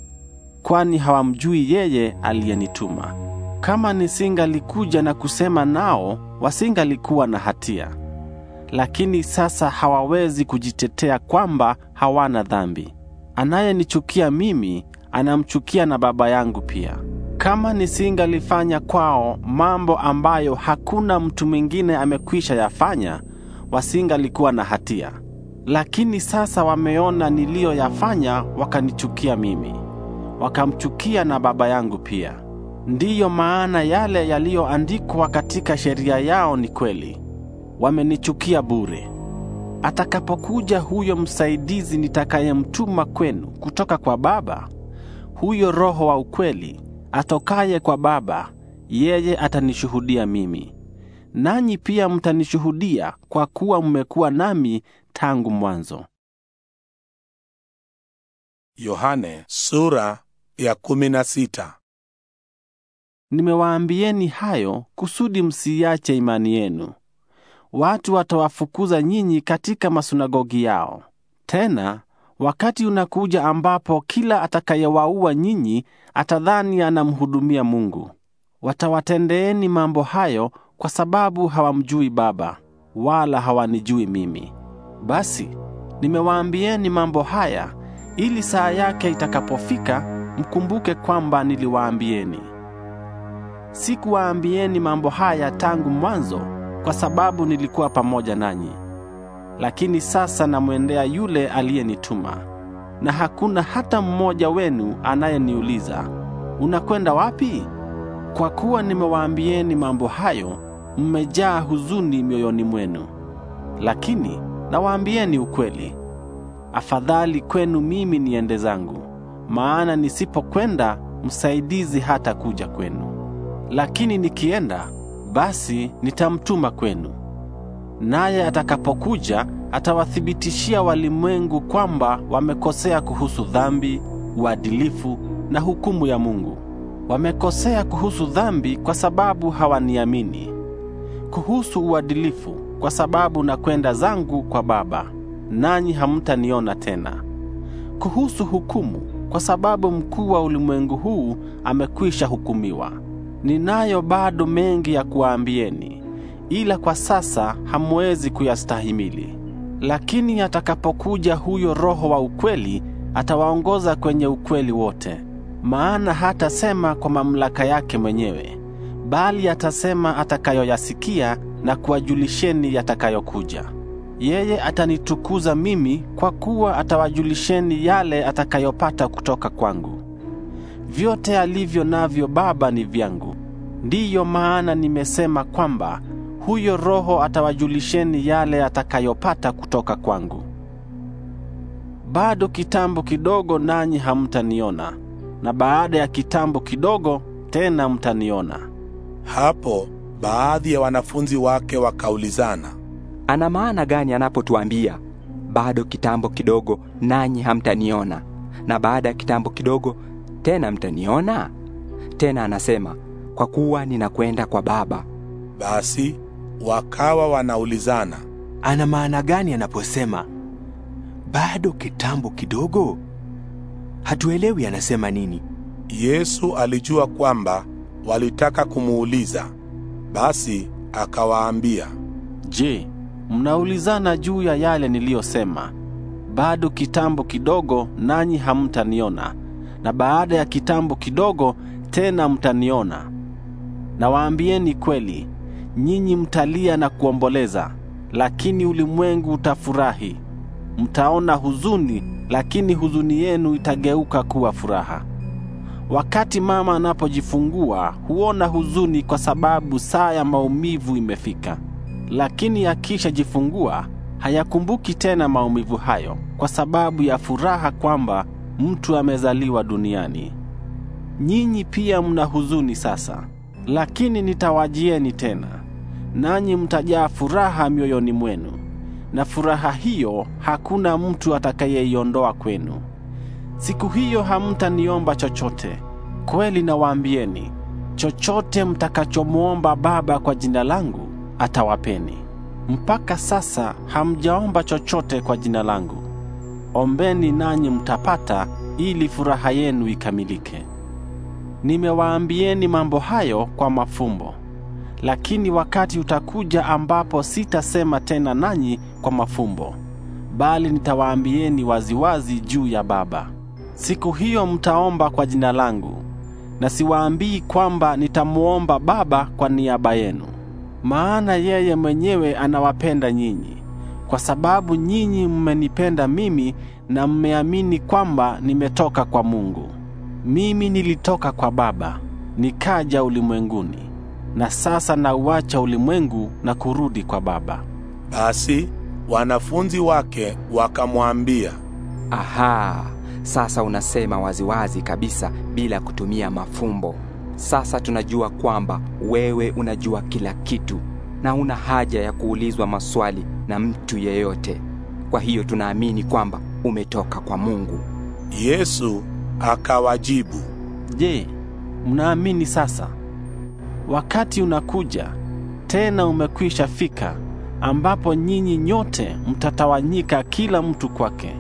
kwani hawamjui yeye aliyenituma. Kama nisingalikuja na kusema nao, wasingalikuwa na hatia, lakini sasa hawawezi kujitetea kwamba hawana dhambi. Anayenichukia mimi anamchukia na Baba yangu pia. Kama nisingalifanya kwao mambo ambayo hakuna mtu mwingine amekwisha yafanya wasingalikuwa na hatia, lakini sasa wameona niliyoyafanya, wakanichukia mimi, wakamchukia na Baba yangu pia. Ndiyo maana yale yaliyoandikwa katika sheria yao ni kweli, wamenichukia bure. Atakapokuja huyo msaidizi nitakayemtuma kwenu kutoka kwa Baba, huyo Roho wa ukweli atokaye kwa Baba, yeye atanishuhudia mimi, nanyi pia mtanishuhudia kwa kuwa mmekuwa nami tangu mwanzo. Yohane sura ya kumi na sita. Nimewaambieni hayo kusudi msiiache imani yenu. Watu watawafukuza nyinyi katika masunagogi yao. Tena wakati unakuja ambapo kila atakayewaua nyinyi atadhani anamhudumia Mungu. Watawatendeeni mambo hayo kwa sababu hawamjui Baba wala hawanijui mimi. Basi nimewaambieni mambo haya ili saa yake itakapofika mkumbuke kwamba niliwaambieni. Sikuwaambieni mambo haya tangu mwanzo kwa sababu nilikuwa pamoja nanyi. Lakini sasa namwendea yule aliyenituma, na hakuna hata mmoja wenu anayeniuliza, unakwenda wapi? Kwa kuwa nimewaambieni mambo hayo mmejaa huzuni mioyoni mwenu. Lakini nawaambieni ukweli, afadhali kwenu mimi niende zangu, maana nisipokwenda msaidizi hata kuja kwenu, lakini nikienda, basi nitamtuma kwenu. Naye atakapokuja atawathibitishia walimwengu kwamba wamekosea kuhusu dhambi, uadilifu na hukumu ya Mungu. Wamekosea kuhusu dhambi kwa sababu hawaniamini kuhusu uadilifu, kwa sababu nakwenda zangu kwa Baba, nanyi hamtaniona tena; kuhusu hukumu, kwa sababu mkuu wa ulimwengu huu amekwisha hukumiwa. Ninayo bado mengi ya kuwaambieni, ila kwa sasa hamwezi kuyastahimili. Lakini atakapokuja huyo Roho wa ukweli, atawaongoza kwenye ukweli wote, maana hatasema kwa mamlaka yake mwenyewe bali atasema atakayoyasikia na kuwajulisheni yatakayokuja. Yeye atanitukuza mimi, kwa kuwa atawajulisheni yale atakayopata kutoka kwangu. Vyote alivyo navyo Baba ni vyangu. Ndiyo maana nimesema kwamba huyo Roho atawajulisheni yale atakayopata kutoka kwangu. Bado kitambo kidogo, nanyi hamtaniona, na baada ya kitambo kidogo tena mtaniona. Hapo baadhi ya wanafunzi wake wakaulizana, ana maana gani anapotuambia bado kitambo kidogo nanyi hamtaniona na baada ya kitambo kidogo tena mtaniona? Tena anasema kwa kuwa ninakwenda kwa Baba. Basi wakawa wanaulizana, ana maana gani anaposema bado kitambo kidogo? Hatuelewi anasema nini. Yesu alijua kwamba walitaka kumuuliza. Basi akawaambia, Je, mnaulizana juu ya yale niliyosema? Bado kitambo kidogo nanyi hamtaniona, na baada ya kitambo kidogo tena mtaniona. Nawaambieni kweli, nyinyi mtalia na kuomboleza, lakini ulimwengu utafurahi. Mtaona huzuni, lakini huzuni yenu itageuka kuwa furaha. Wakati mama anapojifungua huona huzuni kwa sababu saa ya maumivu imefika, lakini akishajifungua hayakumbuki tena maumivu hayo kwa sababu ya furaha kwamba mtu amezaliwa duniani. Nyinyi pia mna huzuni sasa, lakini nitawajieni tena, nanyi mtajaa furaha mioyoni mwenu, na furaha hiyo hakuna mtu atakayeiondoa kwenu. Siku hiyo hamtaniomba chochote. Kweli nawaambieni, chochote mtakachomwomba Baba kwa jina langu atawapeni. Mpaka sasa hamjaomba chochote kwa jina langu. Ombeni nanyi mtapata, ili furaha yenu ikamilike. Nimewaambieni mambo hayo kwa mafumbo, lakini wakati utakuja ambapo sitasema tena nanyi kwa mafumbo, bali nitawaambieni waziwazi juu ya Baba. Siku hiyo mtaomba kwa jina langu, na siwaambii kwamba nitamwomba Baba kwa niaba yenu, maana yeye mwenyewe anawapenda nyinyi, kwa sababu nyinyi mmenipenda mimi na mmeamini kwamba nimetoka kwa Mungu. Mimi nilitoka kwa Baba nikaja ulimwenguni, na sasa nauacha ulimwengu na kurudi kwa Baba. Basi wanafunzi wake wakamwambia, aha sasa unasema waziwazi kabisa bila kutumia mafumbo. Sasa tunajua kwamba wewe unajua kila kitu na una haja ya kuulizwa maswali na mtu yeyote. Kwa hiyo tunaamini kwamba umetoka kwa Mungu. Yesu akawajibu, Je, mnaamini sasa? Wakati unakuja tena umekwisha fika ambapo nyinyi nyote mtatawanyika kila mtu kwake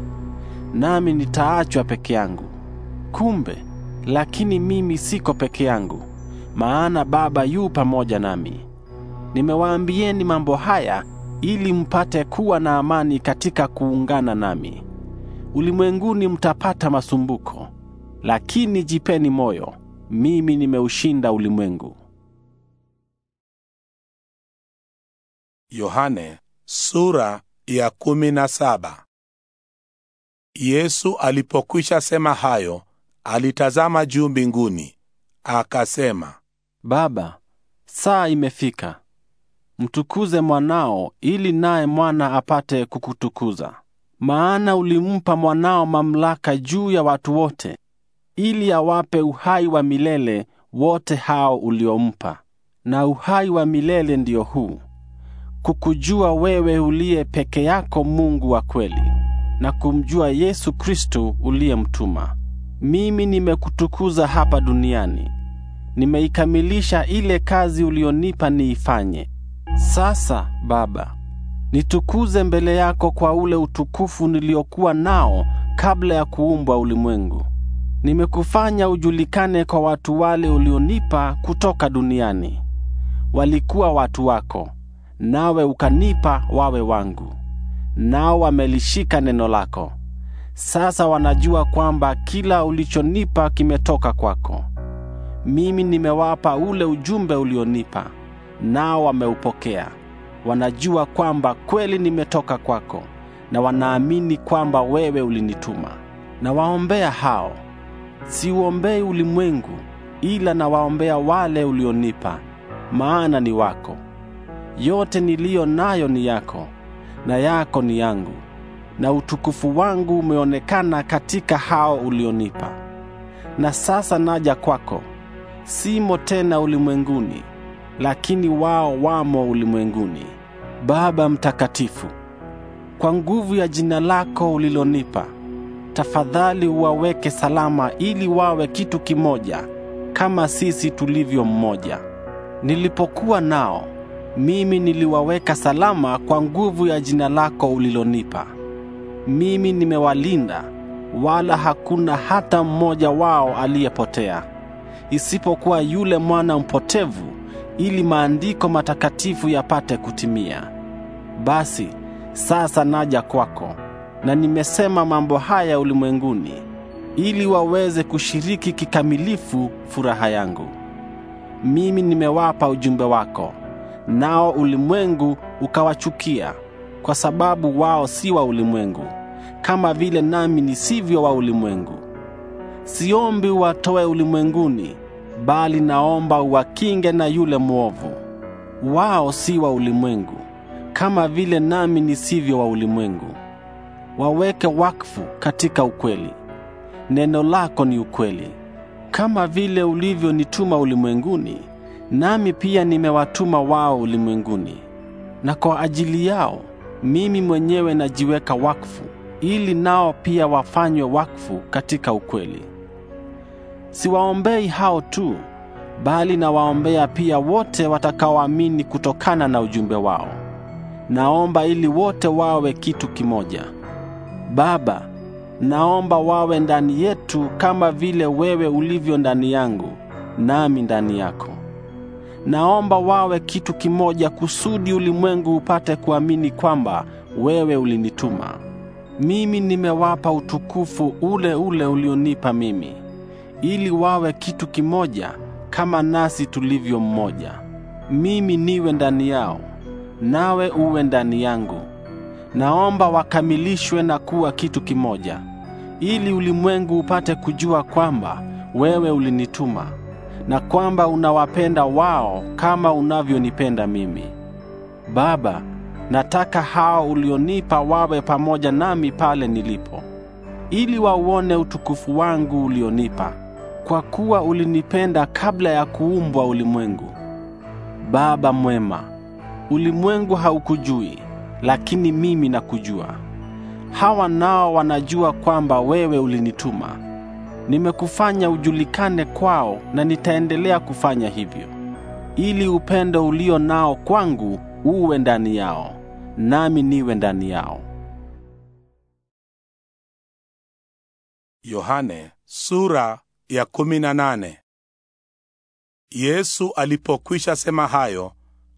nami nitaachwa peke yangu. Kumbe, lakini mimi siko peke yangu, maana Baba yu pamoja nami. Nimewaambieni mambo haya ili mpate kuwa na amani katika kuungana nami. Ulimwenguni mtapata masumbuko, lakini jipeni moyo, mimi nimeushinda ulimwengu. Yohane sura ya kumi na saba. Yesu alipokwisha sema hayo, alitazama juu mbinguni, akasema, Baba, saa imefika. Mtukuze mwanao ili naye mwana apate kukutukuza. Maana ulimpa mwanao mamlaka juu ya watu wote ili awape uhai wa milele wote hao uliompa. Na uhai wa milele ndio huu, kukujua wewe uliye peke yako Mungu wa kweli na kumjua Yesu Kristo uliyemtuma. Mimi nimekutukuza hapa duniani, nimeikamilisha ile kazi ulionipa niifanye. Sasa Baba, nitukuze mbele yako kwa ule utukufu niliokuwa nao kabla ya kuumbwa ulimwengu. Nimekufanya ujulikane kwa watu wale ulionipa kutoka duniani. Walikuwa watu wako, nawe ukanipa wawe wangu nao wamelishika neno lako. Sasa wanajua kwamba kila ulichonipa kimetoka kwako. Mimi nimewapa ule ujumbe ulionipa, nao wameupokea. Wanajua kwamba kweli nimetoka kwako, na wanaamini kwamba wewe ulinituma. Na waombea hao, siuombei ulimwengu, ila nawaombea wale ulionipa, maana ni wako. Yote niliyo nayo ni yako na yako ni yangu, na utukufu wangu umeonekana katika hao ulionipa. Na sasa naja kwako, simo tena ulimwenguni, lakini wao wamo ulimwenguni. Baba Mtakatifu, kwa nguvu ya jina lako ulilonipa, tafadhali uwaweke salama, ili wawe kitu kimoja kama sisi tulivyo mmoja. Nilipokuwa nao mimi niliwaweka salama kwa nguvu ya jina lako ulilonipa. Mimi nimewalinda, wala hakuna hata mmoja wao aliyepotea, isipokuwa yule mwana mpotevu, ili maandiko matakatifu yapate kutimia. Basi sasa naja kwako, na nimesema mambo haya ulimwenguni, ili waweze kushiriki kikamilifu furaha yangu. Mimi nimewapa ujumbe wako nao ulimwengu ukawachukia, kwa sababu wao si wa ulimwengu, kama vile nami nisivyo wa ulimwengu. Siombi uwatoe ulimwenguni, bali naomba uwakinge na yule mwovu. Wao si wa ulimwengu, kama vile nami nisivyo wa ulimwengu. Waweke wakfu katika ukweli. Neno lako ni ukweli. Kama vile ulivyonituma ulimwenguni nami pia nimewatuma wao ulimwenguni, na kwa ajili yao mimi mwenyewe najiweka wakfu, ili nao pia wafanywe wakfu katika ukweli. Siwaombei hao tu, bali nawaombea pia wote watakaoamini kutokana na ujumbe wao. Naomba ili wote wawe kitu kimoja. Baba, naomba wawe ndani yetu kama vile wewe ulivyo ndani yangu, nami ndani yako naomba wawe kitu kimoja, kusudi ulimwengu upate kuamini kwamba wewe ulinituma. Mimi nimewapa utukufu ule ule ulionipa mimi, ili wawe kitu kimoja kama nasi tulivyo mmoja, mimi niwe ndani yao, nawe uwe ndani yangu. Naomba wakamilishwe na kuwa kitu kimoja, ili ulimwengu upate kujua kwamba wewe ulinituma na kwamba unawapenda wao kama unavyonipenda mimi. Baba, nataka hao ulionipa wawe pamoja nami pale nilipo, ili wauone utukufu wangu ulionipa, kwa kuwa ulinipenda kabla ya kuumbwa ulimwengu. Baba mwema, ulimwengu haukujui, lakini mimi nakujua. Hawa nao wanajua kwamba wewe ulinituma nimekufanya ujulikane kwao na nitaendelea kufanya hivyo, ili upendo ulio nao kwangu uwe ndani yao, nami niwe ndani yao. Yohane sura ya Yesu alipokwisha sema hayo,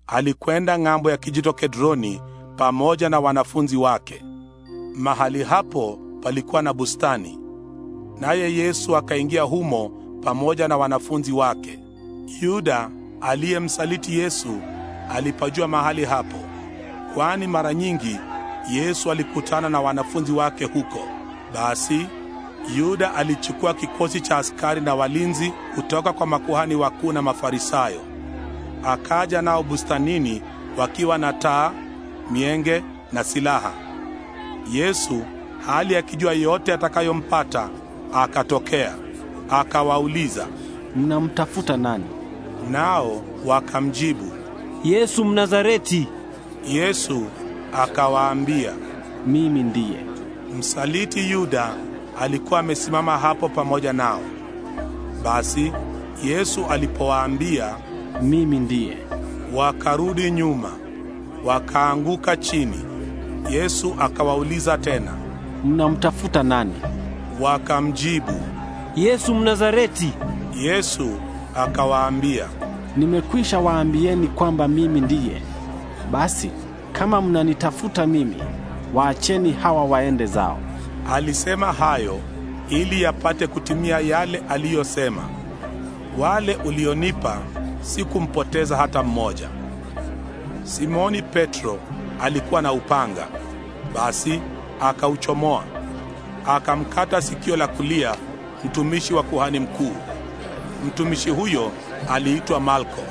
alikwenda ng'ambo ya kijito Kedroni pamoja na wanafunzi wake. Mahali hapo palikuwa na bustani naye Yesu akaingia humo pamoja na wanafunzi wake. Yuda aliyemsaliti Yesu alipajua mahali hapo, kwani mara nyingi Yesu alikutana na wanafunzi wake huko. Basi Yuda alichukua kikosi cha askari na walinzi kutoka kwa makuhani wakuu na Mafarisayo, akaja nao bustanini wakiwa na taa, mienge na silaha. Yesu hali akijua yote atakayompata Akatokea akawauliza, mnamtafuta nani? Nao wakamjibu, Yesu Mnazareti. Yesu akawaambia, mimi ndiye. Msaliti Yuda alikuwa amesimama hapo pamoja nao. Basi Yesu alipowaambia, mimi ndiye, wakarudi nyuma, wakaanguka chini. Yesu akawauliza tena, mnamtafuta nani? Wakamjibu, Yesu Mnazareti. Yesu akawaambia, nimekwisha waambieni kwamba mimi ndiye. Basi kama mnanitafuta mimi, waacheni hawa waende zao. Alisema hayo ili yapate kutimia yale aliyosema, wale ulionipa sikumpoteza hata mmoja. Simoni Petro alikuwa na upanga, basi akauchomoa akamkata sikio la kulia mtumishi wa kuhani mkuu. Mtumishi huyo aliitwa Malko.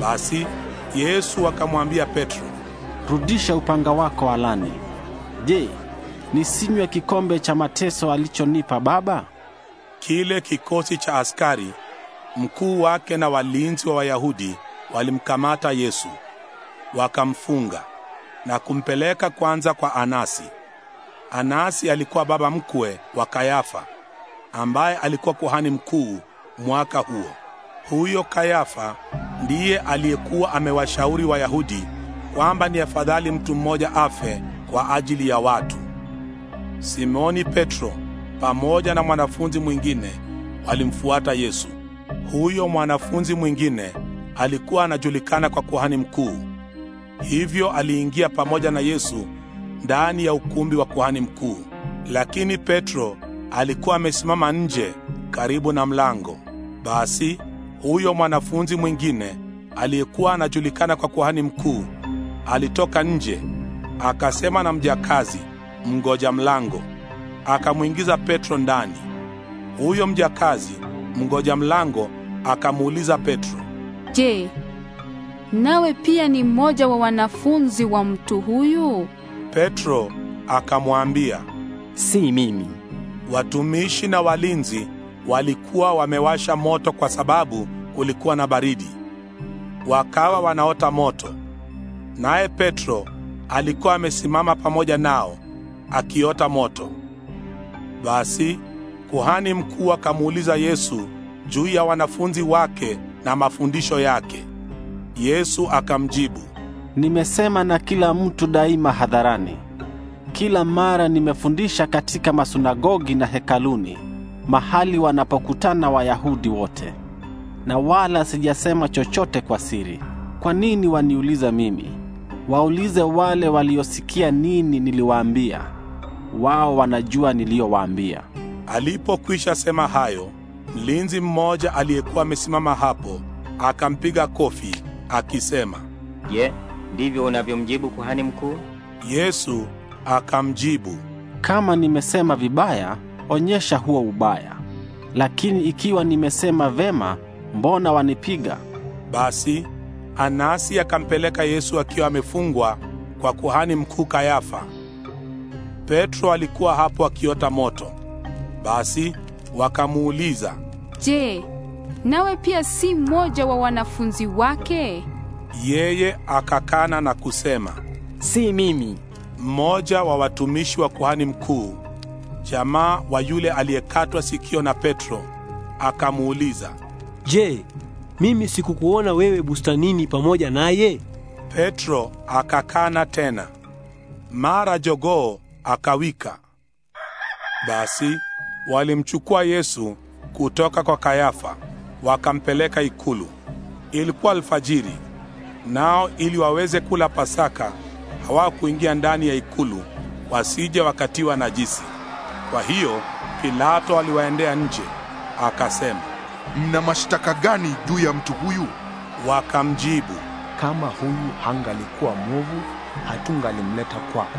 Basi Yesu akamwambia Petro, rudisha upanga wako alani. Je, nisinywe kikombe cha mateso alichonipa Baba? Kile kikosi cha askari mkuu wake na walinzi wa Wayahudi walimkamata Yesu, wakamfunga na kumpeleka kwanza kwa Anasi. Anasi alikuwa baba mkwe wa Kayafa ambaye alikuwa kuhani mkuu mwaka huo. Huyo Kayafa ndiye aliyekuwa amewashauri Wayahudi kwamba ni afadhali mtu mmoja afe kwa ajili ya watu. Simoni Petro pamoja na mwanafunzi mwingine walimfuata Yesu. Huyo mwanafunzi mwingine alikuwa anajulikana kwa kuhani mkuu. Hivyo aliingia pamoja na Yesu ndani ya ukumbi wa kuhani mkuu, lakini Petro alikuwa amesimama nje karibu na mlango. Basi huyo mwanafunzi mwingine aliyekuwa anajulikana kwa kuhani mkuu alitoka nje, akasema na mjakazi mngoja mlango, akamwingiza Petro ndani. Huyo mjakazi mngoja mlango akamuuliza Petro, "Je, nawe pia ni mmoja wa wanafunzi wa mtu huyu?" Petro akamwambia, si mimi. Watumishi na walinzi walikuwa wamewasha moto kwa sababu kulikuwa na baridi, wakawa wanaota moto, naye Petro alikuwa amesimama pamoja nao akiota moto. Basi kuhani mkuu akamuuliza Yesu juu ya wanafunzi wake na mafundisho yake. Yesu akamjibu, Nimesema na kila mtu daima hadharani. Kila mara nimefundisha katika masunagogi na hekaluni, mahali wanapokutana Wayahudi wote, na wala sijasema chochote kwa siri. Kwa nini waniuliza mimi? Waulize wale waliosikia nini niliwaambia, wao wanajua niliyowaambia. Alipokwisha sema hayo, mlinzi mmoja aliyekuwa amesimama hapo akampiga kofi akisema, Je, yeah ndivyo unavyomjibu kuhani mkuu? Yesu akamjibu, kama nimesema vibaya, onyesha huo ubaya, lakini ikiwa nimesema vema, mbona wanipiga? Basi Anasi akampeleka Yesu akiwa amefungwa kwa kuhani mkuu Kayafa. Petro alikuwa hapo akiota moto. Basi wakamuuliza, Je, nawe pia si mmoja wa wanafunzi wake? Yeye akakana na kusema, si mimi. Mmoja wa watumishi wa kuhani mkuu, jamaa wa yule aliyekatwa sikio na Petro, akamuuliza, je, mimi sikukuona wewe bustanini pamoja naye? Petro akakana tena. Mara jogoo akawika. Basi walimchukua Yesu kutoka kwa Kayafa wakampeleka ikulu. Ilikuwa alfajiri nao ili waweze kula Pasaka hawakuingia ndani ya ikulu, wasije wakatiwa najisi. Kwa hiyo Pilato aliwaendea nje akasema, mna mashtaka gani juu ya mtu huyu? Wakamjibu, kama huyu hangalikuwa mwovu, hatungalimleta kwako.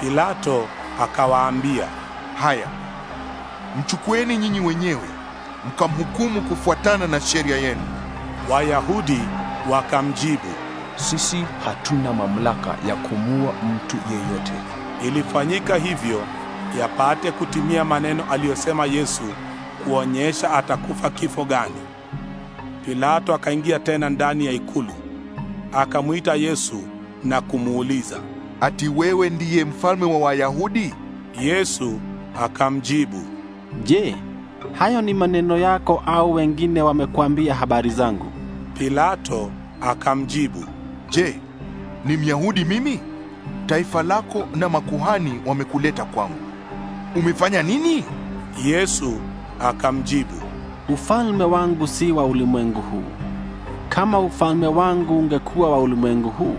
Pilato akawaambia, haya, mchukueni nyinyi wenyewe mkamhukumu kufuatana na sheria yenu. Wayahudi Wakamjibu, sisi hatuna mamlaka ya kumua mtu yeyote. Ilifanyika hivyo yapate kutimia maneno aliyosema Yesu kuonyesha atakufa kifo gani. Pilato akaingia tena ndani ya ikulu, akamwita Yesu na kumuuliza, ati wewe ndiye mfalme wa Wayahudi? Yesu akamjibu, je, hayo ni maneno yako au wengine wamekuambia habari zangu? Pilato akamjibu, Je, ni Myahudi mimi? Taifa lako na makuhani wamekuleta kwangu. Umefanya nini? Yesu akamjibu, Ufalme wangu si wa ulimwengu huu. Kama ufalme wangu ungekuwa wa ulimwengu huu,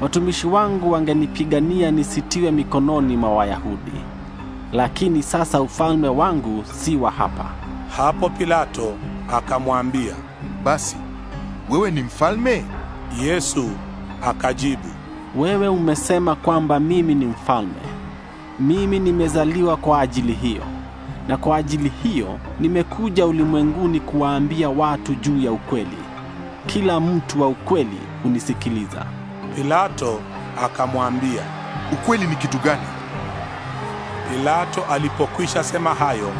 watumishi wangu wangenipigania nisitiwe mikononi mwa Wayahudi. Lakini sasa ufalme wangu si wa hapa. Hapo Pilato akamwambia, Basi wewe ni mfalme? Yesu akajibu, wewe umesema kwamba mimi ni mfalme. Mimi nimezaliwa kwa ajili hiyo, na kwa ajili hiyo nimekuja ulimwenguni kuwaambia watu juu ya ukweli. Kila mtu wa ukweli hunisikiliza. Pilato akamwambia, ukweli ni kitu gani? Pilato alipokwisha sema hayo,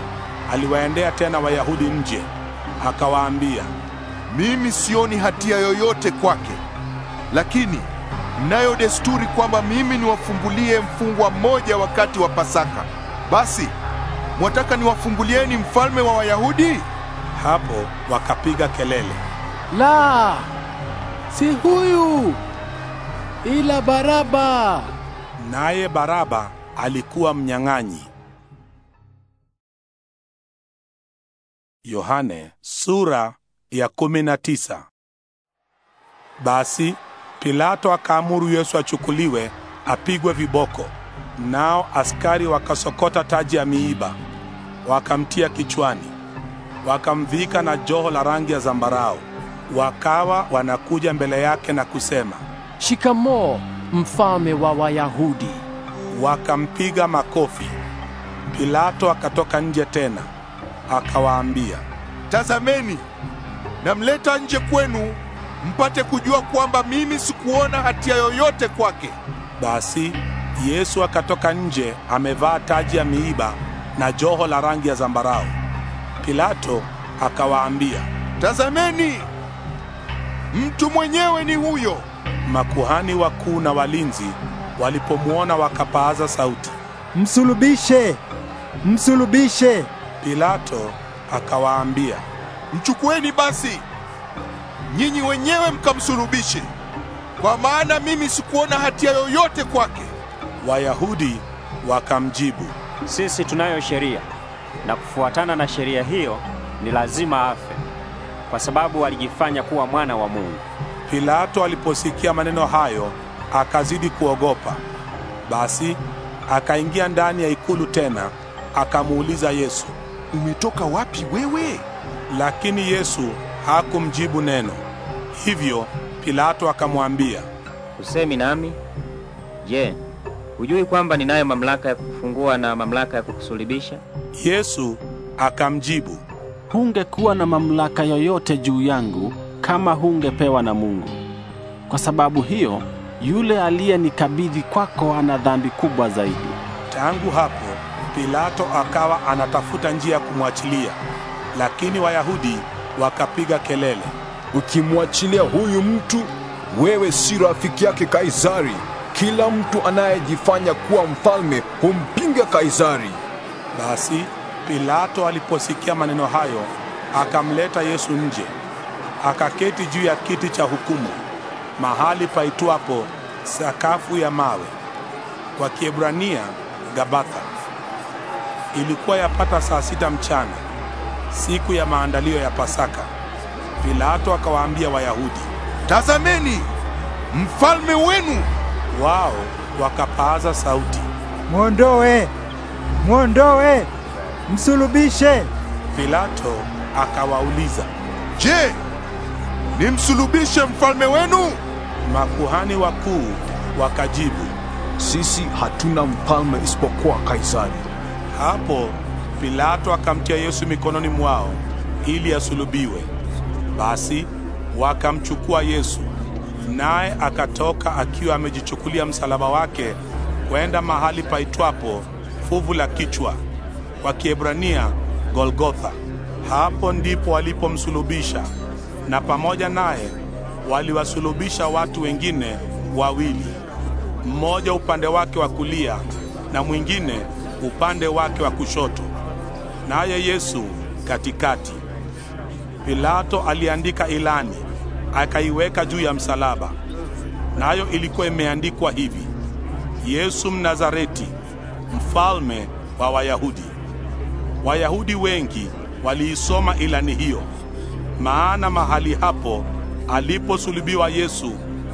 aliwaendea tena Wayahudi nje, akawaambia mimi sioni hatia yoyote kwake, lakini nayo desturi kwamba mimi niwafungulie mfungwa mmoja wakati wa Pasaka. Basi mwataka niwafungulieni mfalme wa Wayahudi? Hapo wakapiga kelele, la, si huyu, ila Baraba. Naye Baraba alikuwa mnyang'anyi. Yohane sura ya kumi na tisa. Basi Pilato akaamuru Yesu achukuliwe apigwe viboko, nao askari wakasokota taji ya miiba wakamtia kichwani, wakamvika na joho la rangi ya zambarau, wakawa wanakuja mbele yake na kusema, Shikamoo, mfalme wa Wayahudi. Wakampiga makofi. Pilato akatoka nje tena akawaambia, Tazameni, namleta nje kwenu mpate kujua kwamba mimi sikuona hatia yoyote kwake. Basi Yesu akatoka nje amevaa taji ya miiba na joho la rangi ya zambarau. Pilato akawaambia, tazameni, mtu mwenyewe ni huyo. Makuhani wakuu na walinzi walipomwona wakapaaza sauti, msulubishe, msulubishe. Pilato akawaambia mchukueni basi nyinyi wenyewe mkamsulubishe, kwa maana mimi sikuona hatia yoyote kwake. Wayahudi wakamjibu, sisi tunayo sheria na kufuatana na sheria hiyo ni lazima afe, kwa sababu alijifanya kuwa mwana wa Mungu. Pilato aliposikia maneno hayo akazidi kuogopa. Basi akaingia ndani ya ikulu tena akamuuliza Yesu, umetoka wapi wewe? Lakini Yesu hakumjibu neno. Hivyo Pilato akamwambia, usemi nami? Je, hujui kwamba ninayo mamlaka ya kukufungua na mamlaka ya kukusulubisha? Yesu akamjibu, hungekuwa na mamlaka yoyote juu yangu kama hungepewa na Mungu. Kwa sababu hiyo, yule aliyenikabidhi kwako ana dhambi kubwa zaidi. Tangu hapo Pilato akawa anatafuta njia ya kumwachilia. Lakini Wayahudi wakapiga kelele, ukimwachilia huyu mtu, wewe si rafiki yake Kaisari. Kila mtu anayejifanya kuwa mfalme humpinga Kaisari. Basi Pilato aliposikia maneno hayo, akamleta Yesu nje, akaketi juu ya kiti cha hukumu, mahali paitwapo sakafu ya mawe, kwa Kiebrania Gabatha. Ilikuwa yapata saa sita mchana siku ya maandalio ya Pasaka, Pilato akawaambia Wayahudi, tazameni mfalme wenu. Wao wakapaaza sauti, mwondoe, mwondoe, msulubishe. Pilato akawauliza, je, nimsulubishe mfalme wenu? Makuhani wakuu wakajibu, sisi hatuna mfalme isipokuwa Kaisari. Hapo Pilato akamtia Yesu mikononi mwao ili asulubiwe. Basi wakamchukua Yesu, naye akatoka akiwa amejichukulia msalaba wake kwenda mahali paitwapo fuvu la kichwa, kwa Kiebrania Golgotha. Hapo ndipo walipomsulubisha, na pamoja naye waliwasulubisha watu wengine wawili, mmoja upande wake wa kulia na mwingine upande wake wa kushoto naye Yesu katikati. Pilato aliandika ilani, akaiweka juu ya msalaba, nayo ilikuwa imeandikwa hivi: Yesu Mnazareti, mfalme wa Wayahudi. Wayahudi wengi waliisoma ilani hiyo, maana mahali hapo aliposulubiwa Yesu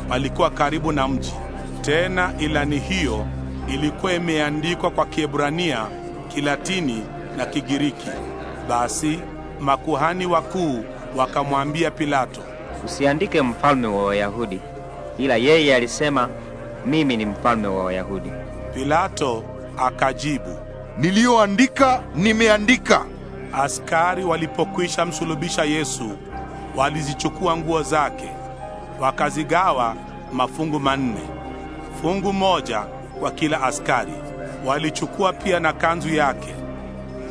palikuwa karibu na mji. Tena ilani hiyo ilikuwa imeandikwa kwa Kiebrania, Kilatini na Kigiriki. Basi makuhani wakuu wakamwambia Pilato, usiandike mfalme wa Wayahudi, ila yeye alisema mimi ni mfalme wa Wayahudi. Pilato akajibu, niliyoandika nimeandika. Askari walipokwisha msulubisha Yesu, walizichukua nguo zake wakazigawa mafungu manne, fungu moja kwa kila askari. Walichukua pia na kanzu yake.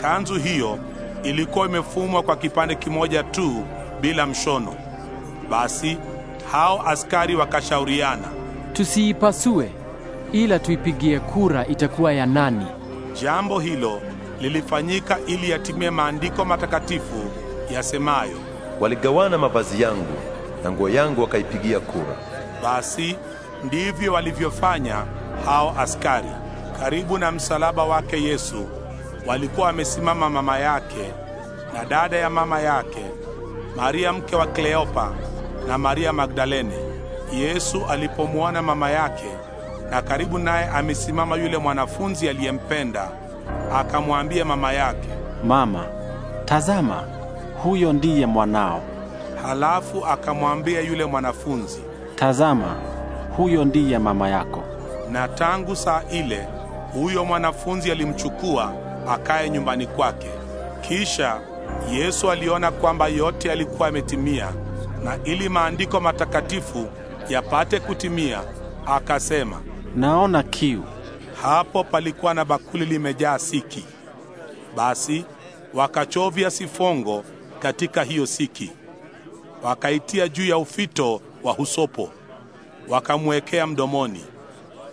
Kanzu hiyo ilikuwa imefumwa kwa kipande kimoja tu bila mshono. Basi hao askari wakashauriana, tusiipasue, ila tuipigie kura itakuwa ya nani. Jambo hilo lilifanyika ili yatimie maandiko matakatifu yasemayo, waligawana mavazi yangu na nguo yangu wakaipigia kura. Basi ndivyo walivyofanya hao askari. Karibu na msalaba wake Yesu walikuwa wamesimama mama yake na dada ya mama yake, Maria mke wa Kleopa na Maria Magdalene. Yesu alipomwona mama yake na karibu naye amesimama yule mwanafunzi aliyempenda, akamwambia mama yake, Mama, tazama, huyo ndiye mwanao. Halafu akamwambia yule mwanafunzi, tazama, huyo ndiye mama yako. Na tangu saa ile huyo mwanafunzi alimchukua akae nyumbani kwake. Kisha Yesu aliona kwamba yote yalikuwa yametimia, na ili maandiko matakatifu yapate kutimia, akasema, naona kiu. Hapo palikuwa na bakuli limejaa siki. Basi wakachovya sifongo katika hiyo siki, wakaitia juu ya ufito wa husopo, wakamwekea mdomoni.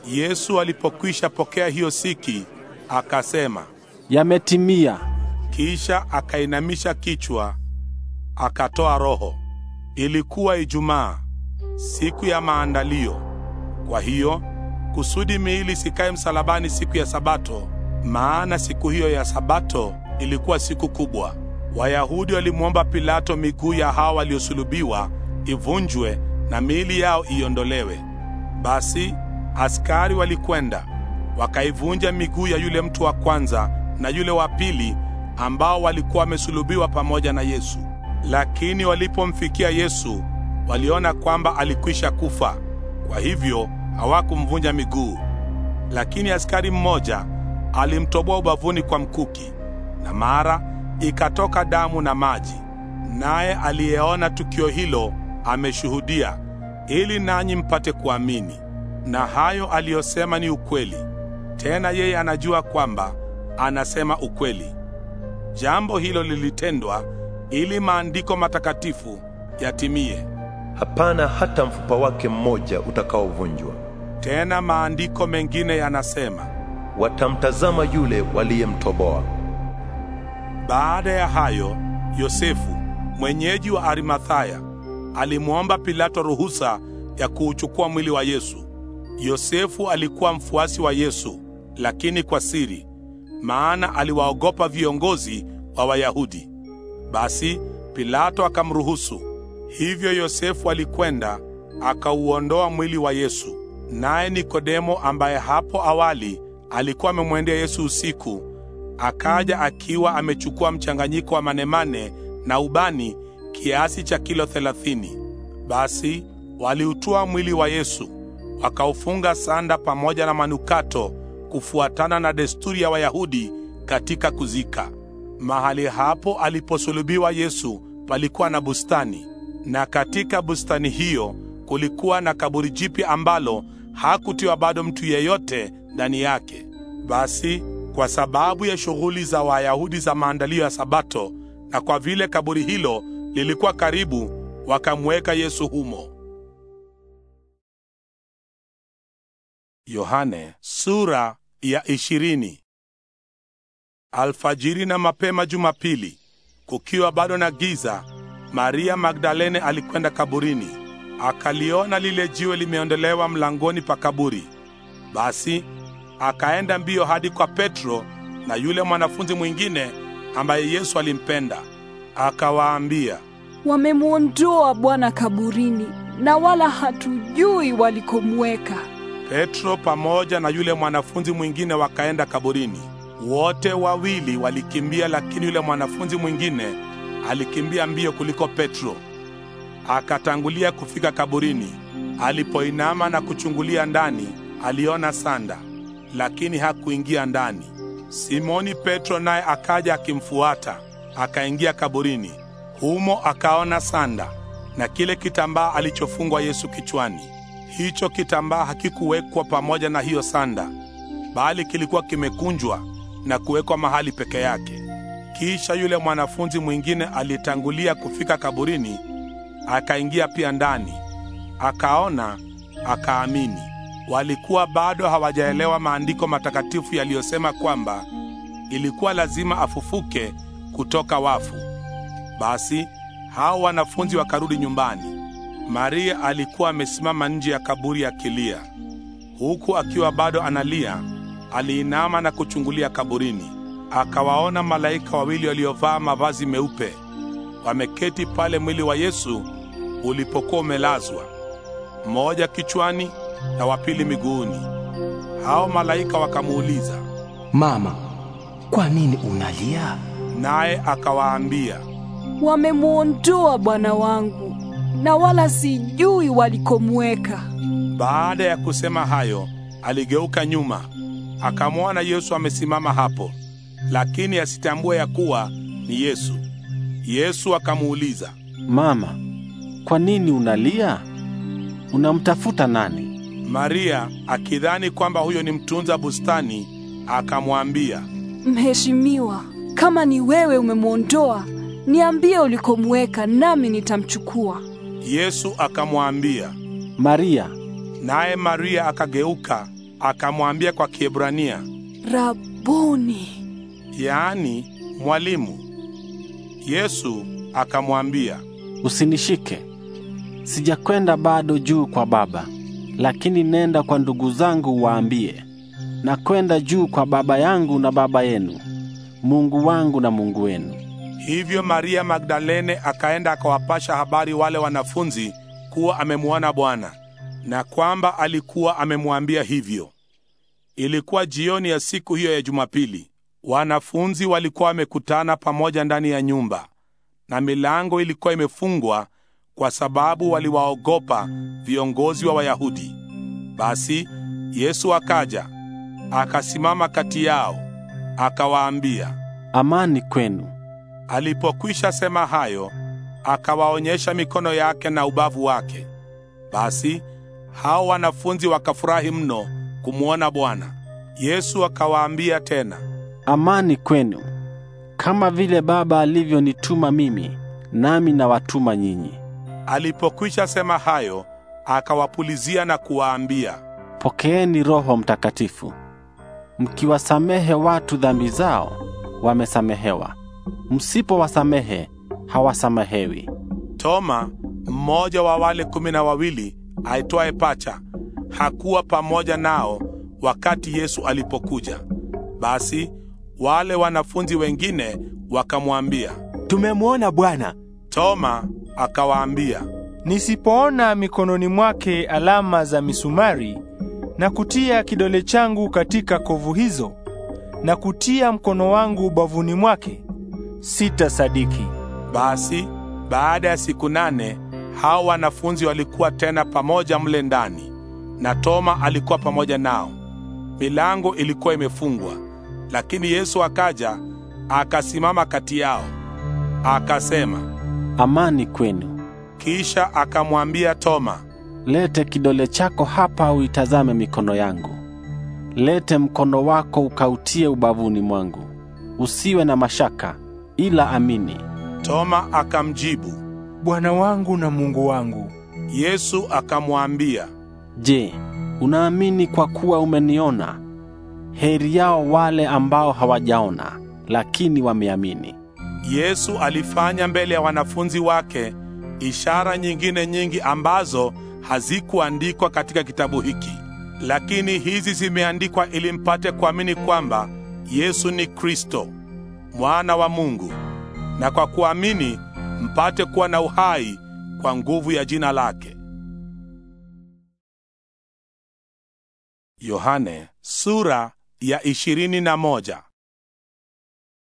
Yesu alipokwisha pokea hiyo siki, akasema yametimia. Kisha akainamisha kichwa akatoa roho. Ilikuwa Ijumaa, siku ya maandalio. Kwa hiyo kusudi miili sikae msalabani siku ya Sabato, maana siku hiyo ya Sabato ilikuwa siku kubwa. Wayahudi walimwomba Pilato miguu ya hawa waliosulubiwa ivunjwe na miili yao iondolewe. Basi askari walikwenda wakaivunja miguu ya yule mtu wa kwanza na yule wa pili ambao walikuwa wamesulubiwa pamoja na Yesu. Lakini walipomfikia Yesu, waliona kwamba alikwisha kufa, kwa hivyo hawakumvunja miguu. Lakini askari mmoja alimtoboa ubavuni kwa mkuki, na mara ikatoka damu na maji. Naye aliyeona tukio hilo ameshuhudia, ili nanyi mpate kuamini. Na hayo aliyosema ni ukweli. Tena yeye anajua kwamba anasema ukweli. Jambo hilo lilitendwa ili maandiko matakatifu yatimie, hapana hata mfupa wake mmoja utakaovunjwa. Tena maandiko mengine yanasema, watamtazama yule waliyemtoboa. Baada ya hayo, Yosefu mwenyeji wa Arimathaya alimwomba Pilato ruhusa ya kuuchukua mwili wa Yesu. Yosefu alikuwa mfuasi wa Yesu, lakini kwa siri, maana aliwaogopa viongozi wa Wayahudi. Basi Pilato akamruhusu. Hivyo Yosefu alikwenda akauondoa mwili wa Yesu. Naye Nikodemo, ambaye hapo awali alikuwa amemwendea Yesu usiku, akaja akiwa amechukua mchanganyiko wa manemane na ubani kiasi cha kilo thelathini. Basi waliutua mwili wa Yesu wakaufunga sanda pamoja na manukato kufuatana na desturi ya Wayahudi katika kuzika. Mahali hapo aliposulubiwa Yesu palikuwa na bustani, na katika bustani hiyo kulikuwa na kaburi jipya ambalo hakutiwa bado mtu yeyote ndani yake. Basi kwa sababu ya shughuli za Wayahudi za maandalio ya Sabato, na kwa vile kaburi hilo lilikuwa karibu, wakamweka Yesu humo. Yohane sura ya ishirini. Alfajiri na mapema Jumapili, kukiwa bado na giza, Maria Magdalene alikwenda kaburini, akaliona lile jiwe limeondolewa mlangoni pa kaburi. Basi akaenda mbio hadi kwa Petro na yule mwanafunzi mwingine ambaye Yesu alimpenda, akawaambia, wamemwondoa Bwana kaburini na wala hatujui walikomweka. Petro pamoja na yule mwanafunzi mwingine wakaenda kaburini. Wote wawili walikimbia, lakini yule mwanafunzi mwingine alikimbia mbio kuliko Petro, akatangulia kufika kaburini. Alipoinama na kuchungulia ndani, aliona sanda, lakini hakuingia ndani. Simoni Petro naye akaja akimfuata, akaingia kaburini. Humo akaona sanda na kile kitambaa alichofungwa Yesu kichwani hicho kitambaa hakikuwekwa pamoja na hiyo sanda, bali kilikuwa kimekunjwa na kuwekwa mahali peke yake. Kisha yule mwanafunzi mwingine alitangulia kufika kaburini, akaingia pia ndani, akaona, akaamini. Walikuwa bado hawajaelewa maandiko matakatifu yaliyosema kwamba ilikuwa lazima afufuke kutoka wafu. Basi hao wanafunzi wakarudi nyumbani Maria alikuwa amesimama nje ya kaburi akilia. Huku akiwa bado analia, aliinama na kuchungulia kaburini. Akawaona malaika wawili waliovaa mavazi meupe wameketi pale mwili wa Yesu ulipokuwa umelazwa, mmoja kichwani na wapili miguuni. Hao malaika wakamuuliza, Mama, kwa nini unalia? Naye akawaambia, wamemwondoa Bwana wangu na wala sijui walikomweka. Baada ya kusema hayo, aligeuka nyuma akamwona Yesu amesimama hapo, lakini asitambua ya kuwa ni Yesu. Yesu akamuuliza, Mama, kwa nini unalia? Unamtafuta nani? Maria akidhani kwamba huyo ni mtunza bustani, akamwambia, Mheshimiwa, kama ni wewe umemwondoa, niambie ulikomweka nami nitamchukua. Yesu akamwambia Maria. Naye Maria akageuka akamwambia kwa Kiebrania Rabuni, yaani mwalimu. Yesu akamwambia usinishike, sijakwenda bado juu kwa Baba, lakini nenda kwa ndugu zangu waambie, nakwenda juu kwa Baba yangu na Baba yenu, Mungu wangu na Mungu wenu. Hivyo Maria Magdalene akaenda akawapasha habari wale wanafunzi kuwa amemwona Bwana na kwamba alikuwa amemwambia hivyo. Ilikuwa jioni ya siku hiyo ya Jumapili. Wanafunzi walikuwa wamekutana pamoja ndani ya nyumba, na milango ilikuwa imefungwa kwa sababu waliwaogopa viongozi wa Wayahudi. Basi Yesu akaja akasimama kati yao, akawaambia, amani kwenu. Alipokwisha sema hayo, akawaonyesha mikono yake na ubavu wake. Basi hao wanafunzi wakafurahi mno kumwona Bwana. Yesu akawaambia tena, amani kwenu. Kama vile Baba alivyonituma mimi, nami nawatuma nyinyi. Alipokwisha sema hayo, akawapulizia na kuwaambia, pokeeni Roho Mtakatifu. Mkiwasamehe watu dhambi zao, wamesamehewa msipowasamehe hawasamehewi. Toma, mmoja wa wale kumi na wawili aitwaye Pacha, hakuwa pamoja nao wakati Yesu alipokuja. Basi wale wanafunzi wengine wakamwambia, tumemwona Bwana. Toma akawaambia, nisipoona mikononi mwake alama za misumari na kutia kidole changu katika kovu hizo na kutia mkono wangu bavuni mwake sitasadiki. Basi baada ya siku nane hao wanafunzi walikuwa tena pamoja mle ndani, na Toma alikuwa pamoja nao. Milango ilikuwa imefungwa, lakini Yesu akaja akasimama kati yao, akasema, amani kwenu. Kisha akamwambia Toma, lete kidole chako hapa, uitazame mikono yangu. Lete mkono wako ukautie ubavuni mwangu, usiwe na mashaka ila amini. Toma akamjibu, Bwana wangu na Mungu wangu. Yesu akamwambia, Je, unaamini kwa kuwa umeniona? Heri yao wale ambao hawajaona lakini wameamini. Yesu alifanya mbele ya wanafunzi wake ishara nyingine nyingi ambazo hazikuandikwa katika kitabu hiki, lakini hizi zimeandikwa ili mpate kuamini kwamba Yesu ni Kristo mwana wa Mungu, na kwa kuamini mpate kuwa na uhai kwa nguvu ya jina lake. Yohane sura ya ishirini na moja.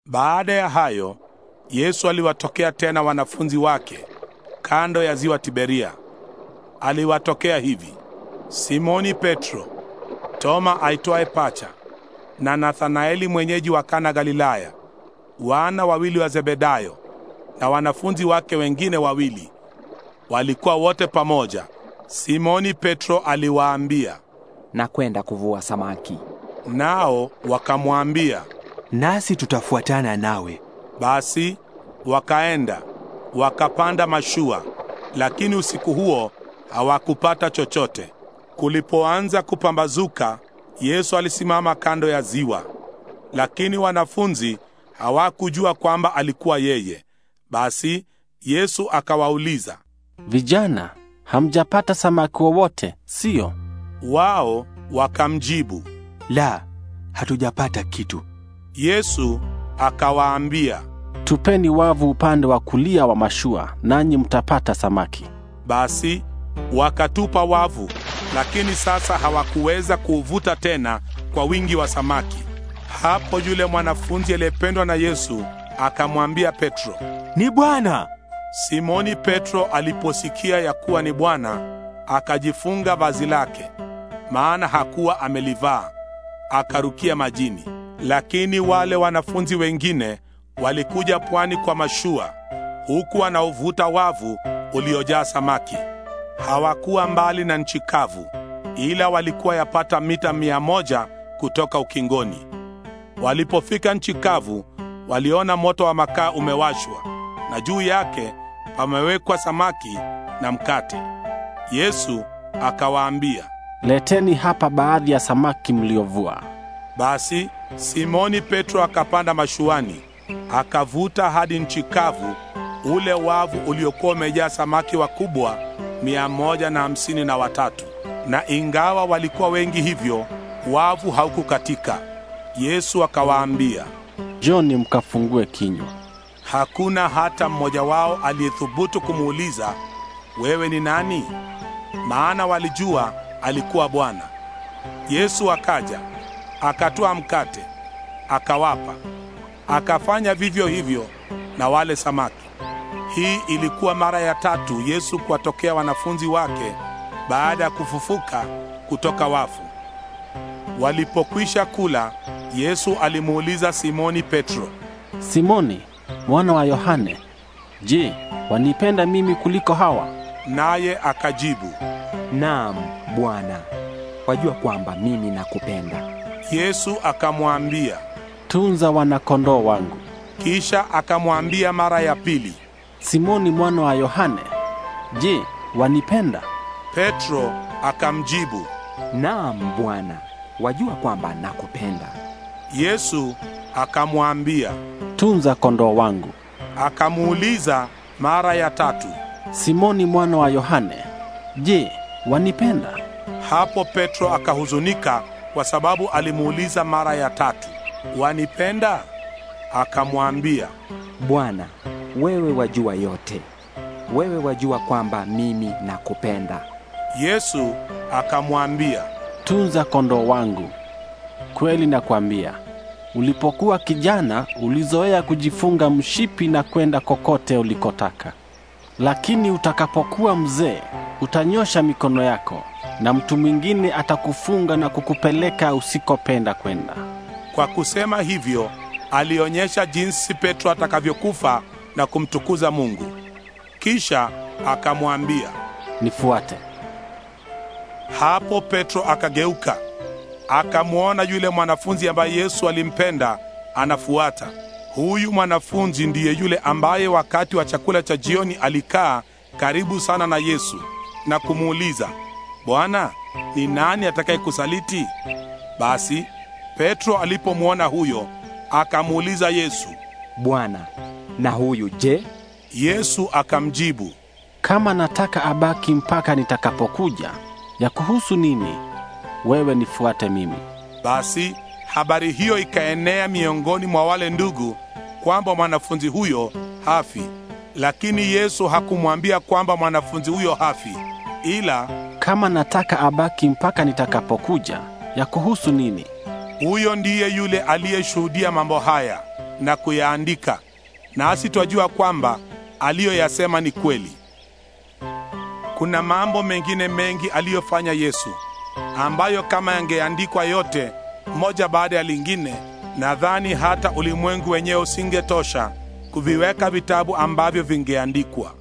Baada ya hayo Yesu aliwatokea tena wanafunzi wake kando ya ziwa Tiberia. Aliwatokea hivi: Simoni Petro, Toma aitwaye Pacha, na Nathanaeli mwenyeji wa Kana Galilaya, wana wawili wa Zebedayo na wanafunzi wake wengine wawili walikuwa wote pamoja. Simoni Petro aliwaambia, na kwenda kuvua samaki. Nao wakamwambia, nasi tutafuatana nawe. Basi wakaenda wakapanda mashua, lakini usiku huo hawakupata chochote. Kulipoanza kupambazuka, Yesu alisimama kando ya ziwa, lakini wanafunzi hawakujua kwamba alikuwa yeye. Basi Yesu akawauliza, vijana, hamjapata samaki wowote, siyo? Wao wakamjibu, la, hatujapata kitu. Yesu akawaambia, tupeni wavu upande wa kulia wa mashua, nanyi mtapata samaki. Basi wakatupa wavu, lakini sasa hawakuweza kuuvuta tena kwa wingi wa samaki. Hapo yule mwanafunzi aliyependwa na Yesu akamwambia Petro, ni Bwana. Simoni Petro aliposikia ya kuwa ni Bwana, akajifunga vazi lake, maana hakuwa amelivaa, akarukia majini. Lakini wale wanafunzi wengine walikuja pwani kwa mashua, huku wanaovuta wavu uliojaa samaki. Hawakuwa mbali na nchi kavu, ila walikuwa yapata mita mia moja kutoka ukingoni. Walipofika nchi kavu, waliona moto wa makaa umewashwa na juu yake pamewekwa samaki na mkate. Yesu akawaambia, leteni hapa baadhi ya samaki mliovua. Basi Simoni Petro akapanda mashuani, akavuta hadi nchi kavu ule wavu uliokuwa umejaa samaki wakubwa mia moja na hamsini na watatu, na ingawa walikuwa wengi hivyo, wavu haukukatika. Yesu akawaambia, Njoni mkafungue kinywa. Hakuna hata mmoja wao aliyethubutu kumuuliza, wewe ni nani? Maana walijua alikuwa Bwana. Yesu akaja, akatoa mkate, akawapa, akafanya vivyo hivyo na wale samaki. Hii ilikuwa mara ya tatu Yesu kuwatokea wanafunzi wake baada ya kufufuka kutoka wafu. Walipokwisha kula Yesu alimuuliza Simoni Petro, Simoni mwana wa Yohane, je, wanipenda mimi kuliko hawa? Naye akajibu, Naam Bwana, wajua kwamba mimi nakupenda. Yesu akamwambia, tunza wanakondoo wangu. Kisha akamwambia mara ya pili, Simoni mwana wa Yohane, je, wanipenda? Petro akamjibu, Naam Bwana, wajua kwamba nakupenda. Yesu akamwambia, tunza kondoo wangu. Akamuuliza mara ya tatu, Simoni mwana wa Yohane, je, wanipenda? Hapo Petro akahuzunika kwa sababu alimuuliza mara ya tatu, wanipenda? Akamwambia, Bwana, wewe wajua yote, wewe wajua kwamba mimi nakupenda. Yesu akamwambia, tunza kondoo wangu. Kweli nakwambia, ulipokuwa kijana ulizoea kujifunga mshipi na kwenda kokote ulikotaka, lakini utakapokuwa mzee utanyosha mikono yako na mtu mwingine atakufunga na kukupeleka usikopenda kwenda. Kwa kusema hivyo, alionyesha jinsi Petro atakavyokufa na kumtukuza Mungu. Kisha akamwambia, nifuate. Hapo Petro akageuka akamwona yule mwanafunzi ambaye Yesu alimpenda anafuata. Huyu mwanafunzi ndiye yule ambaye wakati wa chakula cha jioni alikaa karibu sana na Yesu na kumuuliza, Bwana, ni nani atakayekusaliti? Basi Petro alipomwona huyo, akamuuliza Yesu, Bwana, na huyu je? Yesu akamjibu, kama nataka abaki mpaka nitakapokuja, ya kuhusu nini? wewe nifuate mimi. Basi habari hiyo ikaenea miongoni mwa wale ndugu kwamba mwanafunzi huyo hafi, lakini Yesu hakumwambia kwamba mwanafunzi huyo hafi, ila kama nataka abaki mpaka nitakapokuja, ya kuhusu nini? Huyo ndiye yule aliyeshuhudia mambo haya na kuyaandika, nasi twajua kwamba aliyoyasema ni kweli. Kuna mambo mengine mengi aliyofanya Yesu ambayo kama yangeandikwa yote moja baada ya lingine, nadhani hata ulimwengu wenyewe usingetosha kuviweka vitabu ambavyo vingeandikwa.